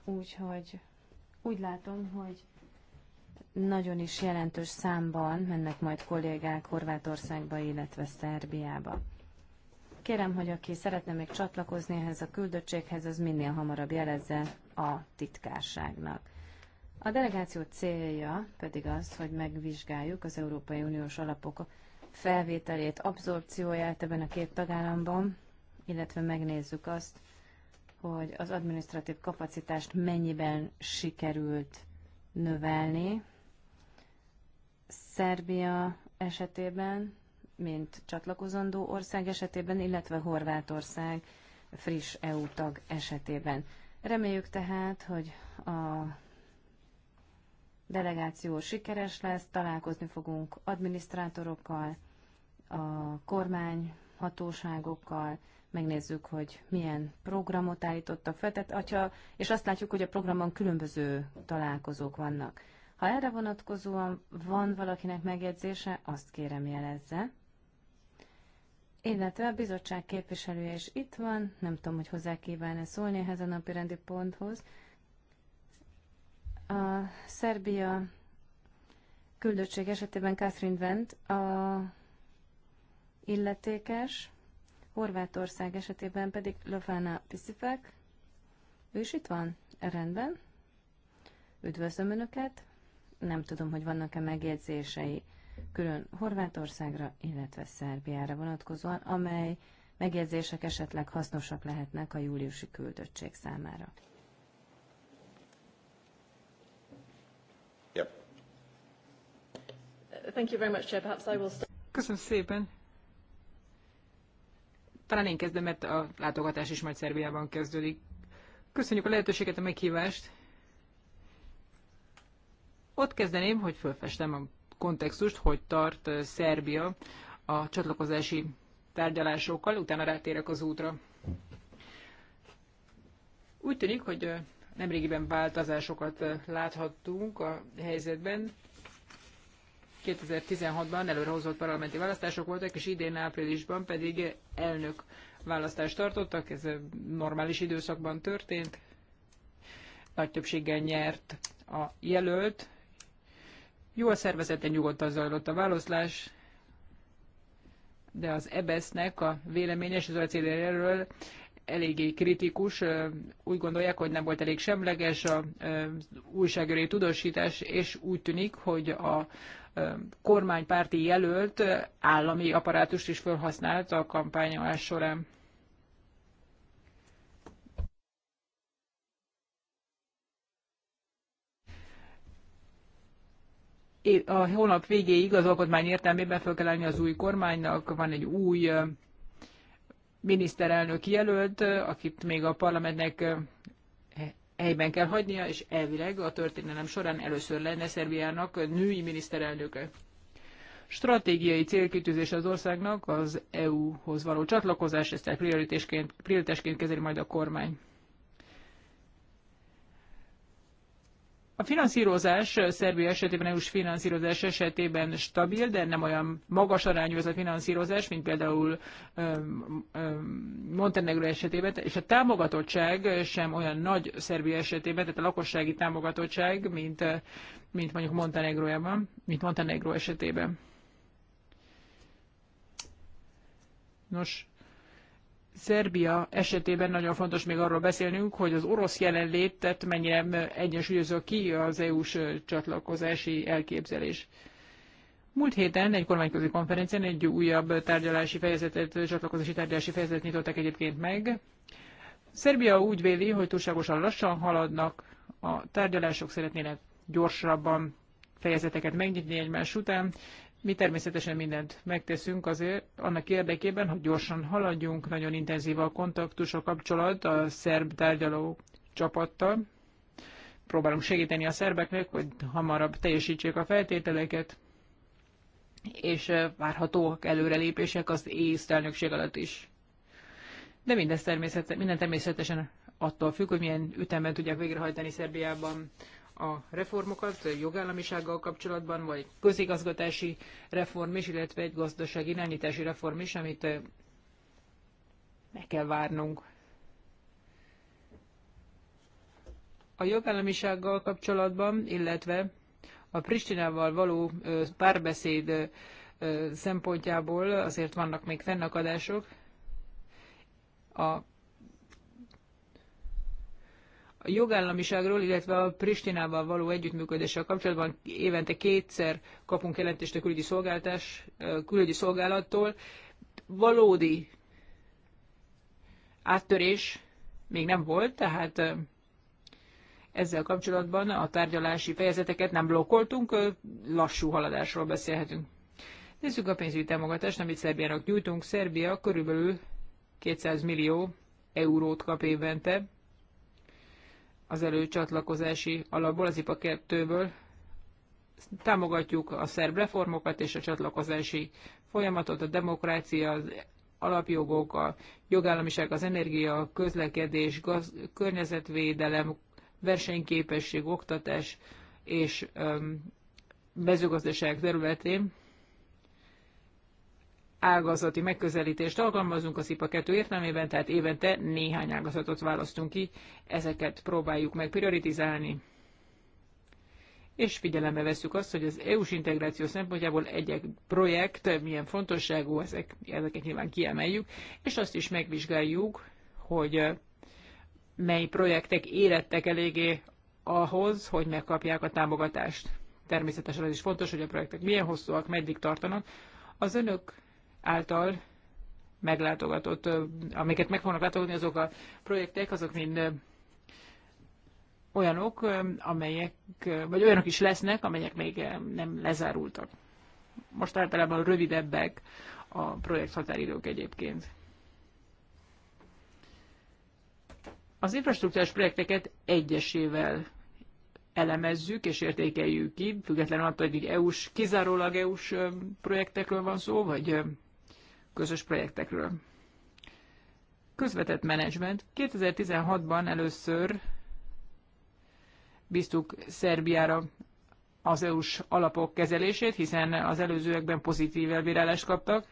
úgyhogy úgy látom, hogy nagyon is jelentős számban mennek majd kollégák Horvátországba, illetve Szerbiába. Kérem, hogy aki szeretne még csatlakozni ehhez a küldöttséghez, az minél hamarabb jelezze a titkárságnak. A delegáció célja pedig az, hogy megvizsgáljuk az Európai Uniós alapok felvételét, abszorpcióját ebben a két tagállamban, illetve megnézzük azt, hogy az administratív kapacitást mennyiben sikerült növelni. Szerbia esetében mint csatlakozandó ország esetében, illetve Horvátország friss EU tag esetében. Reméljük tehát, hogy a delegáció sikeres lesz, találkozni fogunk adminisztrátorokkal, a kormány hatóságokkal, megnézzük, hogy milyen programot állítottak fel, tehát, atya, és azt látjuk, hogy a programon különböző találkozók vannak. Ha erre vonatkozóan van valakinek megjegyzése, azt kérem jelezze. Illetve a bizottság képviselője is itt van, nem tudom, hogy hozzá kíván-e szólni ehhez a napi rendi ponthoz. A Szerbia küldöttség esetében Catherine Vent a illetékes, Horvátország esetében pedig Lofana Piszifek. Ő is itt van? Rendben. Üdvözlöm Önöket. Nem tudom, hogy vannak-e megjegyzései külön Horvátországra, illetve Szerbiára vonatkozóan, amely megjegyzések esetleg hasznosak lehetnek a júliusi küldöttség számára. Köszönöm szépen. Talán én kezdem, mert a látogatás is majd Szerbiában kezdődik. Köszönjük a lehetőséget, a meghívást. Ott kezdeném, hogy fölfestem a kontextust, hogy tart Szerbia a csatlakozási tárgyalásokkal, utána rátérek az útra. Úgy tűnik, hogy nemrégiben változásokat láthattunk a helyzetben. 2016-ban előrehozott parlamenti választások voltak, és idén áprilisban pedig elnök választást tartottak, ez normális időszakban történt. Nagy többséggel nyert a jelölt, Jól szervezetten nyugodtan zajlott a válaszlás, de az EBESZ-nek a véleményes és az OECD erről eléggé kritikus. Úgy gondolják, hogy nem volt elég semleges a újságörői tudósítás, és úgy tűnik, hogy a kormánypárti jelölt állami apparátust is felhasznált a kampányolás során. a hónap végéig az alkotmány értelmében fel kell állni az új kormánynak, van egy új miniszterelnök jelölt, akit még a parlamentnek helyben kell hagynia, és elvileg a történelem során először lenne Szerbiának női miniszterelnöke. Stratégiai célkitűzés az országnak az EU-hoz való csatlakozás, ezt prioritásként, prioritásként kezeli majd a kormány. A finanszírozás Szerbia esetében, EU-s finanszírozás esetében stabil, de nem olyan magas arányú ez a finanszírozás, mint például Montenegro esetében, és a támogatottság sem olyan nagy Szerbia esetében, tehát a lakossági támogatottság, mint, mint mondjuk Montenegrojában, mint Montenegro esetében. Nos, Szerbia esetében nagyon fontos még arról beszélnünk, hogy az orosz jelenlétet mennyire egyensúlyozza ki az EU-s csatlakozási elképzelés. Múlt héten egy kormányközi konferencián egy újabb tárgyalási fejezetet, csatlakozási tárgyalási fejezetet nyitottak egyébként meg. Szerbia úgy véli, hogy túlságosan lassan haladnak, a tárgyalások szeretnének gyorsabban fejezeteket megnyitni egymás után. Mi természetesen mindent megteszünk azért, annak érdekében, hogy gyorsan haladjunk, nagyon intenzív a kontaktus, a kapcsolat a szerb tárgyaló csapattal. Próbálunk segíteni a szerbeknek, hogy hamarabb teljesítsék a feltételeket, és eh, várhatóak előrelépések az észt elnökség alatt is. De mindez természetesen, minden természetesen attól függ, hogy milyen ütemben tudják végrehajtani Szerbiában a reformokat jogállamisággal kapcsolatban, vagy közigazgatási reform is, illetve egy gazdasági irányítási reform is, amit meg kell várnunk. A jogállamisággal kapcsolatban, illetve a Pristinával való párbeszéd szempontjából azért vannak még fennakadások. A a jogállamiságról, illetve a Pristinával való együttműködéssel kapcsolatban évente kétszer kapunk jelentést a külügyi, szolgáltás, külügyi szolgálattól. Valódi áttörés még nem volt, tehát ezzel kapcsolatban a tárgyalási fejezeteket nem blokkoltunk, lassú haladásról beszélhetünk. Nézzük a pénzügyi támogatást, amit Szerbiának nyújtunk. Szerbia körülbelül 200 millió eurót kap évente az előcsatlakozási alapból, az IPA 2-ből. Támogatjuk a szerb reformokat és a csatlakozási folyamatot, a demokrácia, az alapjogok, a jogállamiság, az energia, a közlekedés, gaz, környezetvédelem, versenyképesség, oktatás és öm, mezőgazdaság területén ágazati megközelítést alkalmazunk az IPA 2 értelmében, tehát évente néhány ágazatot választunk ki, ezeket próbáljuk meg prioritizálni, és figyelembe veszük azt, hogy az EU-s integráció szempontjából egy projekt milyen fontosságú, ezek, ezeket nyilván kiemeljük, és azt is megvizsgáljuk, hogy mely projektek érettek eléggé ahhoz, hogy megkapják a támogatást. Természetesen az is fontos, hogy a projektek milyen hosszúak, meddig tartanak. Az önök által meglátogatott, amiket meg fognak látogatni, azok a projektek, azok mind olyanok, amelyek, vagy olyanok is lesznek, amelyek még nem lezárultak. Most általában rövidebbek a projekt határidők egyébként. Az infrastruktúrás projekteket egyesével elemezzük és értékeljük ki, függetlenül attól, hogy EU-s, kizárólag EU-s projektekről van szó, vagy közös projektekről. Közvetett menedzsment. 2016-ban először bíztuk Szerbiára az EU-s alapok kezelését, hiszen az előzőekben pozitív elbírálást kaptak.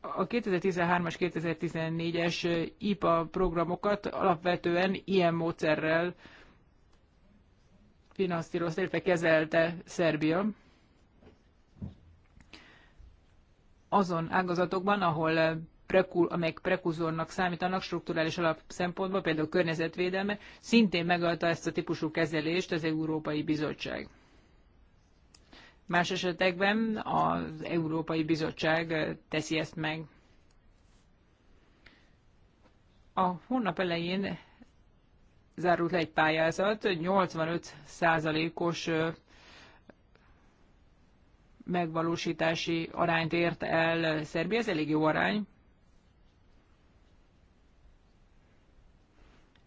A 2013-as, 2014-es IPA programokat alapvetően ilyen módszerrel finanszírozta, illetve kezelte Szerbia. azon ágazatokban, ahol eh, prekul, amelyek prekuzornak számítanak strukturális alap szempontból, például környezetvédelme, szintén megadta ezt a típusú kezelést az Európai Bizottság. Más esetekben az Európai Bizottság eh, teszi ezt meg. A hónap elején zárult le egy pályázat, 85%-os megvalósítási arányt ért el Szerbia, ez elég jó arány.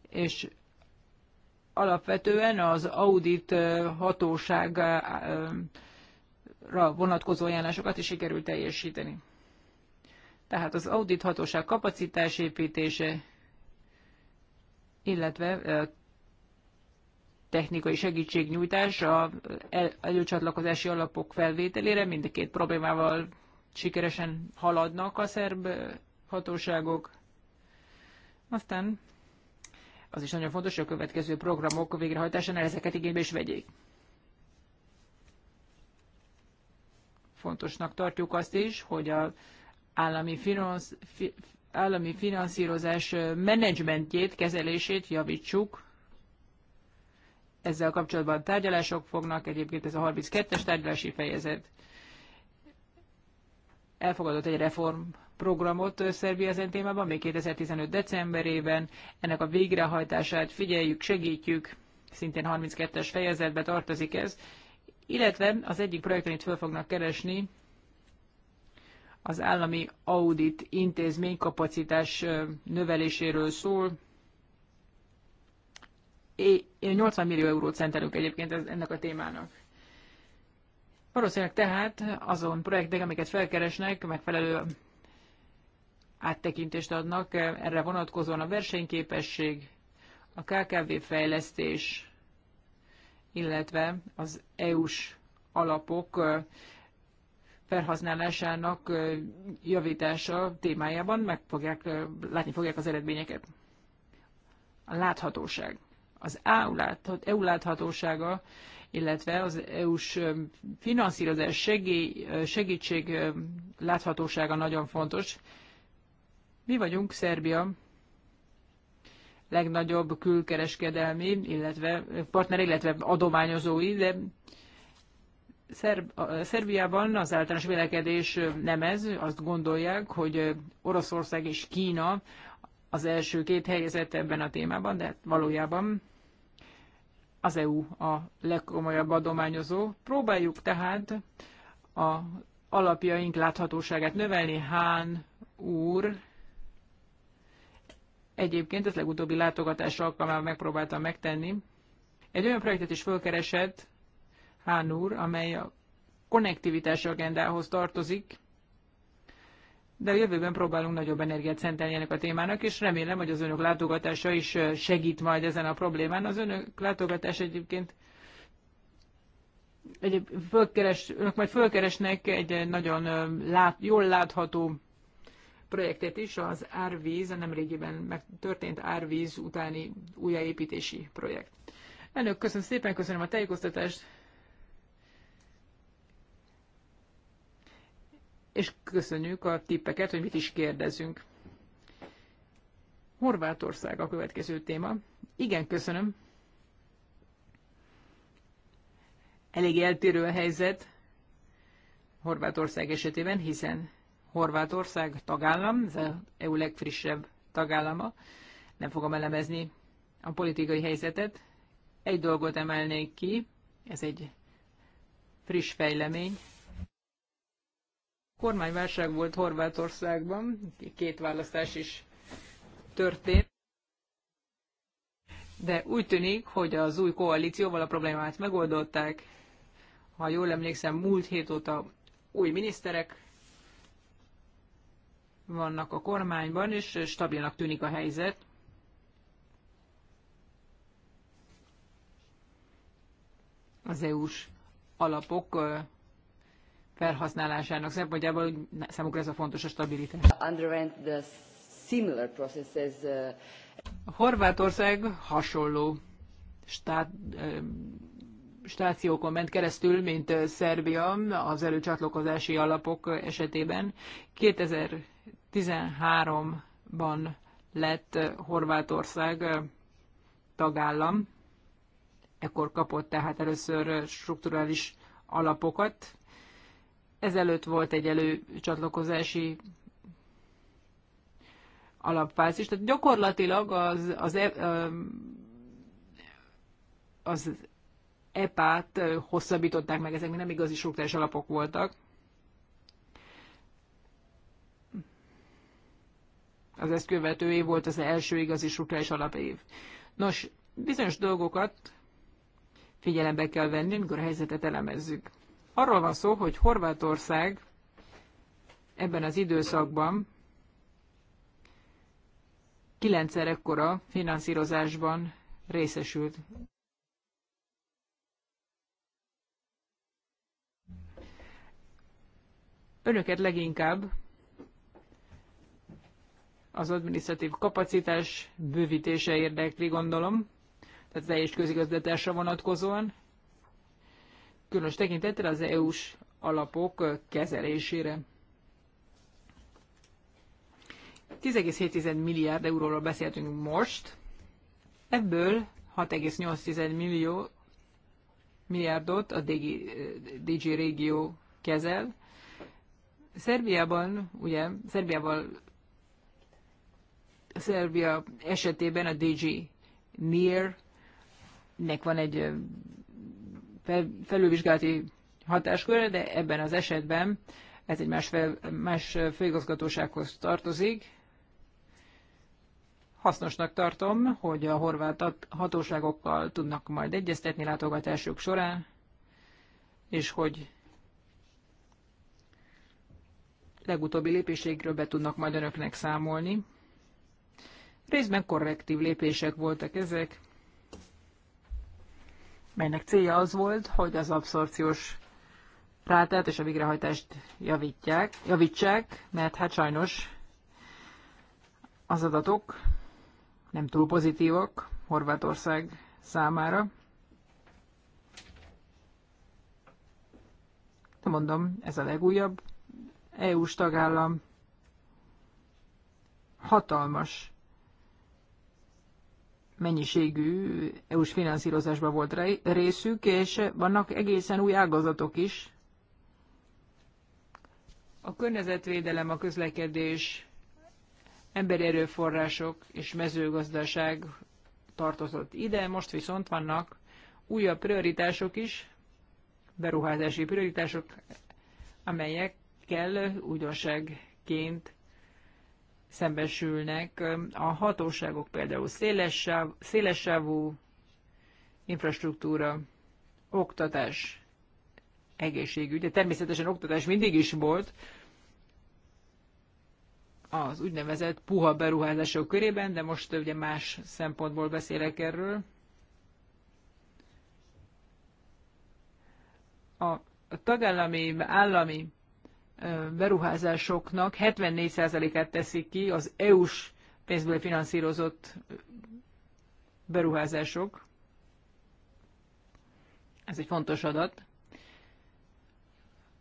És alapvetően az audit hatóságra vonatkozó ajánlásokat is sikerült teljesíteni. Tehát az audit hatóság kapacitásépítése, illetve technikai segítségnyújtás a előcsatlakozási alapok felvételére. Mindkét problémával sikeresen haladnak a szerb hatóságok. Aztán az is nagyon fontos, hogy a következő programok végrehajtásán ezeket igénybe is vegyék. Fontosnak tartjuk azt is, hogy az állami, finansz, fi, állami finanszírozás menedzsmentjét, kezelését javítsuk, ezzel kapcsolatban tárgyalások fognak, egyébként ez a 32-es tárgyalási fejezet. Elfogadott egy reformprogramot Szerbia ezen témában, még 2015. decemberében. Ennek a végrehajtását figyeljük, segítjük, szintén 32-es fejezetbe tartozik ez, illetve az egyik projekt, amit föl fognak keresni az állami audit intézmény kapacitás növeléséről szól, 80 millió eurót szentelünk egyébként ennek a témának. Valószínűleg tehát azon projektek, amiket felkeresnek, megfelelő áttekintést adnak, e, erre vonatkozóan a versenyképesség, a KKV fejlesztés, illetve az EU-s alapok e, felhasználásának e, javítása témájában meg fogják, látni fogják az eredményeket. A láthatóság az EU láthatósága, illetve az EU-s finanszírozás segély, segítség láthatósága nagyon fontos. Mi vagyunk Szerbia legnagyobb külkereskedelmi, illetve partner, illetve adományozói, de Szerb, Szerbiában az általános vélekedés nem ez, azt gondolják, hogy Oroszország és Kína az első két helyezett ebben a témában, de valójában az EU a legkomolyabb adományozó. Próbáljuk tehát a alapjaink láthatóságát növelni. Hán úr egyébként ez legutóbbi látogatás alkalmával megpróbáltam megtenni. Egy olyan projektet is fölkeresett Hán úr, amely a konnektivitás agendához tartozik, de a jövőben próbálunk nagyobb energiát szentelni ennek a témának, és remélem, hogy az önök látogatása is segít majd ezen a problémán. Az önök látogatás egyébként egy, fölkeres, önök majd fölkeresnek egy nagyon lát, jól látható projektet is, az árvíz, a nemrégiben megtörtént árvíz utáni újjáépítési projekt. Önök köszönöm szépen, köszönöm a tájékoztatást. és köszönjük a tippeket, hogy mit is kérdezünk. Horvátország a következő téma. Igen, köszönöm. Elég eltérő a helyzet Horvátország esetében, hiszen Horvátország tagállam, ez az EU legfrissebb tagállama. Nem fogom elemezni a politikai helyzetet. Egy dolgot emelnék ki, ez egy friss fejlemény, kormányválság volt Horvátországban, két választás is történt, de úgy tűnik, hogy az új koalícióval a problémát megoldották. Ha jól emlékszem, múlt hét óta új miniszterek vannak a kormányban, és stabilnak tűnik a helyzet. Az EU-s alapok felhasználásának szempontjából, hogy számukra ez a fontos a stabilitás. Uh, Horvátország hasonló stát, um, stációkon ment keresztül, mint uh, Szerbia az előcsatlakozási alapok esetében. 2013-ban lett uh, Horvátország tagállam, ekkor kapott tehát először strukturális alapokat, Ezelőtt volt egy előcsatlakozási alapfázis, tehát gyakorlatilag az, az, e, az EPÁT hosszabbították meg, ezek még nem igazi struktúrás alapok voltak. Az ezt követő év volt az első igazi struktúrás alapév. Nos, bizonyos dolgokat figyelembe kell venni, amikor a helyzetet elemezzük. Arról van szó, hogy Horvátország ebben az időszakban kilencszer ekkora finanszírozásban részesült. Önöket leginkább az adminisztratív kapacitás bővítése érdekli, gondolom, tehát teljes közigazgatásra vonatkozóan, különös tekintetre az EU-s alapok kezelésére. 10,7 milliárd euróról beszéltünk most, ebből 6,8 millió milliárdot a DG, DG régió kezel. Szerbiában, ugye, Szerbiával, Szerbia esetében a DG NIR nek van egy felülvizsgálati hatáskörre, de ebben az esetben ez egy más, fel, más főigazgatósághoz tartozik. Hasznosnak tartom, hogy a horvát hatóságokkal tudnak majd egyeztetni látogatásuk során, és hogy legutóbbi lépéségről be tudnak majd önöknek számolni. Részben korrektív lépések voltak ezek, melynek célja az volt, hogy az abszorciós rátát és a végrehajtást javítják, javítsák, mert hát sajnos az adatok nem túl pozitívak Horvátország számára. De mondom, ez a legújabb EU-s tagállam hatalmas mennyiségű EU-s finanszírozásban volt részük, és vannak egészen új ágazatok is. A környezetvédelem, a közlekedés, emberi erőforrások és mezőgazdaság tartozott ide, most viszont vannak újabb prioritások is, beruházási prioritások, amelyekkel újdonságként szembesülnek a hatóságok, például szélessávú infrastruktúra, oktatás, egészségügy, de természetesen oktatás mindig is volt az úgynevezett puha beruházások körében, de most ugye más szempontból beszélek erről. A tagállami, állami beruházásoknak 74%-át teszik ki az EU-s pénzből finanszírozott beruházások. Ez egy fontos adat.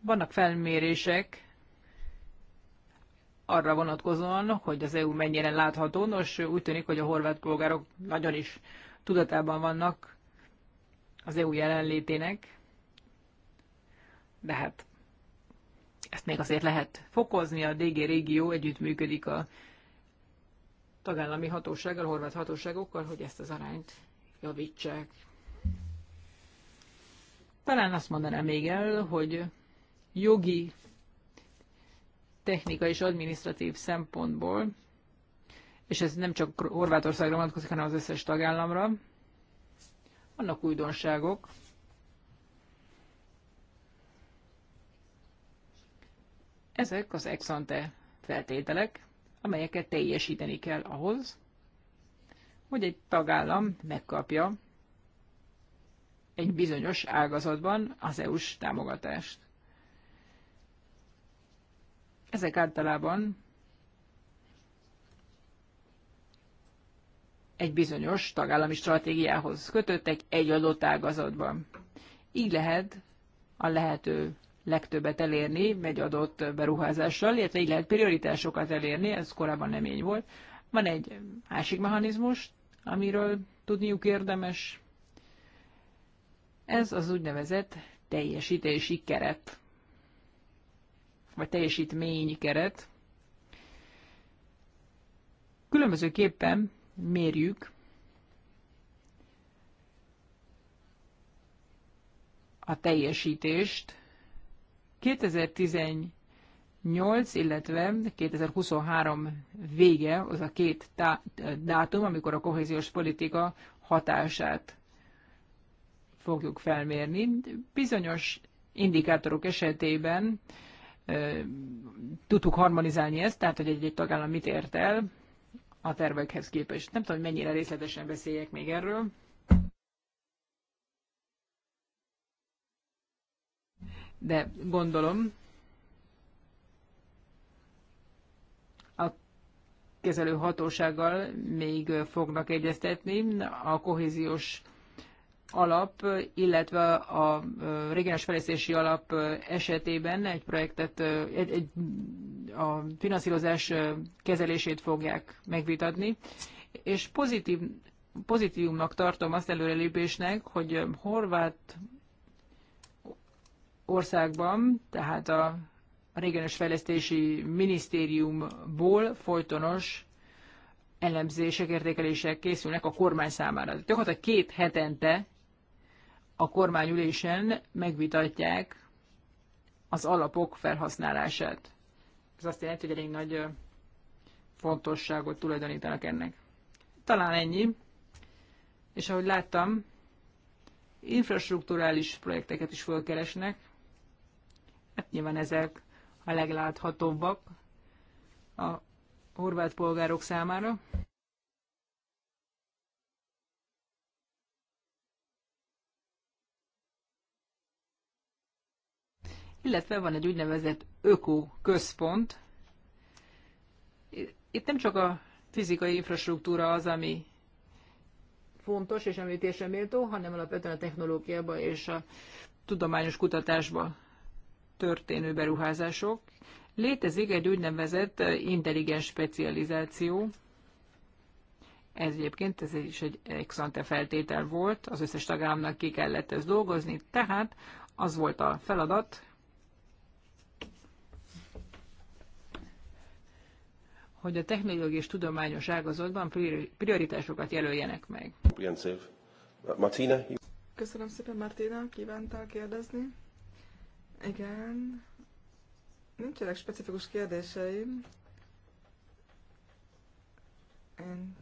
Vannak felmérések arra vonatkozóan, hogy az EU mennyire látható. Nos, úgy tűnik, hogy a horvát polgárok nagyon is tudatában vannak az EU jelenlétének, de hát ezt még azért lehet fokozni, a DG régió együttműködik a tagállami hatósággal, a horvát hatóságokkal, hogy ezt az arányt javítsák. Talán azt mondanám még el, hogy jogi, technikai és adminisztratív szempontból, és ez nem csak Horvátországra vonatkozik, hanem az összes tagállamra, vannak újdonságok, Ezek az exante feltételek, amelyeket teljesíteni kell ahhoz, hogy egy tagállam megkapja egy bizonyos ágazatban az EU-s támogatást. Ezek általában egy bizonyos tagállami stratégiához kötöttek egy adott ágazatban. Így lehet a lehető legtöbbet elérni egy adott beruházással, illetve így lehet prioritásokat elérni, ez korábban nem így volt. Van egy másik mechanizmus, amiről tudniuk érdemes. Ez az úgynevezett teljesítési keret, vagy teljesítmény keret. Különbözőképpen mérjük a teljesítést, 2018, illetve 2023 vége az a két dátum, amikor a kohéziós politika hatását fogjuk felmérni. Bizonyos indikátorok esetében tudtuk harmonizálni ezt, tehát hogy egy-egy tagállam mit ért el a tervekhez képest. Nem tudom, hogy mennyire részletesen beszéljek még erről. de gondolom a kezelő hatósággal még fognak egyeztetni a kohéziós alap, illetve a regionális fejlesztési alap esetében egy projektet, egy, egy, a finanszírozás kezelését fogják megvitatni, és pozitív, pozitívumnak tartom azt előrelépésnek, hogy Horvát országban, tehát a regionális fejlesztési minisztériumból folytonos elemzések, értékelések készülnek a kormány számára. Tehát a két hetente a kormányülésen megvitatják az alapok felhasználását. Ez azt jelenti, hogy elég nagy fontosságot tulajdonítanak ennek. Talán ennyi. És ahogy láttam, infrastruktúrális projekteket is fölkeresnek, Hát nyilván ezek a legláthatóbbak a horvát polgárok számára. illetve van egy úgynevezett öko központ. Itt nem csak a fizikai infrastruktúra az, ami fontos és említése méltó, hanem alapvetően a technológiába és a tudományos kutatásba történő beruházások. Létezik egy úgynevezett eh, intelligens specializáció. Ez egyébként ez is egy exante feltétel volt, az összes tagállamnak ki kellett ezt dolgozni, tehát az volt a feladat, hogy a technológiai és tudományos ágazatban prioritásokat jelöljenek meg. Köszönöm szépen, Martina, kívántál kérdezni. Igen. Nincsenek specifikus kérdéseim. Én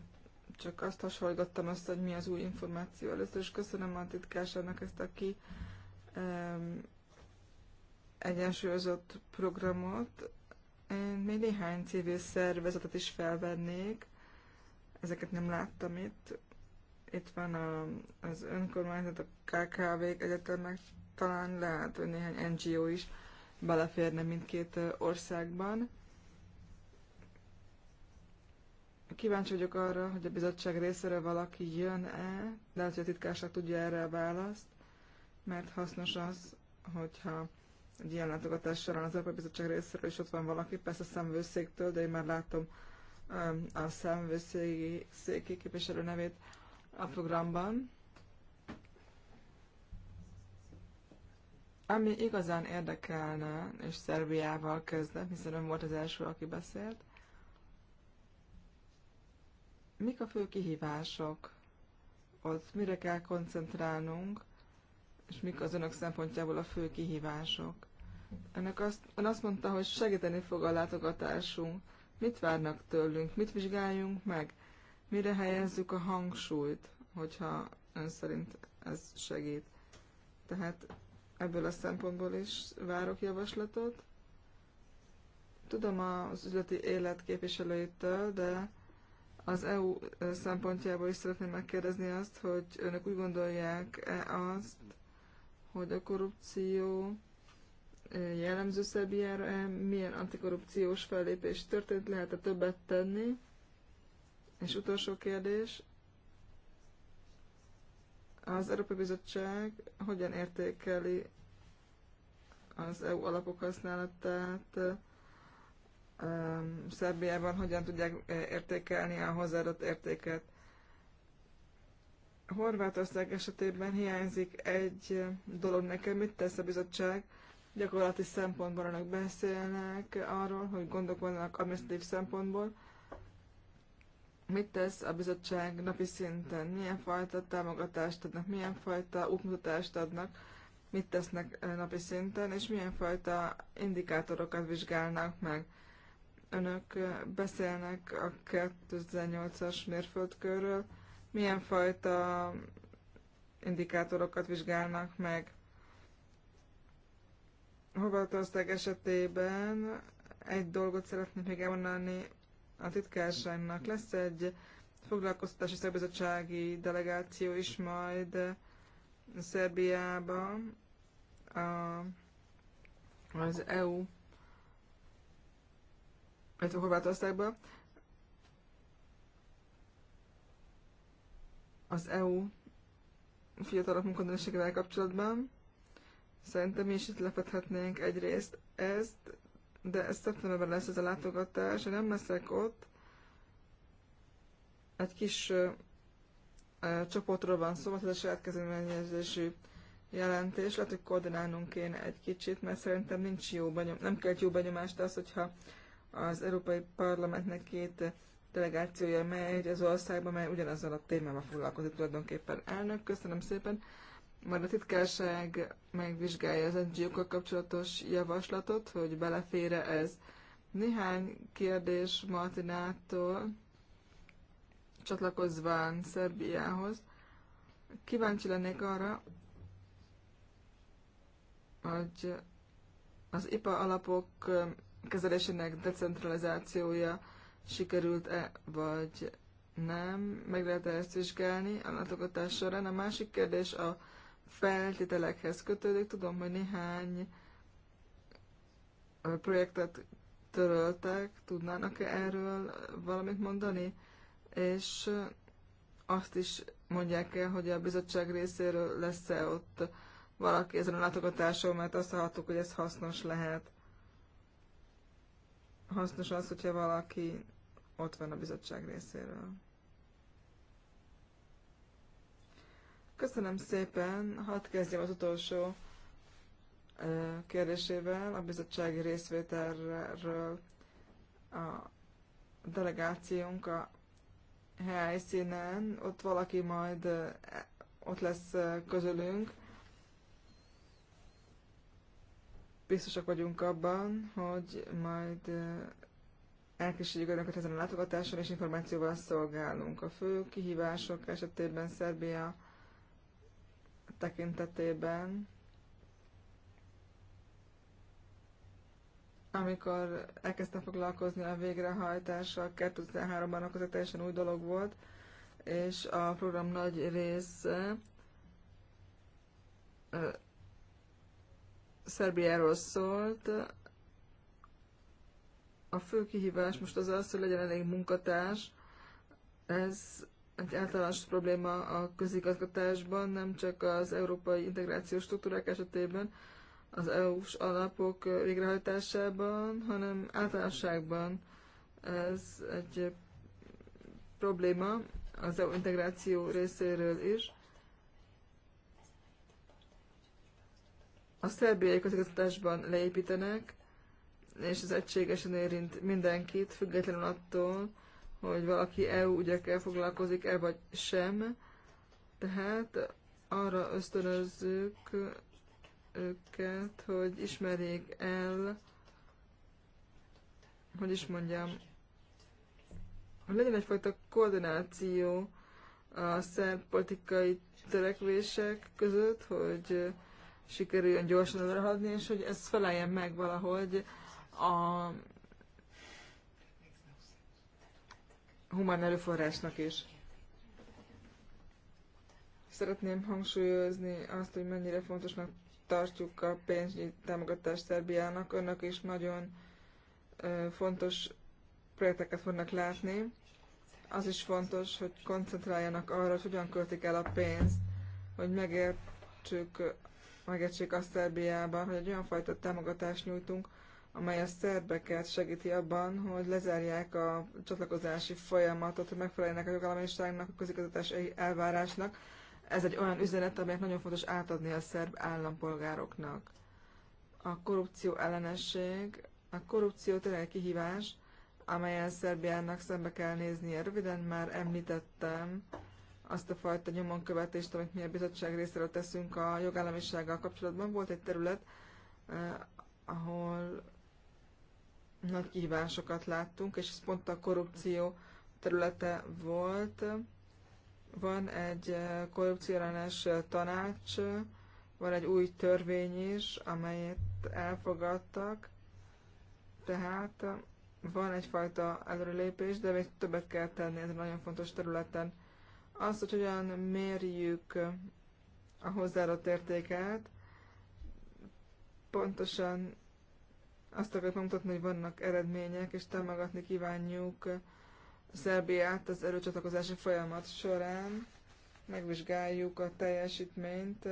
csak azt hasonlítottam azt, hogy mi az új információ. Először is köszönöm a titkásának ezt a ki um, egyensúlyozott programot. Én még néhány civil szervezetet is felvennék. Ezeket nem láttam itt. Itt van a, az önkormányzat, a KKV-k, egyetemek, talán lehet, hogy néhány NGO is beleférne mindkét országban. Kíváncsi vagyok arra, hogy a bizottság részéről valaki jön-e, de lehet, hogy a titkárság tudja erre a választ, mert hasznos az, hogyha egy ilyen látogatás során az Európai Bizottság részéről is ott van valaki, persze a szemvőszéktől, de én már látom a szemvőszéki széki képviselő nevét a programban. Ami igazán érdekelne, és Szerbiával kezdem, hiszen ön volt az első, aki beszélt, mik a fő kihívások? Ott mire kell koncentrálnunk, és mik az önök szempontjából a fő kihívások? Ennek azt, ön azt mondta, hogy segíteni fog a látogatásunk. Mit várnak tőlünk? Mit vizsgáljunk meg? Mire helyezzük a hangsúlyt, hogyha ön szerint ez segít? Tehát ebből a szempontból is várok javaslatot. Tudom az üzleti élet képviselőitől, de az EU szempontjából is szeretném megkérdezni azt, hogy önök úgy gondolják-e azt, hogy a korrupció jellemző Szerbiára, -e, milyen antikorrupciós fellépés történt, lehet-e többet tenni? És utolsó kérdés, az Európai Bizottság hogyan értékeli az EU alapok használatát Szerbiában, hogyan tudják értékelni a hozzáadott értéket. Horvátország esetében hiányzik egy dolog nekem, mit tesz a bizottság. Gyakorlati szempontból annak beszélnek arról, hogy gondok vannak administratív szempontból, Mit tesz a bizottság napi szinten? Milyen fajta támogatást adnak? Milyen fajta útmutatást adnak? Mit tesznek napi szinten? És milyen fajta indikátorokat vizsgálnak meg? Önök beszélnek a 2008-as mérföldkörről. Milyen fajta indikátorokat vizsgálnak meg? Hovatország esetében egy dolgot szeretnék még elmondani a titkárságnak. Lesz egy foglalkoztatási szakbizottsági delegáció is majd Szerbiában a, az EU, illetve Horvátországban. Az EU fiatalok munkanőségével kapcsolatban. Szerintem mi is itt lefethetnénk egyrészt ezt, de ez szeptemberben lesz ez a látogatás, nem leszek ott. Egy kis ö, ö, csoportról van szó, ez a saját kezdeményezésű jelentés. Lehet, hogy koordinálnunk kéne egy kicsit, mert szerintem nincs jó benyom, nem kell jó benyomást az, hogyha az Európai Parlamentnek két delegációja megy az országba, mely ugyanazzal a témával foglalkozik tulajdonképpen. Elnök, köszönöm szépen majd a titkárság megvizsgálja az ngo kapcsolatos javaslatot, hogy belefére ez. Néhány kérdés Martinától csatlakozván Szerbiához. Kíváncsi lennék arra, hogy az IPA alapok kezelésének decentralizációja sikerült-e, vagy nem, meg lehet -e ezt vizsgálni a látogatás során. A másik kérdés a feltételekhez kötődik. Tudom, hogy néhány projektet töröltek, tudnának-e erről valamit mondani? És azt is mondják el, hogy a bizottság részéről lesz-e ott valaki ezen a látogatáson, mert azt hallottuk, hogy ez hasznos lehet. Hasznos az, hogyha valaki ott van a bizottság részéről. Köszönöm szépen. Hadd kezdjem az utolsó kérdésével, a bizottsági részvételről a delegációnk a helyszínen, ott valaki majd ott lesz közülünk. Biztosak vagyunk abban, hogy majd elkísérjük önöket ezen a látogatáson, és információval szolgálunk. A fő kihívások esetében Szerbia tekintetében, amikor elkezdtem foglalkozni a végrehajtással, 2013 ban akkor ez teljesen új dolog volt, és a program nagy része Szerbiáról szólt. A fő kihívás most az az, hogy legyen elég munkatárs. Ez egy általános probléma a közigazgatásban, nem csak az európai integrációs struktúrák esetében, az EU-s alapok végrehajtásában, hanem általánosságban ez egy probléma az EU integráció részéről is. A szerbiai közigazgatásban leépítenek, és ez egységesen érint mindenkit, függetlenül attól, hogy valaki EU ügyekkel foglalkozik-e vagy sem. Tehát arra ösztönözzük őket, hogy ismerjék el, hogy is mondjam, hogy legyen egyfajta koordináció a szerb politikai törekvések között, hogy sikerüljön gyorsan előre és hogy ez feleljen meg valahogy a humán erőforrásnak is. Szeretném hangsúlyozni azt, hogy mennyire fontosnak tartjuk a pénzügyi támogatást Szerbiának. Önök is nagyon fontos projekteket fognak látni. Az is fontos, hogy koncentráljanak arra, hogy hogyan költik el a pénzt, hogy megértsük, megértsék azt Szerbiában, hogy egy olyan fajta támogatást nyújtunk, amely a szerbeket segíti abban, hogy lezárják a csatlakozási folyamatot, hogy megfeleljenek a jogállamiságnak, a közigazgatási elvárásnak. Ez egy olyan üzenet, amelyet nagyon fontos átadni a szerb állampolgároknak. A korrupció ellenesség, a korrupció tényleg kihívás, amelyen Szerbiának szembe kell néznie. Röviden már említettem azt a fajta nyomonkövetést, amit mi a bizottság részéről teszünk a jogállamisággal kapcsolatban. Volt egy terület, eh, ahol nagy kihívásokat láttunk, és ez pont a korrupció területe volt. Van egy eh, korrupcióellenes eh, tanács, van egy új törvény is, amelyet elfogadtak, tehát eh, van egyfajta előrelépés, de még többet kell tenni ezen nagyon fontos területen. Azt, hogy hogyan mérjük a hozzáadott értéket, pontosan azt akarjuk megmutatni, hogy vannak eredmények, és támogatni kívánjuk Szerbiát az előcsatlakozási folyamat során. Megvizsgáljuk a teljesítményt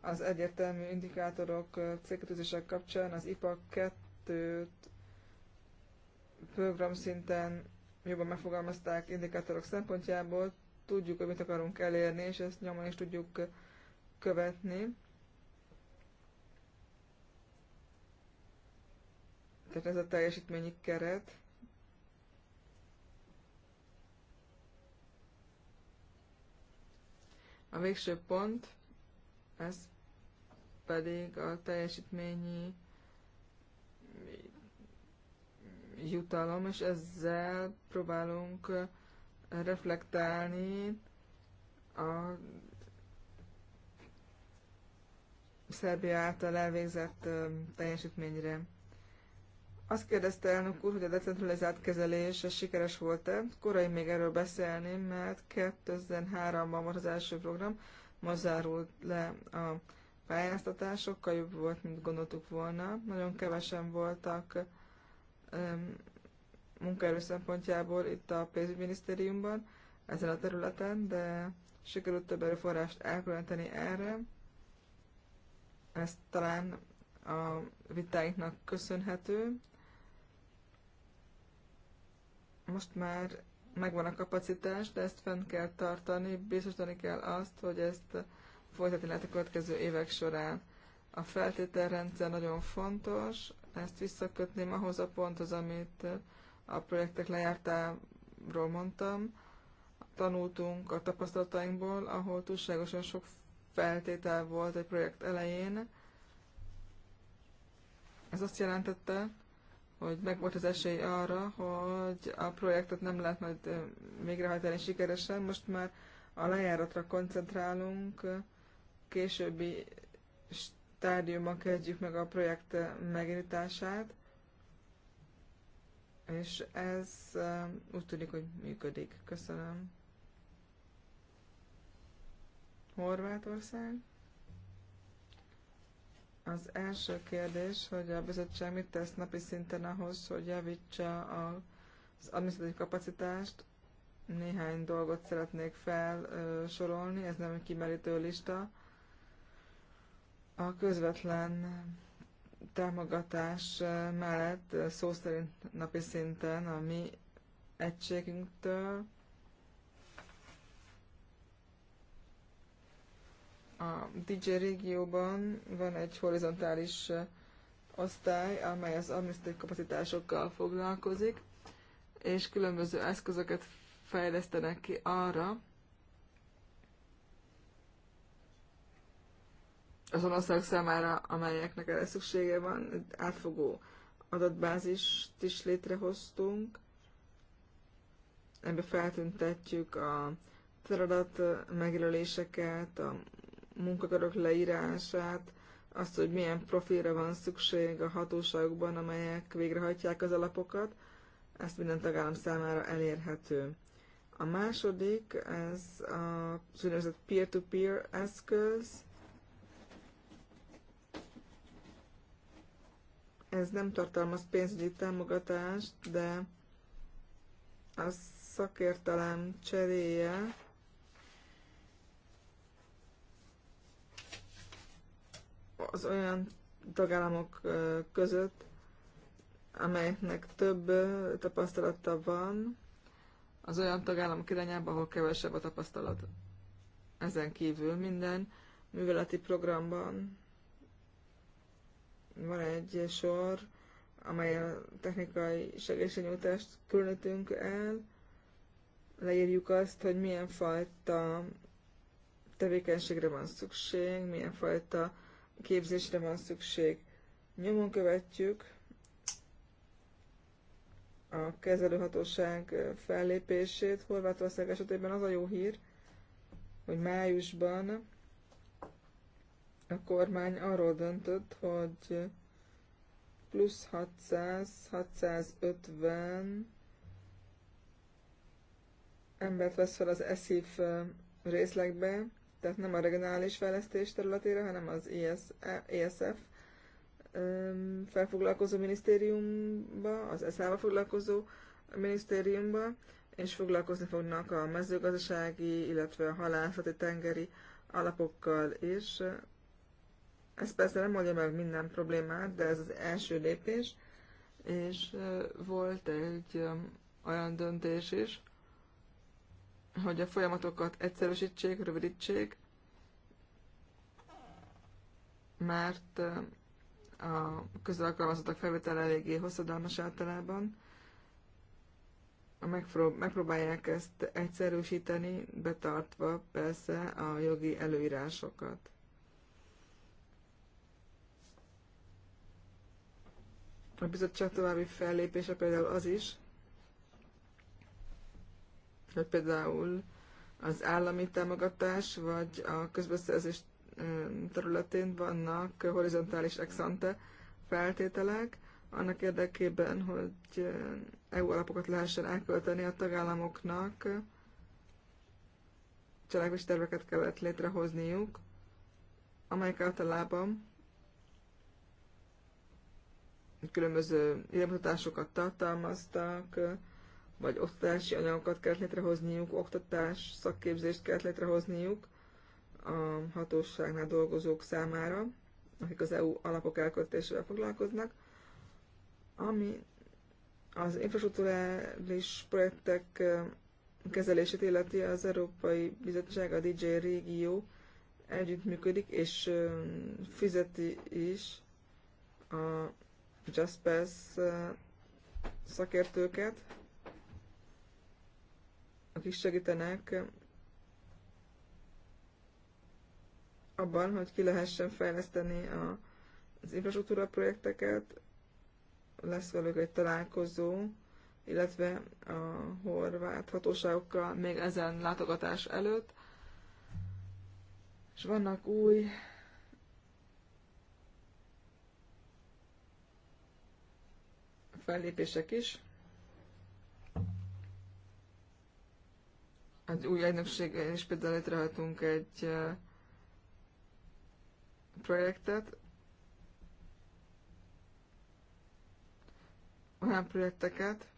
az egyértelmű indikátorok célkötőzések kapcsán az IPA 2-t szinten, jobban megfogalmazták indikátorok szempontjából, tudjuk, hogy mit akarunk elérni, és ezt nyomon is tudjuk követni. Tehát ez a teljesítményi keret. A végső pont, ez pedig a teljesítményi jutalom, és ezzel próbálunk reflektálni a Szerbia által elvégzett teljesítményre. Azt kérdezte elnök úr, hogy a decentralizált kezelés sikeres volt-e. Korai még erről beszélni, mert 2003-ban volt az első program, ma zárult le a pályáztatásokkal, jobb volt, mint gondoltuk volna. Nagyon kevesen voltak um, munkaerő szempontjából itt a pénzügyminisztériumban, ezen a területen, de sikerült több erőforrást elkülöníteni erre. ezt talán a vitáinknak köszönhető most már megvan a kapacitás, de ezt fenn kell tartani, biztosítani kell azt, hogy ezt folytatni lehet a következő évek során. A feltételrendszer nagyon fontos, ezt visszakötném ahhoz a ponthoz, amit a projektek lejártáról mondtam. Tanultunk a tapasztalatainkból, ahol túlságosan sok feltétel volt egy projekt elején. Ez azt jelentette, hogy megvolt az esély arra, hogy a projektet nem lehet majd végrehajtani sikeresen, most már a lejáratra koncentrálunk, későbbi stádiumban kezdjük meg a projekt megnyitását, és ez úgy tűnik, hogy működik. Köszönöm. Horvátország. Az első kérdés, hogy a bizottság mit tesz napi szinten ahhoz, hogy javítsa az adminisztratív kapacitást. Néhány dolgot szeretnék felsorolni, ez nem egy kimerítő lista. A közvetlen támogatás mellett szó szerint napi szinten a mi egységünktől A DJ régióban van egy horizontális osztály, amely az administratív kapacitásokkal foglalkozik, és különböző eszközöket fejlesztenek ki arra, azon osztályok számára, amelyeknek erre szüksége van, egy átfogó adatbázist is létrehoztunk. Ebbe feltüntetjük a feladat megjelöléseket, a munkakörök leírását, azt, hogy milyen profilra van szükség a hatóságokban, amelyek végrehajtják az alapokat, ezt minden tagállam számára elérhető. A második, ez a úgynevezett peer-to-peer eszköz. Ez nem tartalmaz pénzügyi támogatást, de a szakértelem cseréje az olyan tagállamok között, amelyeknek több tapasztalata van, az olyan tagállamok irányába, ahol kevesebb a tapasztalat. Ezen kívül minden műveleti programban van egy sor, amely a technikai segítségnyújtást különítünk el, leírjuk azt, hogy milyen fajta tevékenységre van szükség, milyen fajta képzésre van szükség. Nyomon követjük a kezelőhatóság fellépését. Horvátország esetében az a jó hír, hogy májusban a kormány arról döntött, hogy plusz 600, 650 embert vesz fel az eszív részlegbe, tehát nem a regionális fejlesztés területére, hanem az ESF e felfoglalkozó minisztériumba, az ESZ-val foglalkozó minisztériumba, és foglalkozni fognak a mezőgazdasági, illetve a halászati tengeri alapokkal is. Ez persze nem oldja meg minden problémát, de ez az első lépés, és volt egy olyan döntés is, hogy a folyamatokat egyszerűsítsék, rövidítsék, mert eh, a közalkalmazottak felvétel eléggé hosszadalmas általában. Megpróbálják ezt egyszerűsíteni, betartva persze a jogi előírásokat. A bizottság további fellépése például az is, például az állami támogatás vagy a közbeszerzés területén vannak horizontális exante feltételek, annak érdekében, hogy EU alapokat lehessen elkölteni a tagállamoknak, cselekvési terveket kellett létrehozniuk, amelyek általában különböző iránymutatásokat tartalmaztak, vagy oktatási anyagokat kellett létrehozniuk, oktatás, szakképzést kellett létrehozniuk a hatóságnál dolgozók számára, akik az EU alapok elköltésével foglalkoznak, ami az infrastruktúrális projektek kezelését illeti az Európai Bizottság, a DJ Régió együttműködik, és fizeti is a Jaspers szakértőket, tagállamok is segítenek abban, hogy ki lehessen fejleszteni a, az infrastruktúra projekteket. Lesz velük egy találkozó, illetve a horvát hatóságokkal még ezen látogatás előtt. És vannak új fellépések is. az hát új egynökség, is például létrehajtunk egy projektet, olyan projekteket,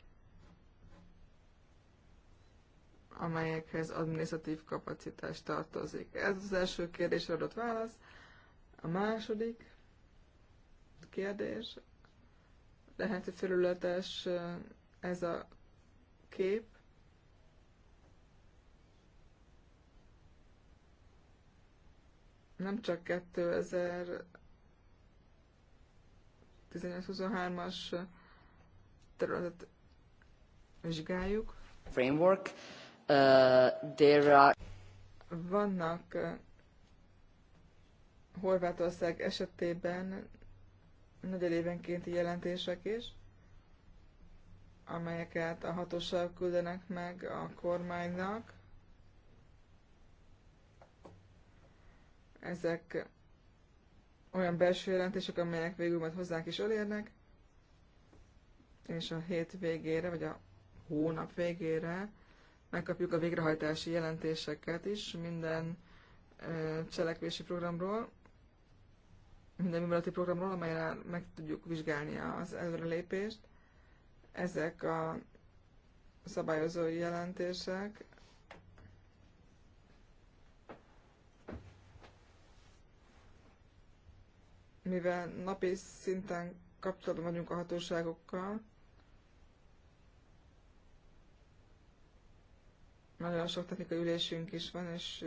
amelyekhez adminisztratív kapacitás tartozik. Ez az első kérdésre adott válasz. A második kérdés, lehet, hogy felületes ez a kép, nem csak 2018-23-as területet vizsgáljuk. Framework. Uh, there are... Vannak uh, Horvátország esetében évenkénti jelentések is, amelyeket a hatóság küldenek meg a kormánynak, ezek olyan belső jelentések, amelyek végül majd hozzánk is elérnek, és a hét végére, vagy a hónap végére megkapjuk a végrehajtási jelentéseket is minden cselekvési programról, minden műveleti programról, amelyre meg tudjuk vizsgálni az előrelépést. Ezek a szabályozói jelentések mivel napi szinten kapcsolatban vagyunk a hatóságokkal, nagyon sok technikai ülésünk is van, és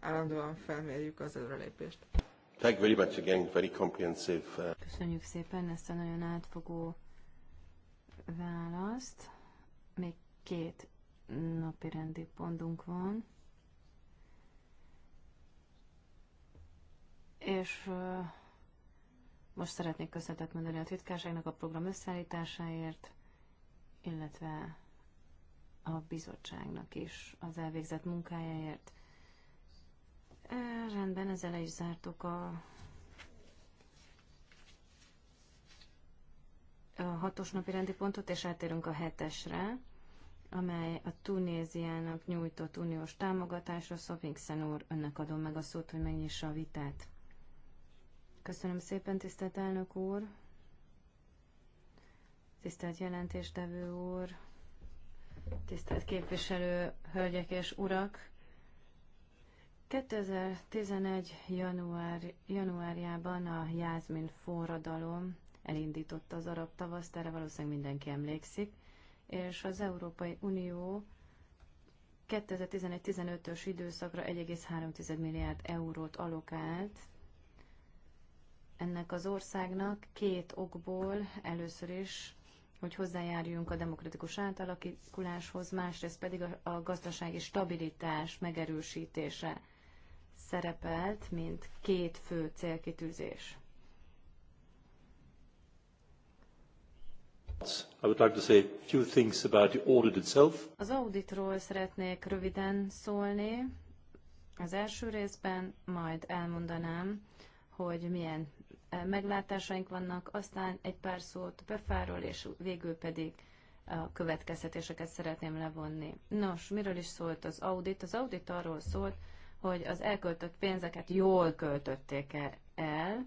állandóan felmérjük az előrelépést. Thank very much again, very comprehensive. Uh, Köszönjük szépen ezt a nagyon átfogó választ. Még két napi rendi pontunk van. És most szeretnék köszönetet mondani a titkárságnak a program összeállításáért, illetve a bizottságnak is az elvégzett munkájáért. E, rendben, ezzel is zártuk a a hatos napi rendi pontot, és átérünk a hetesre, amely a Tunéziának nyújtott uniós támogatásra. Szovinkszen úr, önnek adom meg a szót, hogy megnyissa a vitát. Köszönöm szépen, tisztelt elnök úr, tisztelt jelentéstevő úr, tisztelt képviselő, hölgyek és urak! 2011. Január, januárjában a Jászmin forradalom elindította az arab tavaszt, erre valószínűleg mindenki emlékszik, és az Európai Unió 2011-15-ös időszakra 1,3 milliárd eurót alokált ennek az országnak két okból először is, hogy hozzájárjunk a demokratikus átalakuláshoz, másrészt pedig a, a gazdasági stabilitás megerősítése szerepelt, mint két fő célkitűzés. I would like to say a few things about the audit itself. Az auditról szeretnék röviden szólni az első részben, majd elmondanám, hogy milyen meglátásaink vannak, aztán egy pár szót befáról, és végül pedig a következtetéseket szeretném levonni. Nos, miről is szólt az audit? Az audit arról szólt, hogy az elköltött pénzeket jól költötték -e el.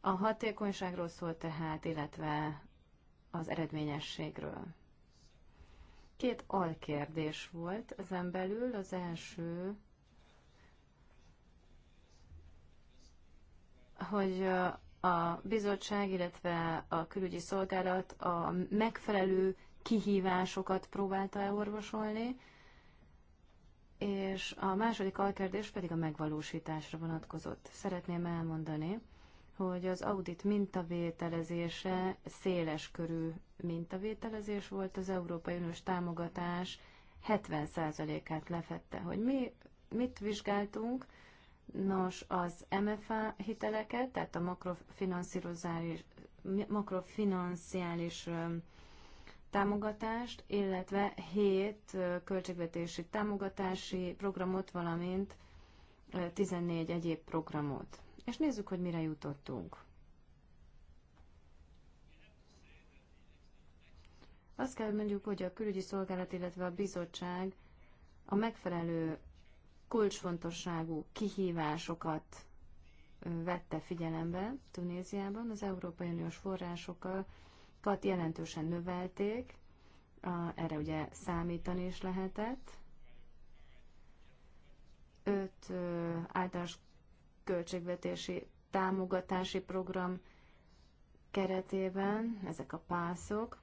A hatékonyságról szólt tehát, illetve az eredményességről. Két alkérdés volt ezen belül. Az első hogy a bizottság, illetve a külügyi szolgálat a megfelelő kihívásokat próbálta elorvosolni, és a második alkérdés pedig a megvalósításra vonatkozott. Szeretném elmondani, hogy az audit mintavételezése széles körű mintavételezés volt, az Európai Uniós támogatás 70%-át lefette. Hogy mi mit vizsgáltunk, Nos, az MFA hiteleket, tehát a makrofinanszírozális, makrofinanciális támogatást, illetve 7 költségvetési támogatási programot, valamint 14 egyéb programot. És nézzük, hogy mire jutottunk. Azt kell mondjuk, hogy a külügyi szolgálat, illetve a bizottság a megfelelő kulcsfontosságú kihívásokat vette figyelembe Tunéziában, az Európai Uniós forrásokat jelentősen növelték, erre ugye számítani is lehetett. Öt általános költségvetési támogatási program keretében ezek a pászok,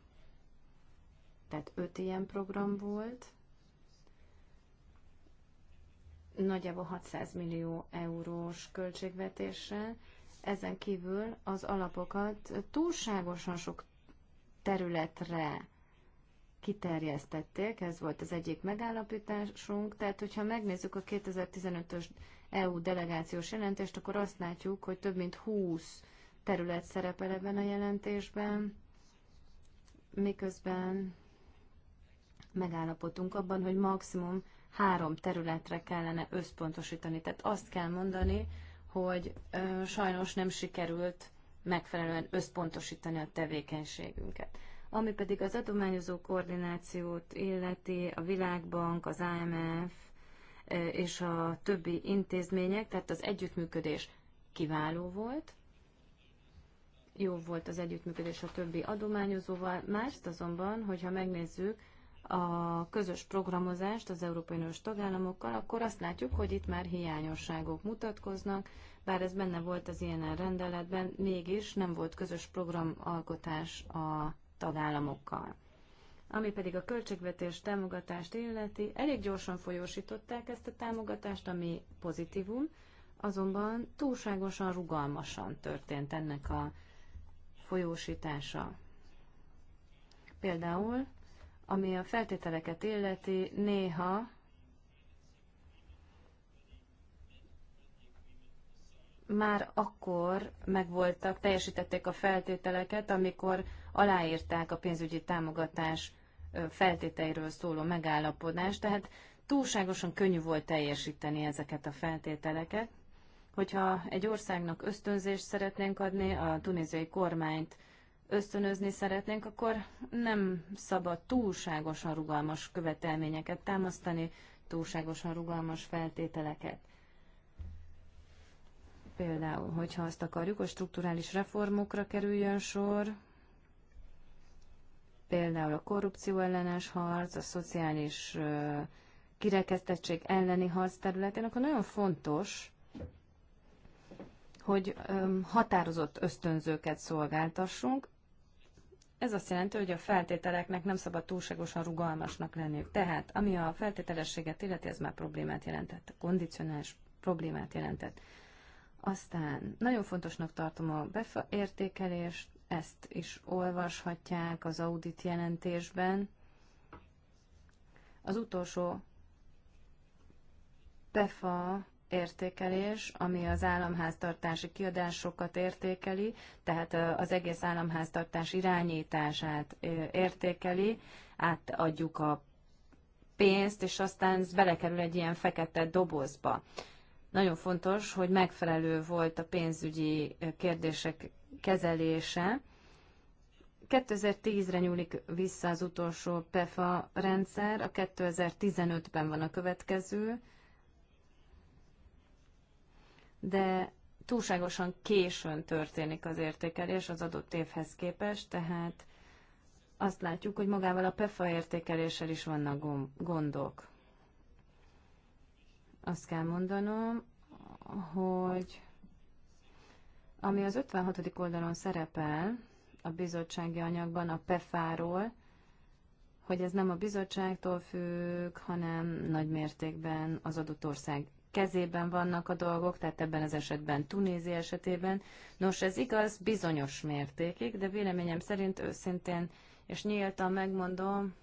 tehát öt ilyen program volt, nagyjából 600 millió eurós költségvetéssel. Ezen kívül az alapokat túlságosan sok területre kiterjesztették, ez volt az egyik megállapításunk, tehát hogyha megnézzük a 2015-ös EU delegációs jelentést, akkor azt látjuk, hogy több mint 20 terület szerepel ebben a jelentésben, miközben megállapodtunk abban, hogy maximum három területre kellene összpontosítani. Tehát azt kell mondani, hogy ö, sajnos nem sikerült megfelelően összpontosítani a tevékenységünket. Ami pedig az adományozó koordinációt illeti, a Világbank, az IMF és a többi intézmények, tehát az együttműködés kiváló volt, jó volt az együttműködés a többi adományozóval. Mást azonban, hogyha megnézzük a közös programozást az Európai Uniós tagállamokkal, akkor azt látjuk, hogy itt már hiányosságok mutatkoznak, bár ez benne volt az ilyen rendeletben, mégis nem volt közös programalkotás a tagállamokkal. Ami pedig a költségvetés támogatást illeti, elég gyorsan folyósították ezt a támogatást, ami pozitívum, azonban túlságosan rugalmasan történt ennek a folyósítása. Például ami a feltételeket illeti, néha már akkor megvoltak, teljesítették a feltételeket, amikor aláírták a pénzügyi támogatás feltételeiről szóló megállapodást, tehát túlságosan könnyű volt teljesíteni ezeket a feltételeket. Hogyha egy országnak ösztönzést szeretnénk adni, a tunéziai kormányt ösztönözni szeretnénk, akkor nem szabad túlságosan rugalmas követelményeket támasztani, túlságosan rugalmas feltételeket. Például, hogyha azt akarjuk, hogy strukturális reformokra kerüljön sor, például a korrupció ellenes harc, a szociális kirekesztettség elleni harc területén, akkor nagyon fontos, hogy határozott ösztönzőket szolgáltassunk, ez azt jelenti, hogy a feltételeknek nem szabad túlságosan rugalmasnak lenniük. Tehát, ami a feltételességet illeti, ez már problémát jelentett, kondicionális problémát jelentett. Aztán nagyon fontosnak tartom a beértékelést, ezt is olvashatják az audit jelentésben. Az utolsó PEFA értékelés, ami az államháztartási kiadásokat értékeli, tehát az egész államháztartás irányítását értékeli, átadjuk a pénzt, és aztán ez belekerül egy ilyen fekete dobozba. Nagyon fontos, hogy megfelelő volt a pénzügyi kérdések kezelése. 2010-re nyúlik vissza az utolsó PEFA rendszer, a 2015-ben van a következő, de túlságosan későn történik az értékelés az adott évhez képest, tehát azt látjuk, hogy magával a PEFA értékeléssel is vannak gondok. Azt kell mondanom, hogy ami az 56. oldalon szerepel a bizottsági anyagban a PEFA-ról, hogy ez nem a bizottságtól függ, hanem nagy mértékben az adott ország kezében vannak a dolgok, tehát ebben az esetben Tunézi esetében. Nos, ez igaz bizonyos mértékig, de véleményem szerint őszintén és nyíltan megmondom,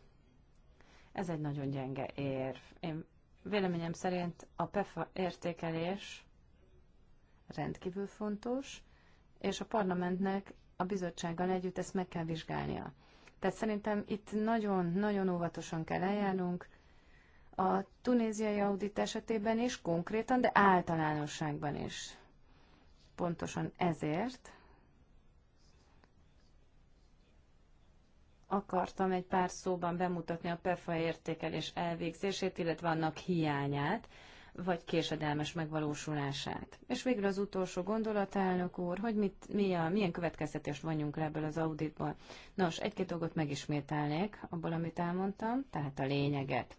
ez egy nagyon gyenge érv. Én véleményem szerint a PEFA értékelés rendkívül fontos, és a parlamentnek a bizottsággal együtt ezt meg kell vizsgálnia. Tehát szerintem itt nagyon-nagyon óvatosan kell eljárnunk, a tunéziai audit esetében is konkrétan, de általánosságban is. Pontosan ezért akartam egy pár szóban bemutatni a PEFA értékelés elvégzését, illetve annak hiányát, vagy késedelmes megvalósulását. És végül az utolsó gondolat, elnök úr, hogy mit, mi a, milyen következtetést vonjunk le ebből az auditból. Nos, egy-két dolgot megismételnék abból, amit elmondtam, tehát a lényeget.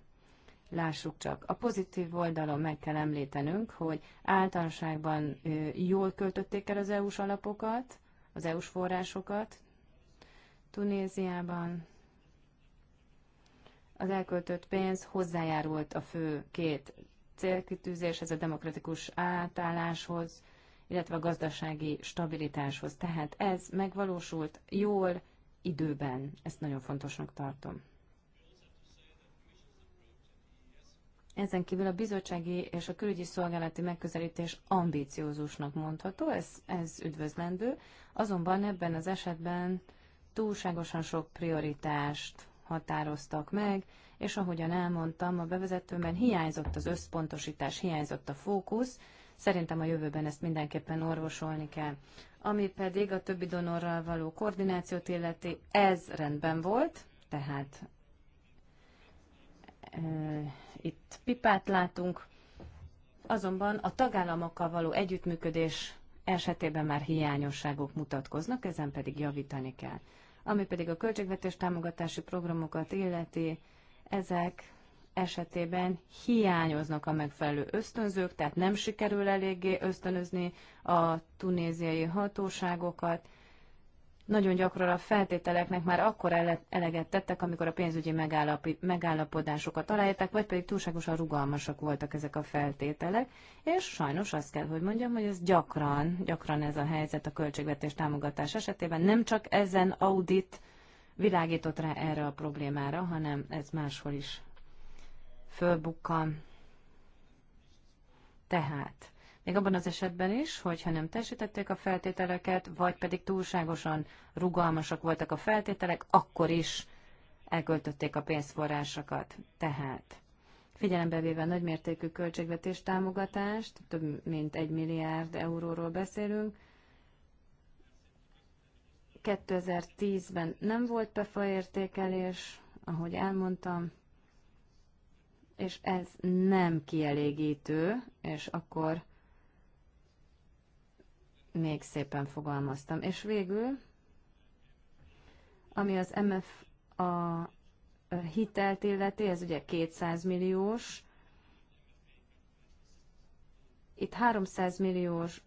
Lássuk csak, a pozitív oldalon meg kell említenünk, hogy általánosságban jól költötték el az EU-s alapokat, az EU-s forrásokat Tunéziában. Az elköltött pénz hozzájárult a fő két célkitűzéshez, a demokratikus átálláshoz, illetve a gazdasági stabilitáshoz. Tehát ez megvalósult jól, időben. Ezt nagyon fontosnak tartom. Ezen kívül a bizottsági és a külügyi szolgálati megközelítés ambíciózusnak mondható, ez, ez üdvözlendő, azonban ebben az esetben túlságosan sok prioritást határoztak meg, és ahogyan elmondtam a bevezetőben, hiányzott az összpontosítás, hiányzott a fókusz, szerintem a jövőben ezt mindenképpen orvosolni kell. Ami pedig a többi donorral való koordinációt illeti, ez rendben volt, tehát itt pipát látunk, azonban a tagállamokkal való együttműködés esetében már hiányosságok mutatkoznak, ezen pedig javítani kell. Ami pedig a költségvetés támogatási programokat illeti, ezek esetében hiányoznak a megfelelő ösztönzők, tehát nem sikerül eléggé ösztönözni a tunéziai hatóságokat, nagyon gyakran a feltételeknek már akkor eleget tettek, amikor a pénzügyi megállapodásokat találták, vagy pedig túlságosan rugalmasak voltak ezek a feltételek, és sajnos azt kell, hogy mondjam, hogy ez gyakran, gyakran ez a helyzet a költségvetés támogatás esetében. Nem csak ezen audit világított rá erre a problémára, hanem ez máshol is fölbukkan. Tehát még abban az esetben is, hogyha nem teljesítették a feltételeket, vagy pedig túlságosan rugalmasak voltak a feltételek, akkor is elköltötték a pénzforrásokat. Tehát figyelembe véve nagymértékű költségvetés támogatást, több mint egy milliárd euróról beszélünk, 2010-ben nem volt PEFA értékelés, ahogy elmondtam, és ez nem kielégítő, és akkor még szépen fogalmaztam. És végül, ami az MF a hitelt illeti, ez ugye 200 milliós, itt 300 milliós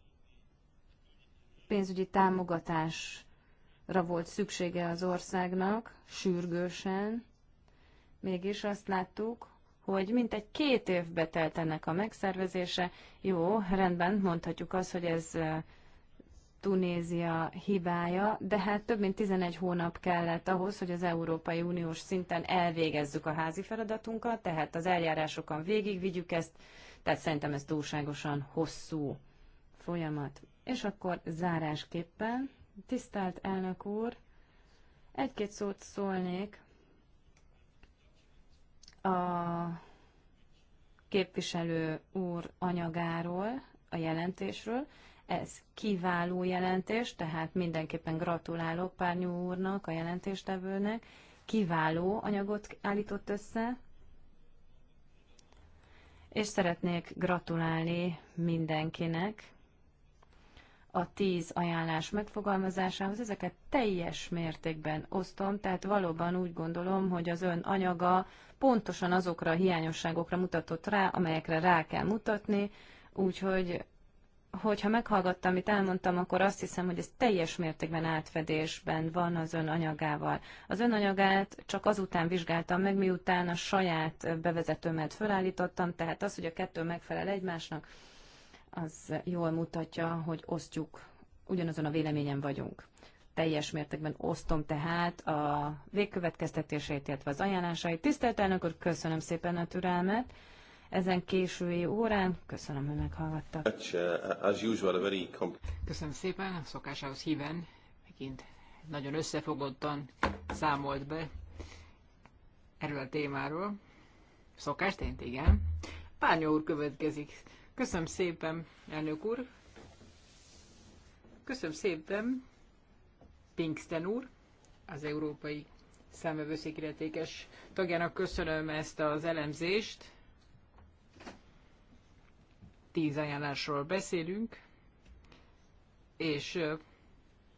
pénzügyi támogatásra volt szüksége az országnak, sürgősen. Mégis azt láttuk, hogy mintegy két évbe telt ennek a megszervezése. Jó, rendben, mondhatjuk azt, hogy ez Tunézia hibája, de hát több mint 11 hónap kellett ahhoz, hogy az Európai Uniós szinten elvégezzük a házi feladatunkat, tehát az eljárásokon végigvigyük ezt, tehát szerintem ez túlságosan hosszú folyamat. És akkor zárásképpen, tisztelt elnök úr, egy-két szót szólnék a képviselő úr anyagáról, a jelentésről, ez kiváló jelentés, tehát mindenképpen gratulálok Párnyú úrnak, a jelentéstevőnek. Kiváló anyagot állított össze, és szeretnék gratulálni mindenkinek a tíz ajánlás megfogalmazásához. Ezeket teljes mértékben osztom, tehát valóban úgy gondolom, hogy az ön anyaga pontosan azokra a hiányosságokra mutatott rá, amelyekre rá kell mutatni, úgyhogy hogyha meghallgattam, amit elmondtam, akkor azt hiszem, hogy ez teljes mértékben átfedésben van az ön anyagával. Az ön anyagát csak azután vizsgáltam meg, miután a saját bevezetőmet fölállítottam, tehát az, hogy a kettő megfelel egymásnak, az jól mutatja, hogy osztjuk, ugyanazon a véleményen vagyunk. Teljes mértékben osztom tehát a végkövetkeztetését illetve az ajánlásait. Tisztelt elnök úr, köszönöm szépen a türelmet ezen késői órán. Köszönöm, hogy meghallgattak. Köszönöm szépen, a szokásához híven, megint nagyon összefogottan számolt be erről a témáról. Szokás szerint igen. Pányó úr következik. Köszönöm szépen, elnök úr. Köszönöm szépen, Pinkston úr, az Európai Számövőszék tagjának köszönöm ezt az elemzést tíz ajánlásról beszélünk, és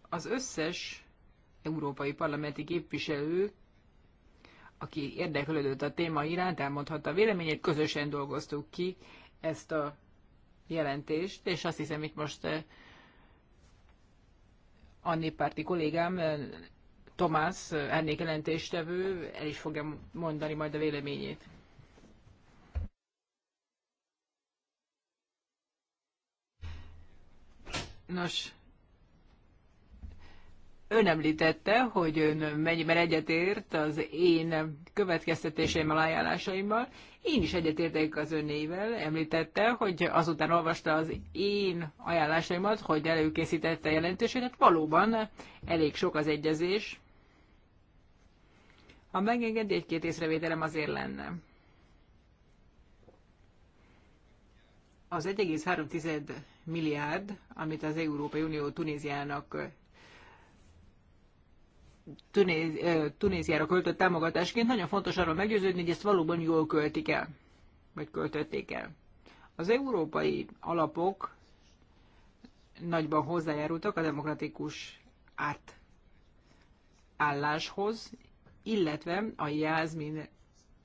az összes európai parlamenti képviselő, aki érdeklődött a téma iránt, elmondhatta a véleményét, közösen dolgoztuk ki ezt a jelentést, és azt hiszem itt most a néppárti kollégám Tomás, ennék jelentéstevő, el is fogja mondani majd a véleményét. Nos, ön említette, hogy ön mennyiben egyetért az én következtetéseimmel, ajánlásaimmal. Én is egyetértek az önével, említette, hogy azután olvasta az én ajánlásaimat, hogy előkészítette jelentőséget. Valóban elég sok az egyezés. Ha megenged, egy-két észrevételem azért lenne. Az 1,3 milliárd, amit az Európai Unió Tunéziának Tunéziára költött támogatásként, nagyon fontos arról meggyőződni, hogy ezt valóban jól költik el, vagy költötték el. Az európai alapok nagyban hozzájárultak a demokratikus átálláshoz, illetve a Jászmin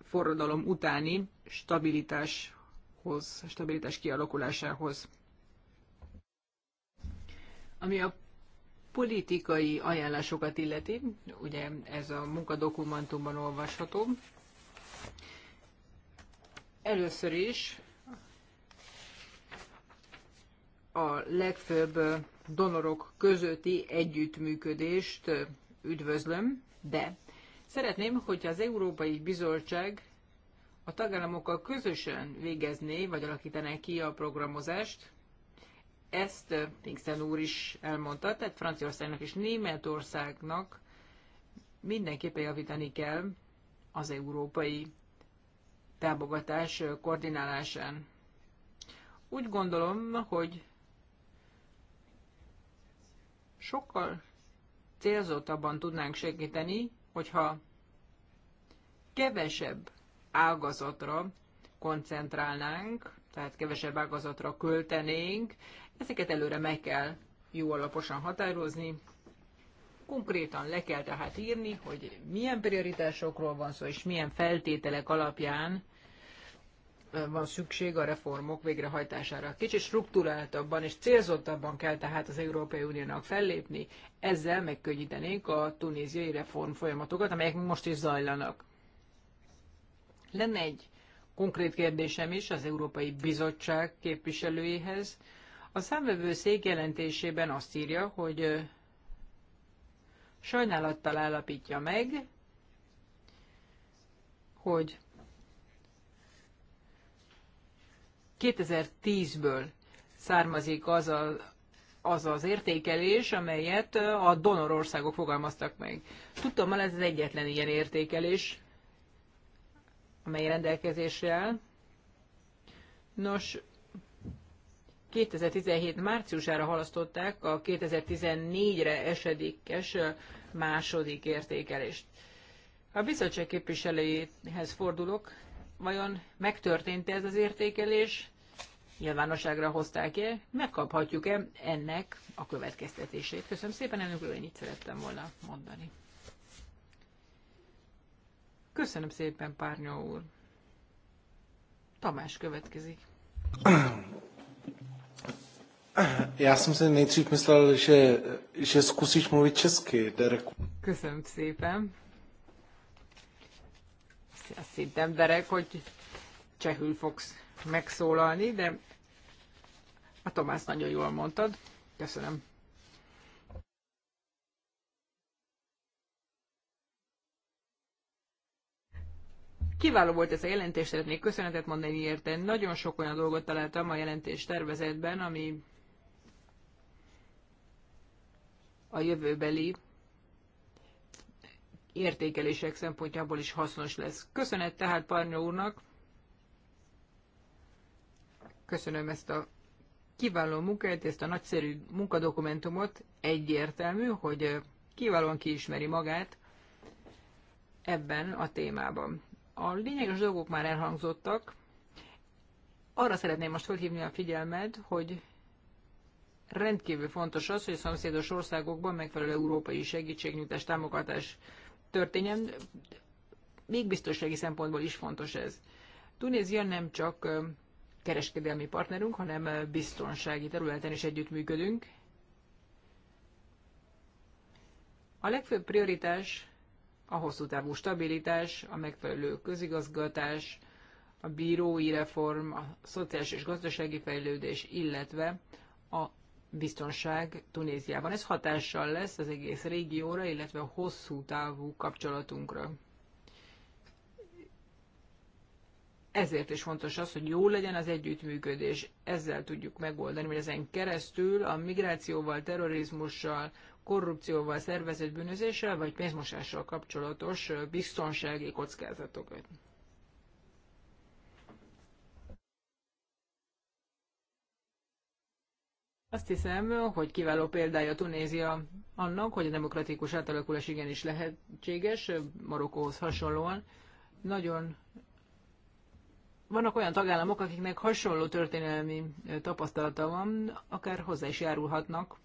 forradalom utáni stabilitáshoz, stabilitás kialakulásához. Ami a politikai ajánlásokat illeti, ugye ez a munkadokumentumban olvasható. Először is a legfőbb donorok közötti együttműködést üdvözlöm, de szeretném, hogyha az Európai Bizottság a tagállamokkal közösen végezné, vagy alakítaná ki a programozást, ezt eh, Pinkston úr is elmondta, tehát Franciaországnak és Németországnak mindenképpen javítani kell az európai támogatás eh, koordinálásán. Úgy gondolom, hogy sokkal célzottabban tudnánk segíteni, hogyha kevesebb ágazatra koncentrálnánk, tehát kevesebb ágazatra költenénk, Ezeket előre meg kell jó alaposan határozni, konkrétan le kell tehát írni, hogy milyen prioritásokról van szó, és milyen feltételek alapján van szükség a reformok végrehajtására. Kicsit struktúráltabban és célzottabban kell tehát az Európai Uniónak fellépni, ezzel megkönnyítenénk a tunéziai reform folyamatokat, amelyek most is zajlanak. Lenne egy konkrét kérdésem is az Európai Bizottság képviselőjéhez. A számvevőszék jelentésében azt írja, hogy sajnálattal állapítja meg, hogy 2010-ből származik az, a, az az értékelés, amelyet a donorországok fogalmaztak meg. hogy ez az egyetlen ilyen értékelés, amely rendelkezésre áll. Nos, 2017 márciusára halasztották a 2014-re esedékes második értékelést. A bizottság képviselőjéhez fordulok. Vajon megtörtént -e ez az értékelés? Nyilvánosságra hozták-e? Megkaphatjuk-e ennek a következtetését? Köszönöm szépen, elnök úr, én így szerettem volna mondani. Köszönöm szépen, Párnyó úr. Tamás következik. Já jsem si nejdřív myslel, že, že zkusíš mluvit česky, Dereku. Köszönöm szépen. Azt hittem, Derek, hogy csehül fogsz megszólalni, de a Tomás nagyon jól mondtad. Köszönöm. Kiváló volt ez a jelentés, szeretnék köszönetet mondani érte. Nagyon sok olyan dolgot találtam a jelentés tervezetben, ami a jövőbeli értékelések szempontjából is hasznos lesz. Köszönet tehát Parnyó úrnak, köszönöm ezt a kiváló munkáját, ezt a nagyszerű munkadokumentumot, egyértelmű, hogy kiválóan kiismeri magát ebben a témában. A lényeges dolgok már elhangzottak, arra szeretném most felhívni a figyelmed, hogy rendkívül fontos az, hogy a szomszédos országokban megfelelő európai segítségnyújtás, támogatás történjen. Még biztonsági szempontból is fontos ez. Tunézia nem csak kereskedelmi partnerünk, hanem biztonsági területen is együttműködünk. A legfőbb prioritás a hosszú távú stabilitás, a megfelelő közigazgatás, a bírói reform, a szociális és gazdasági fejlődés, illetve a biztonság Tunéziában. Ez hatással lesz az egész régióra, illetve a hosszú távú kapcsolatunkra. Ezért is fontos az, hogy jó legyen az együttműködés. Ezzel tudjuk megoldani, hogy ezen keresztül a migrációval, terrorizmussal, korrupcióval, szervezett bűnözéssel vagy pénzmosással kapcsolatos biztonsági kockázatokat. Azt hiszem, hogy kiváló példája Tunézia annak, hogy a demokratikus átalakulás igenis lehetséges, Marokkóhoz hasonlóan. Nagyon vannak olyan tagállamok, akiknek hasonló történelmi tapasztalata van, akár hozzá is járulhatnak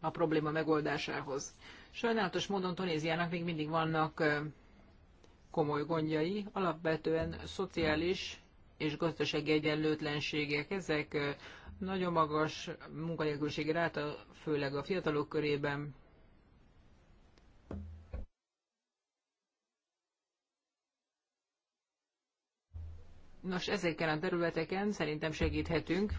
a probléma megoldásához. Sajnálatos módon Tunéziának még mindig vannak komoly gondjai, alapvetően szociális és gazdasági egyenlőtlenségek, ezek nagyon magas munkanélküliségi ráta, főleg a fiatalok körében. Nos, ezeken a területeken szerintem segíthetünk,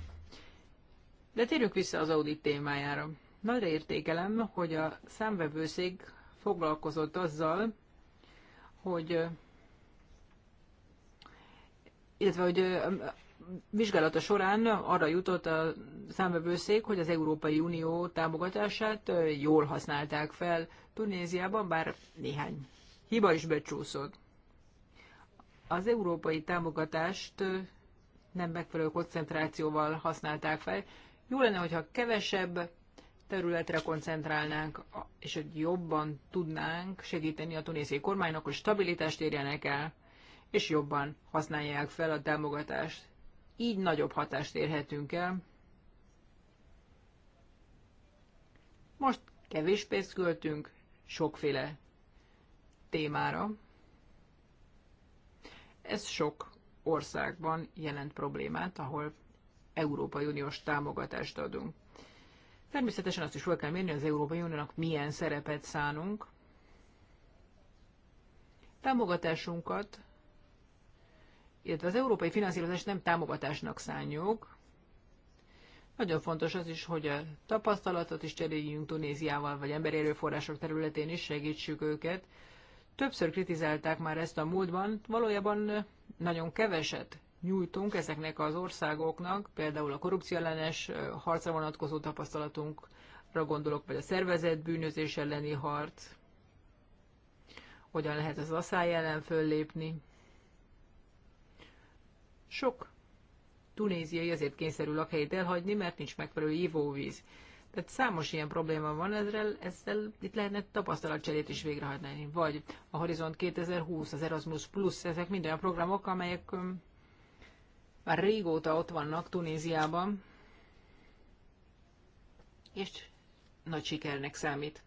de térjünk vissza az audit témájára. Nagyra értékelem, hogy a számvevőszék foglalkozott azzal, hogy illetve hogy vizsgálata során arra jutott a számvevőszék, hogy az Európai Unió támogatását jól használták fel Tunéziában, bár néhány hiba is becsúszott. Az európai támogatást nem megfelelő koncentrációval használták fel. Jó lenne, hogyha kevesebb területre koncentrálnánk, és hogy jobban tudnánk segíteni a tunéziai kormánynak, hogy stabilitást érjenek el, és jobban használják fel a támogatást. Így nagyobb hatást érhetünk el. Most kevés pénzt költünk sokféle témára. Ez sok országban jelent problémát, ahol Európai Uniós támogatást adunk. Természetesen azt is fel kell mérni, az Európai Uniónak milyen szerepet szánunk. Támogatásunkat illetve az európai finanszírozást nem támogatásnak szánjuk. Nagyon fontos az is, hogy a tapasztalatot is cseréljünk Tunéziával, vagy emberi erőforrások területén is segítsük őket. Többször kritizálták már ezt a múltban, valójában nagyon keveset nyújtunk ezeknek az országoknak, például a korrupció ellenes harcra vonatkozó tapasztalatunkra gondolok, vagy a szervezett bűnözés elleni harc, hogyan lehet az asszály ellen föllépni. Sok tunéziai azért kényszerül lakhelyét elhagyni, mert nincs megfelelő ivóvíz. Tehát számos ilyen probléma van, ezzel, ezzel itt lehetne tapasztalatcserét is végrehajtani. Vagy a Horizont 2020, az Erasmus Plus, ezek mind olyan programok, amelyek um, már régóta ott vannak Tunéziában, és nagy sikernek számít.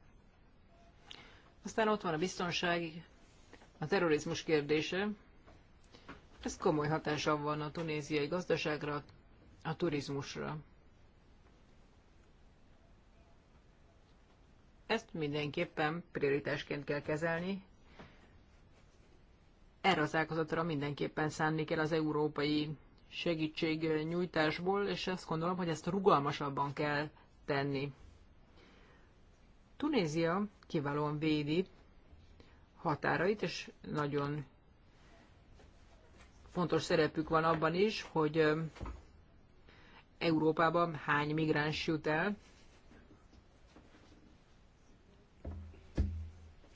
Aztán ott van a biztonság, a terrorizmus kérdése. Ez komoly hatása van a tunéziai gazdaságra, a turizmusra. Ezt mindenképpen prioritásként kell kezelni. Erre az ágazatra mindenképpen szánni kell az európai segítségnyújtásból, és azt gondolom, hogy ezt rugalmasabban kell tenni. Tunézia kiválóan védi határait, és nagyon fontos szerepük van abban is, hogy Európában hány migráns jut el.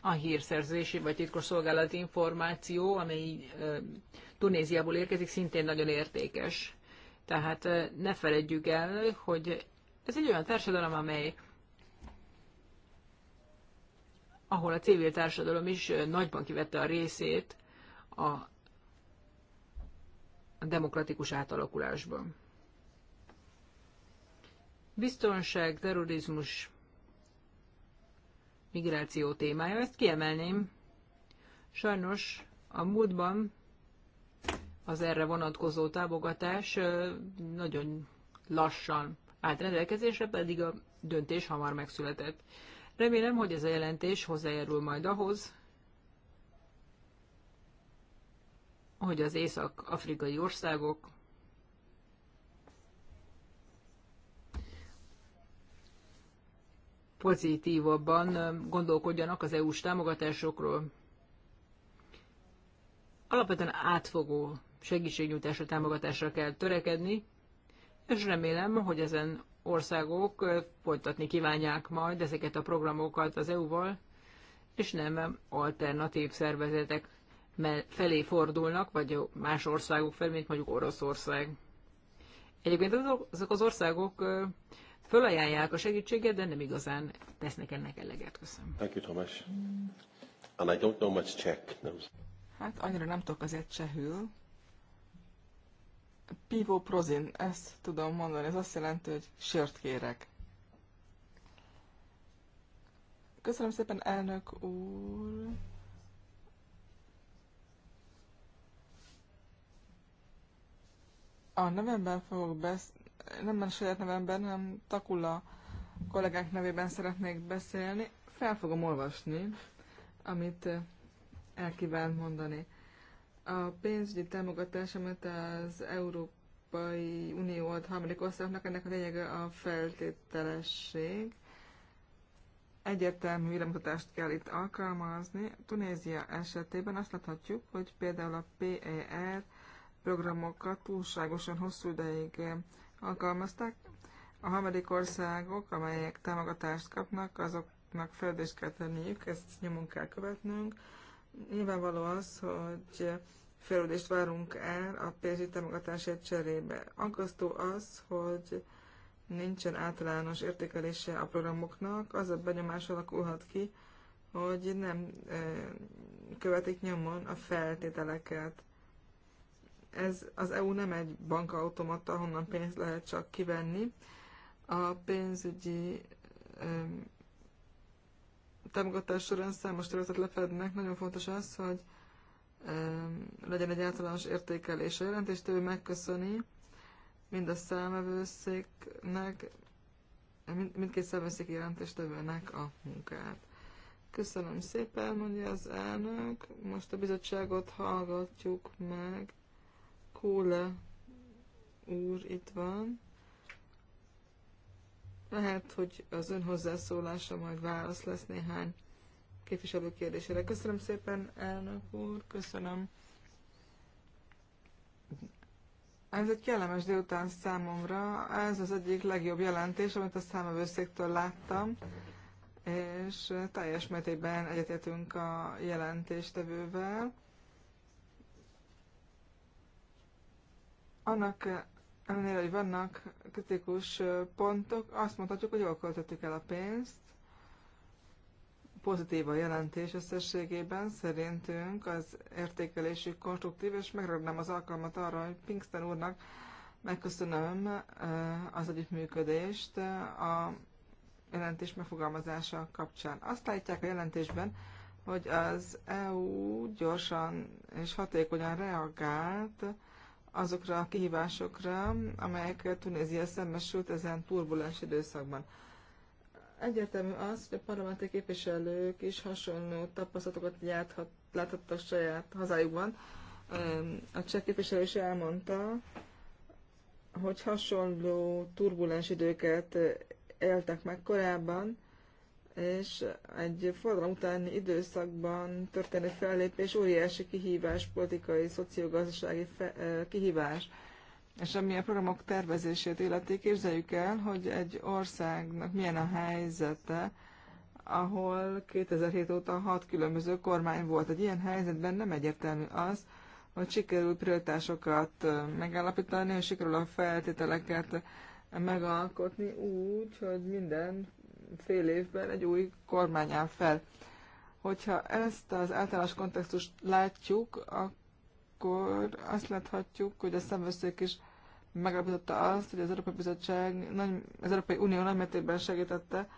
A hírszerzési vagy szolgálati információ, amely Tunéziából érkezik, szintén nagyon értékes. Tehát ne feledjük el, hogy ez egy olyan társadalom, amely ahol a civil társadalom is nagyban kivette a részét a a demokratikus átalakulásban. Biztonság, terrorizmus, migráció témája, ezt kiemelném. Sajnos a múltban az erre vonatkozó támogatás nagyon lassan állt rendelkezésre, pedig a döntés hamar megszületett. Remélem, hogy ez a jelentés hozzájárul majd ahhoz, hogy az észak-afrikai országok pozitívabban gondolkodjanak az EU-s támogatásokról. Alapvetően átfogó segítségnyújtásra, támogatásra kell törekedni, és remélem, hogy ezen országok folytatni kívánják majd ezeket a programokat az EU-val, és nem alternatív szervezetek felé fordulnak, vagy más országok felé, mint mondjuk Oroszország. Egyébként azok az országok fölajánlják a segítséget, de nem igazán tesznek ennek eleget. Köszönöm. Thank you, Thomas. And I don't know much Czech. No. Hát annyira nem tudok azért csehül. Pivo prozin, ezt tudom mondani, ez azt jelenti, hogy sört kérek. Köszönöm szépen, elnök úr. A nevemben fogok beszélni, nem a saját nevemben, hanem Takula kollégák nevében szeretnék beszélni. Fel fogom olvasni, amit eh, el kívánt mondani. A pénzügyi támogatás, amit az Európai Unió ad harmadik országnak, ennek a lényege a feltételesség. Egyértelmű iramutatást kell itt alkalmazni. Tunézia esetében azt láthatjuk, hogy például a PER programokat túlságosan hosszú ideig eh, alkalmazták. A harmadik országok, amelyek támogatást kapnak, azoknak földést kell tenniük, ezt nyomon kell követnünk. Nyilvánvaló az, hogy fejlődést várunk el a pénzügyi támogatásért cserébe. Aggasztó az, hogy nincsen általános értékelése a programoknak, az a benyomás alakulhat ki, hogy nem eh, követik nyomon a feltételeket ez az EU nem egy bankautomata, honnan pénzt lehet csak kivenni. A pénzügyi um, támogatás során számos területet lefednek. Nagyon fontos az, hogy um, legyen egy általános értékelés. A ő megköszöni mind a számvevőszéknek, mind, mindkét számvevőszéki jelentéstevőnek a munkát. Köszönöm szépen, mondja az elnök. Most a bizottságot hallgatjuk meg. Kóle úr itt van. Lehet, hogy az ön hozzászólása majd válasz lesz néhány képviselő kérdésére. Köszönöm szépen, elnök úr, köszönöm. Ez egy kellemes délután számomra. Ez az egyik legjobb jelentés, amit a számövőszéktől láttam, és teljes mértékben egyetértünk a jelentéstevővel. annak eh, ellenére, hogy vannak kritikus eh, pontok, azt mondhatjuk, hogy jól költöttük el a pénzt. Pozitív a jelentés összességében, szerintünk az értékelésük konstruktív, és megragadnám az alkalmat arra, hogy Pinkston úrnak megköszönöm eh, az együttműködést a jelentés megfogalmazása kapcsán. Azt látják a jelentésben, hogy az EU gyorsan és hatékonyan reagált azokra a kihívásokra, amelyek Tunézia szembesült ezen turbulens időszakban. Egyértelmű az, hogy a parlamenti képviselők is hasonló tapasztalatokat játhat, láthattak saját hazájukban. A cseh képviselő is elmondta, hogy hasonló turbulens időket éltek meg korábban, és egy forradalom utáni időszakban történő fellépés óriási kihívás, politikai, szociogazdasági fe, kihívás. És ami a programok tervezését illeti, képzeljük el, hogy egy országnak milyen a helyzete, ahol 2007 óta hat különböző kormány volt. Egy ilyen helyzetben nem egyértelmű az, hogy sikerül prioritásokat megállapítani, hogy sikerül a feltételeket megalkotni úgy, hogy minden fél évben egy új kormány áll fel. Hogyha ezt az általános kontextust látjuk, akkor azt láthatjuk, hogy a szemveszék is megállapította azt, hogy az Európai Bizottság, nagy, az Európai Unió nagymértékben segítette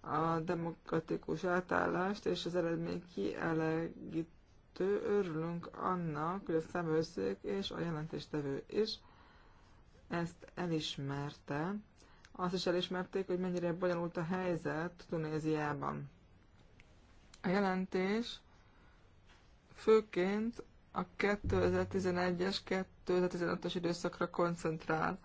a demokratikus átállást, és az eredmény kielegítő. Örülünk annak, hogy a szemőszék és a jelentéstevő is ezt elismerte, azt is elismerték, hogy mennyire bonyolult a helyzet Tunéziában. A jelentés főként a 2011-es, 2015-ös időszakra koncentrál.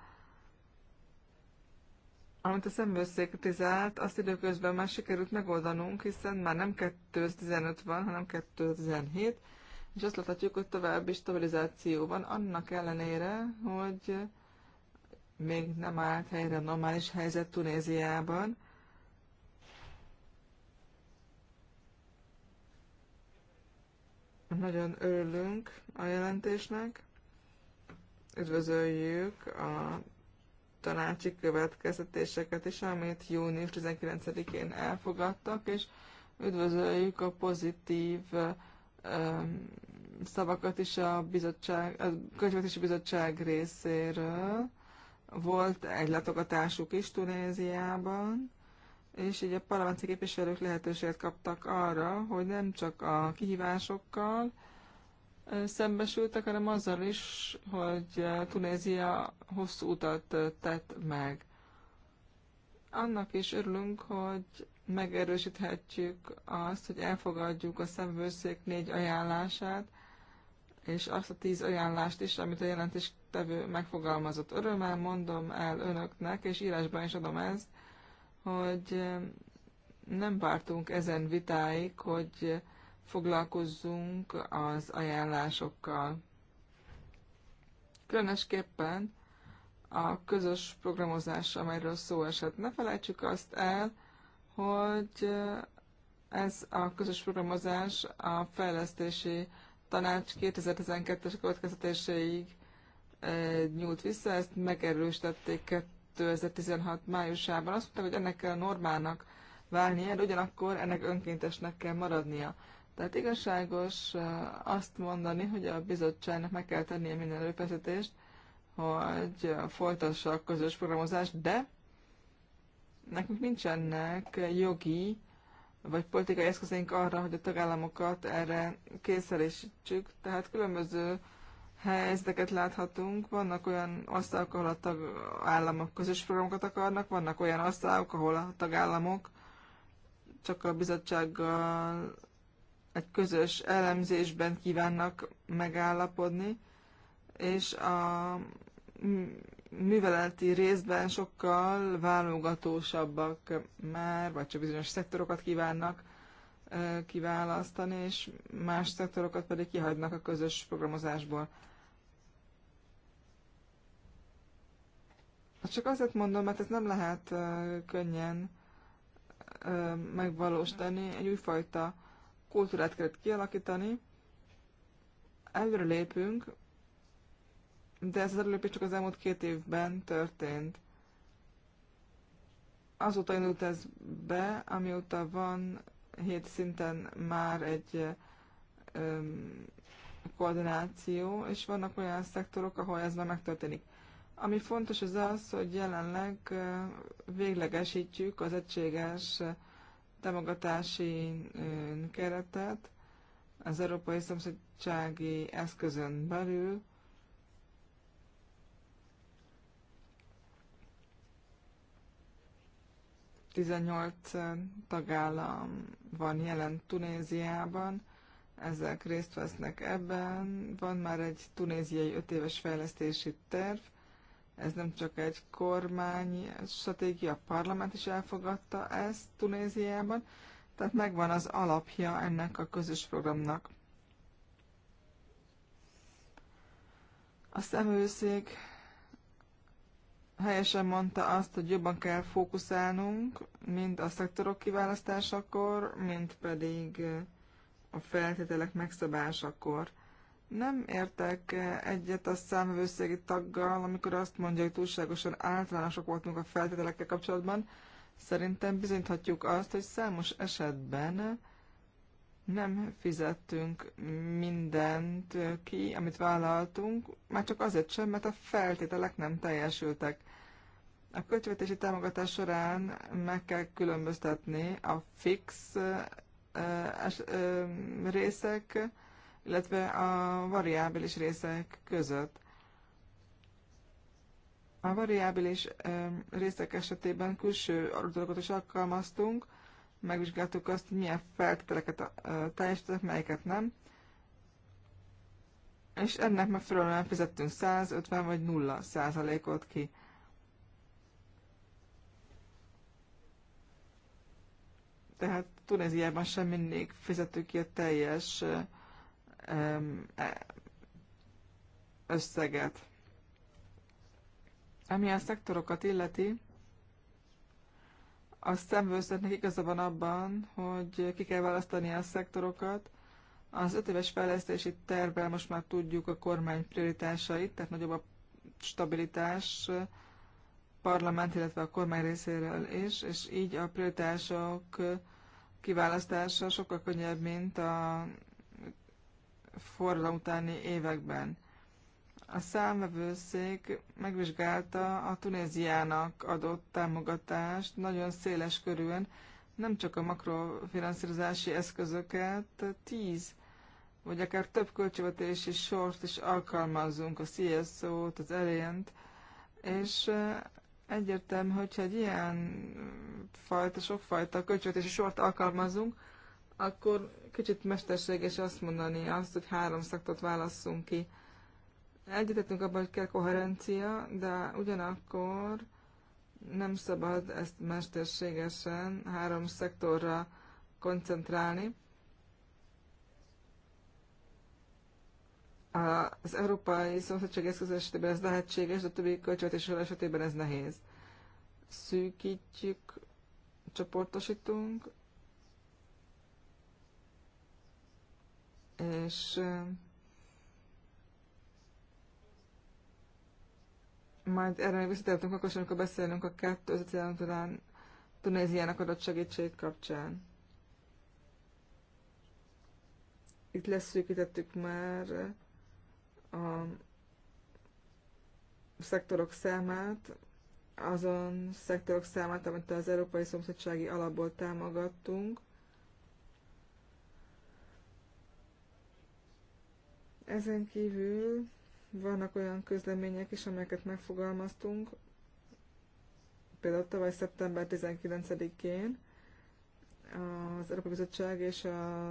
Amit a szemőszék kritizált, azt időközben már sikerült megoldanunk, hiszen már nem 2015 van, hanem 2017, és azt láthatjuk, hogy további stabilizáció van, annak ellenére, hogy még nem állt helyre a normális helyzet Tunéziában. Nagyon örülünk a jelentésnek, üdvözöljük a tanácsi következtetéseket is, amit június 19-én elfogadtak, és üdvözöljük a pozitív szavakat is a bizottság, a Költségvetési Bizottság részéről. Volt egy látogatásuk is Tunéziában, és így a parlamenti képviselők lehetőséget kaptak arra, hogy nem csak a kihívásokkal szembesültek, hanem azzal is, hogy Tunézia hosszú utat tett meg. Annak is örülünk, hogy megerősíthetjük azt, hogy elfogadjuk a szemvőszék négy ajánlását, és azt a tíz ajánlást is, amit a jelentés résztvevő megfogalmazott. Örömmel mondom el önöknek, és írásban is adom ezt, hogy eh, nem vártunk ezen vitáig, hogy foglalkozzunk az ajánlásokkal. Különösképpen a közös programozás, amelyről szó esett. Ne felejtsük azt el, hogy eh, ez a közös programozás a fejlesztési tanács 2012-es következtetéséig nyúlt vissza, ezt megerősítették 2016 májusában. Azt mondták, hogy ennek kell normának válnia, de hát ugyanakkor ennek önkéntesnek kell maradnia. Tehát igazságos azt mondani, hogy a bizottságnak meg kell tennie minden előfeszítést, hogy folytassa a közös programozást, de nekünk nincsenek jogi vagy politikai eszközénk arra, hogy a tagállamokat erre kényszerítsük. Tehát különböző helyzeteket láthatunk. Vannak olyan asztalok, ahol a tagállamok közös programokat akarnak, vannak olyan asztalok, ahol a tagállamok csak a bizottsággal egy közös elemzésben kívánnak megállapodni, és a műveleti részben sokkal válogatósabbak már, vagy csak bizonyos szektorokat kívánnak kiválasztani, és más szektorokat pedig kihagynak a közös programozásból. Hát csak azért mondom, mert ez nem lehet könnyen megvalósítani, egy újfajta kultúrát kellett kialakítani. Előre lépünk, de ez az előlépés csak az elmúlt két évben történt. Azóta indult ez be, amióta van hét szinten már egy koordináció, és vannak olyan szektorok, ahol ez már megtörténik. Ami fontos az az, hogy jelenleg véglegesítjük az egységes támogatási keretet az Európai Szomszédsági Eszközön belül, Tizennyolc tagállam van jelen Tunéziában, ezek részt vesznek ebben. Van már egy tunéziai öt éves fejlesztési terv, ez nem csak egy kormány stratégia, a parlament is elfogadta ezt Tunéziában, tehát megvan az alapja ennek a közös programnak. A szemőszék helyesen mondta azt, hogy jobban kell fókuszálnunk, mind a szektorok kiválasztásakor, mind pedig a feltételek megszabásakor. Nem értek egyet a számvőszégi taggal, amikor azt mondja, hogy túlságosan általánosak voltunk a feltételekkel kapcsolatban. Szerintem bizonyíthatjuk azt, hogy számos esetben nem fizettünk mindent ki, amit vállaltunk, már csak azért sem, mert a feltételek nem teljesültek. A költségvetési támogatás során meg kell különböztetni a fix eh, eh, részek, illetve a variábilis részek között. A variábilis részek esetében külső adatokat is alkalmaztunk, megvizsgáltuk azt, hogy milyen feltételeket teljesítettek, melyeket nem, és ennek megfelelően fizettünk 150 vagy 0 százalékot ki. Tehát Tunéziában sem mindig fizettük ki a teljes E, összeget. Ami a szektorokat illeti, a szemvőszetnek igaza van abban, hogy ki kell választani a szektorokat. Az ötéves fejlesztési tervvel most már tudjuk a kormány prioritásait, tehát nagyobb a stabilitás parlament, illetve a kormány részéről is, és így a prioritások kiválasztása sokkal könnyebb, mint a forradalom utáni években. A számvevőszék megvizsgálta a Tunéziának adott támogatást nagyon széles körülön, nem csak a makrofinanszírozási eszközöket, tíz vagy akár több költségvetési sort is alkalmazunk a CSO-t, az elént, és eh, egyértelmű, hogyha egy ilyen fajta, sokfajta költségvetési sort alkalmazunk, akkor kicsit mesterséges azt mondani azt, hogy három szaktot válasszunk ki. Egyetettünk abban, hogy kell koherencia, de ugyanakkor nem szabad ezt mesterségesen három szektorra koncentrálni. Az európai szomszédség eszköz esetében ez lehetséges, de a többi költségvetés esetében ez nehéz. Szűkítjük, csoportosítunk, és majd erre még visszatértünk akkor is, amikor beszélünk a 2013 Tunéziának adott segítség kapcsán. Itt leszűkítettük már a szektorok számát, azon szektorok számát, amit az Európai Szomszédsági Alapból támogattunk, Ezen kívül vannak olyan közlemények is, amelyeket megfogalmaztunk, például tavaly szeptember 19-én az Európai Bizottság és a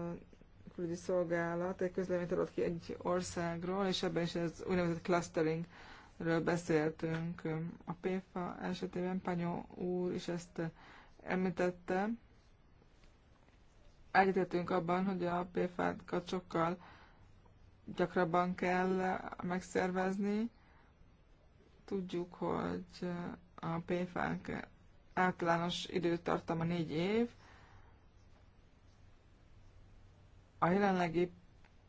külügyi szolgálat egy közleményt adott ki egy országról, és ebben is az úgynevezett clusteringről beszéltünk. A PFA esetében Panyó úr is ezt említette. Egyetettünk abban, hogy a PFA-kat sokkal gyakrabban kell megszervezni. Tudjuk, hogy a PFA-nk általános időtartama négy év. A jelenlegi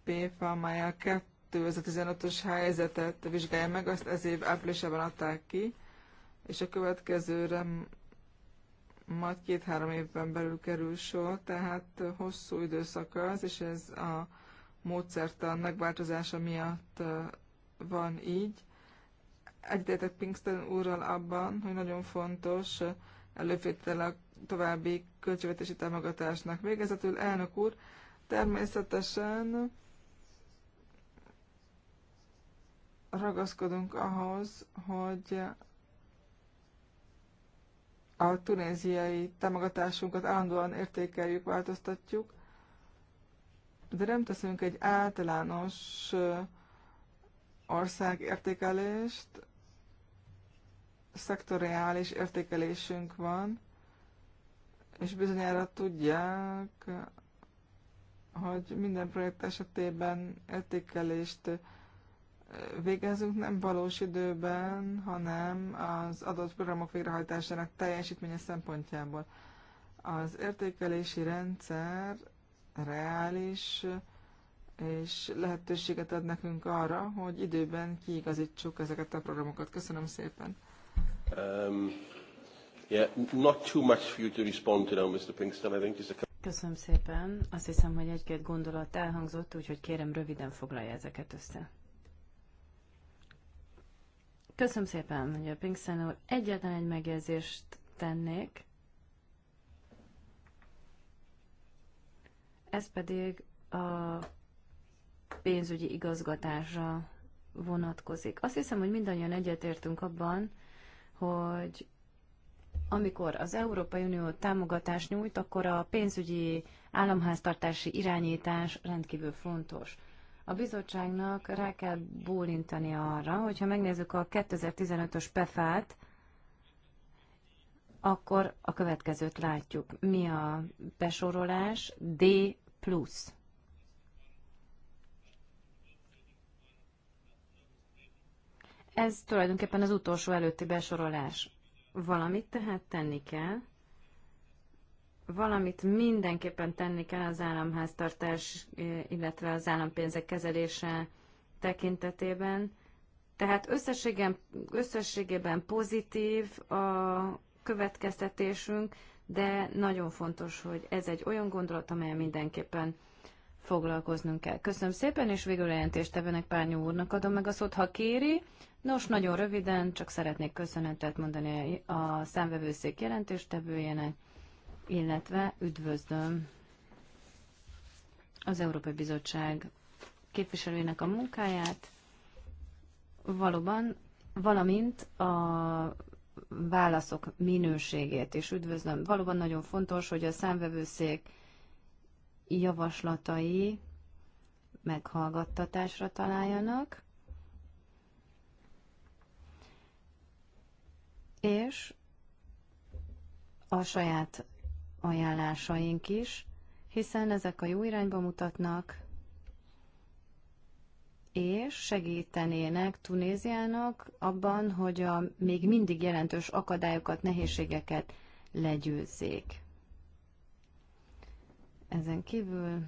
PFA, már a 2015-ös helyzetet vizsgálja meg, azt ez év áprilisában adták ki, és a következőre majd két-három évben belül kerül sor, tehát hosszú időszak az, és ez a módszertan megváltozása miatt van így. Egyetértek Pinkston úrral abban, hogy nagyon fontos előfétel a további költségvetési támogatásnak. Végezetül elnök úr, természetesen ragaszkodunk ahhoz, hogy a tunéziai támogatásunkat állandóan értékeljük, változtatjuk, de nem teszünk egy általános országértékelést, szektoriális értékelésünk van, és bizonyára tudják, hogy minden projekt esetében értékelést végezünk nem valós időben, hanem az adott programok végrehajtásának teljesítménye szempontjából. Az értékelési rendszer reális, és lehetőséget ad nekünk arra, hogy időben kiigazítsuk ezeket a programokat. Köszönöm szépen. Um, yeah, not too much for you to respond to now, Mr. Pinkston. I think it's a... Köszönöm szépen. Azt hiszem, hogy egy-két gondolat elhangzott, úgyhogy kérem röviden foglalja ezeket össze. Köszönöm szépen, a Pinkston úr. Egyetlen egy megjegyzést tennék. ez pedig a pénzügyi igazgatásra vonatkozik. Azt hiszem, hogy mindannyian egyetértünk abban, hogy amikor az Európai Unió támogatást nyújt, akkor a pénzügyi államháztartási irányítás rendkívül fontos. A bizottságnak rá kell bólintani arra, hogyha megnézzük a 2015-ös PEFÁT, akkor a következőt látjuk. Mi a besorolás? D plusz. Ez tulajdonképpen az utolsó előtti besorolás. Valamit tehát tenni kell. Valamit mindenképpen tenni kell az államháztartás, eh, illetve az állampénzek kezelése tekintetében. Tehát összességében, összességében pozitív a, következtetésünk, de nagyon fontos, hogy ez egy olyan gondolat, amely mindenképpen foglalkoznunk kell. Köszönöm szépen, és végül tevenek Párnyó úrnak adom meg a szót, ha kéri. Nos, nagyon röviden, csak szeretnék köszönetet mondani a számvevőszék jelentéstevőjének, illetve üdvözlöm az Európai Bizottság képviselőjének a munkáját, valóban, valamint a válaszok minőségét és üdvözlöm. Valóban nagyon fontos, hogy a számvevőszék javaslatai meghallgattatásra találjanak, és a saját ajánlásaink is, hiszen ezek a jó irányba mutatnak, és segítenének Tunéziának abban, hogy a még mindig jelentős akadályokat, nehézségeket legyőzzék. Ezen kívül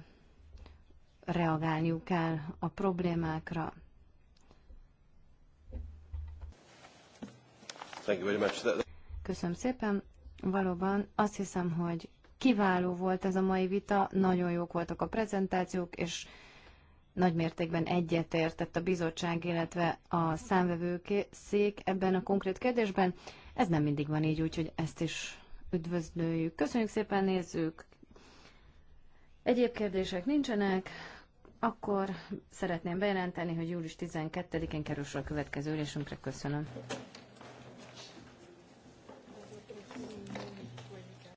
reagálniuk kell a problémákra. Köszönöm szépen. Valóban azt hiszem, hogy kiváló volt ez a mai vita, nagyon jók voltak a prezentációk, és nagymértékben egyetértett a bizottság, illetve a számvevőszék ebben a konkrét kérdésben. Ez nem mindig van így, úgyhogy ezt is üdvözlőjük. Köszönjük szépen, nézzük. Egyéb kérdések nincsenek. Akkor szeretném bejelenteni, hogy július 12-én kerül a következő ülésünkre. Köszönöm.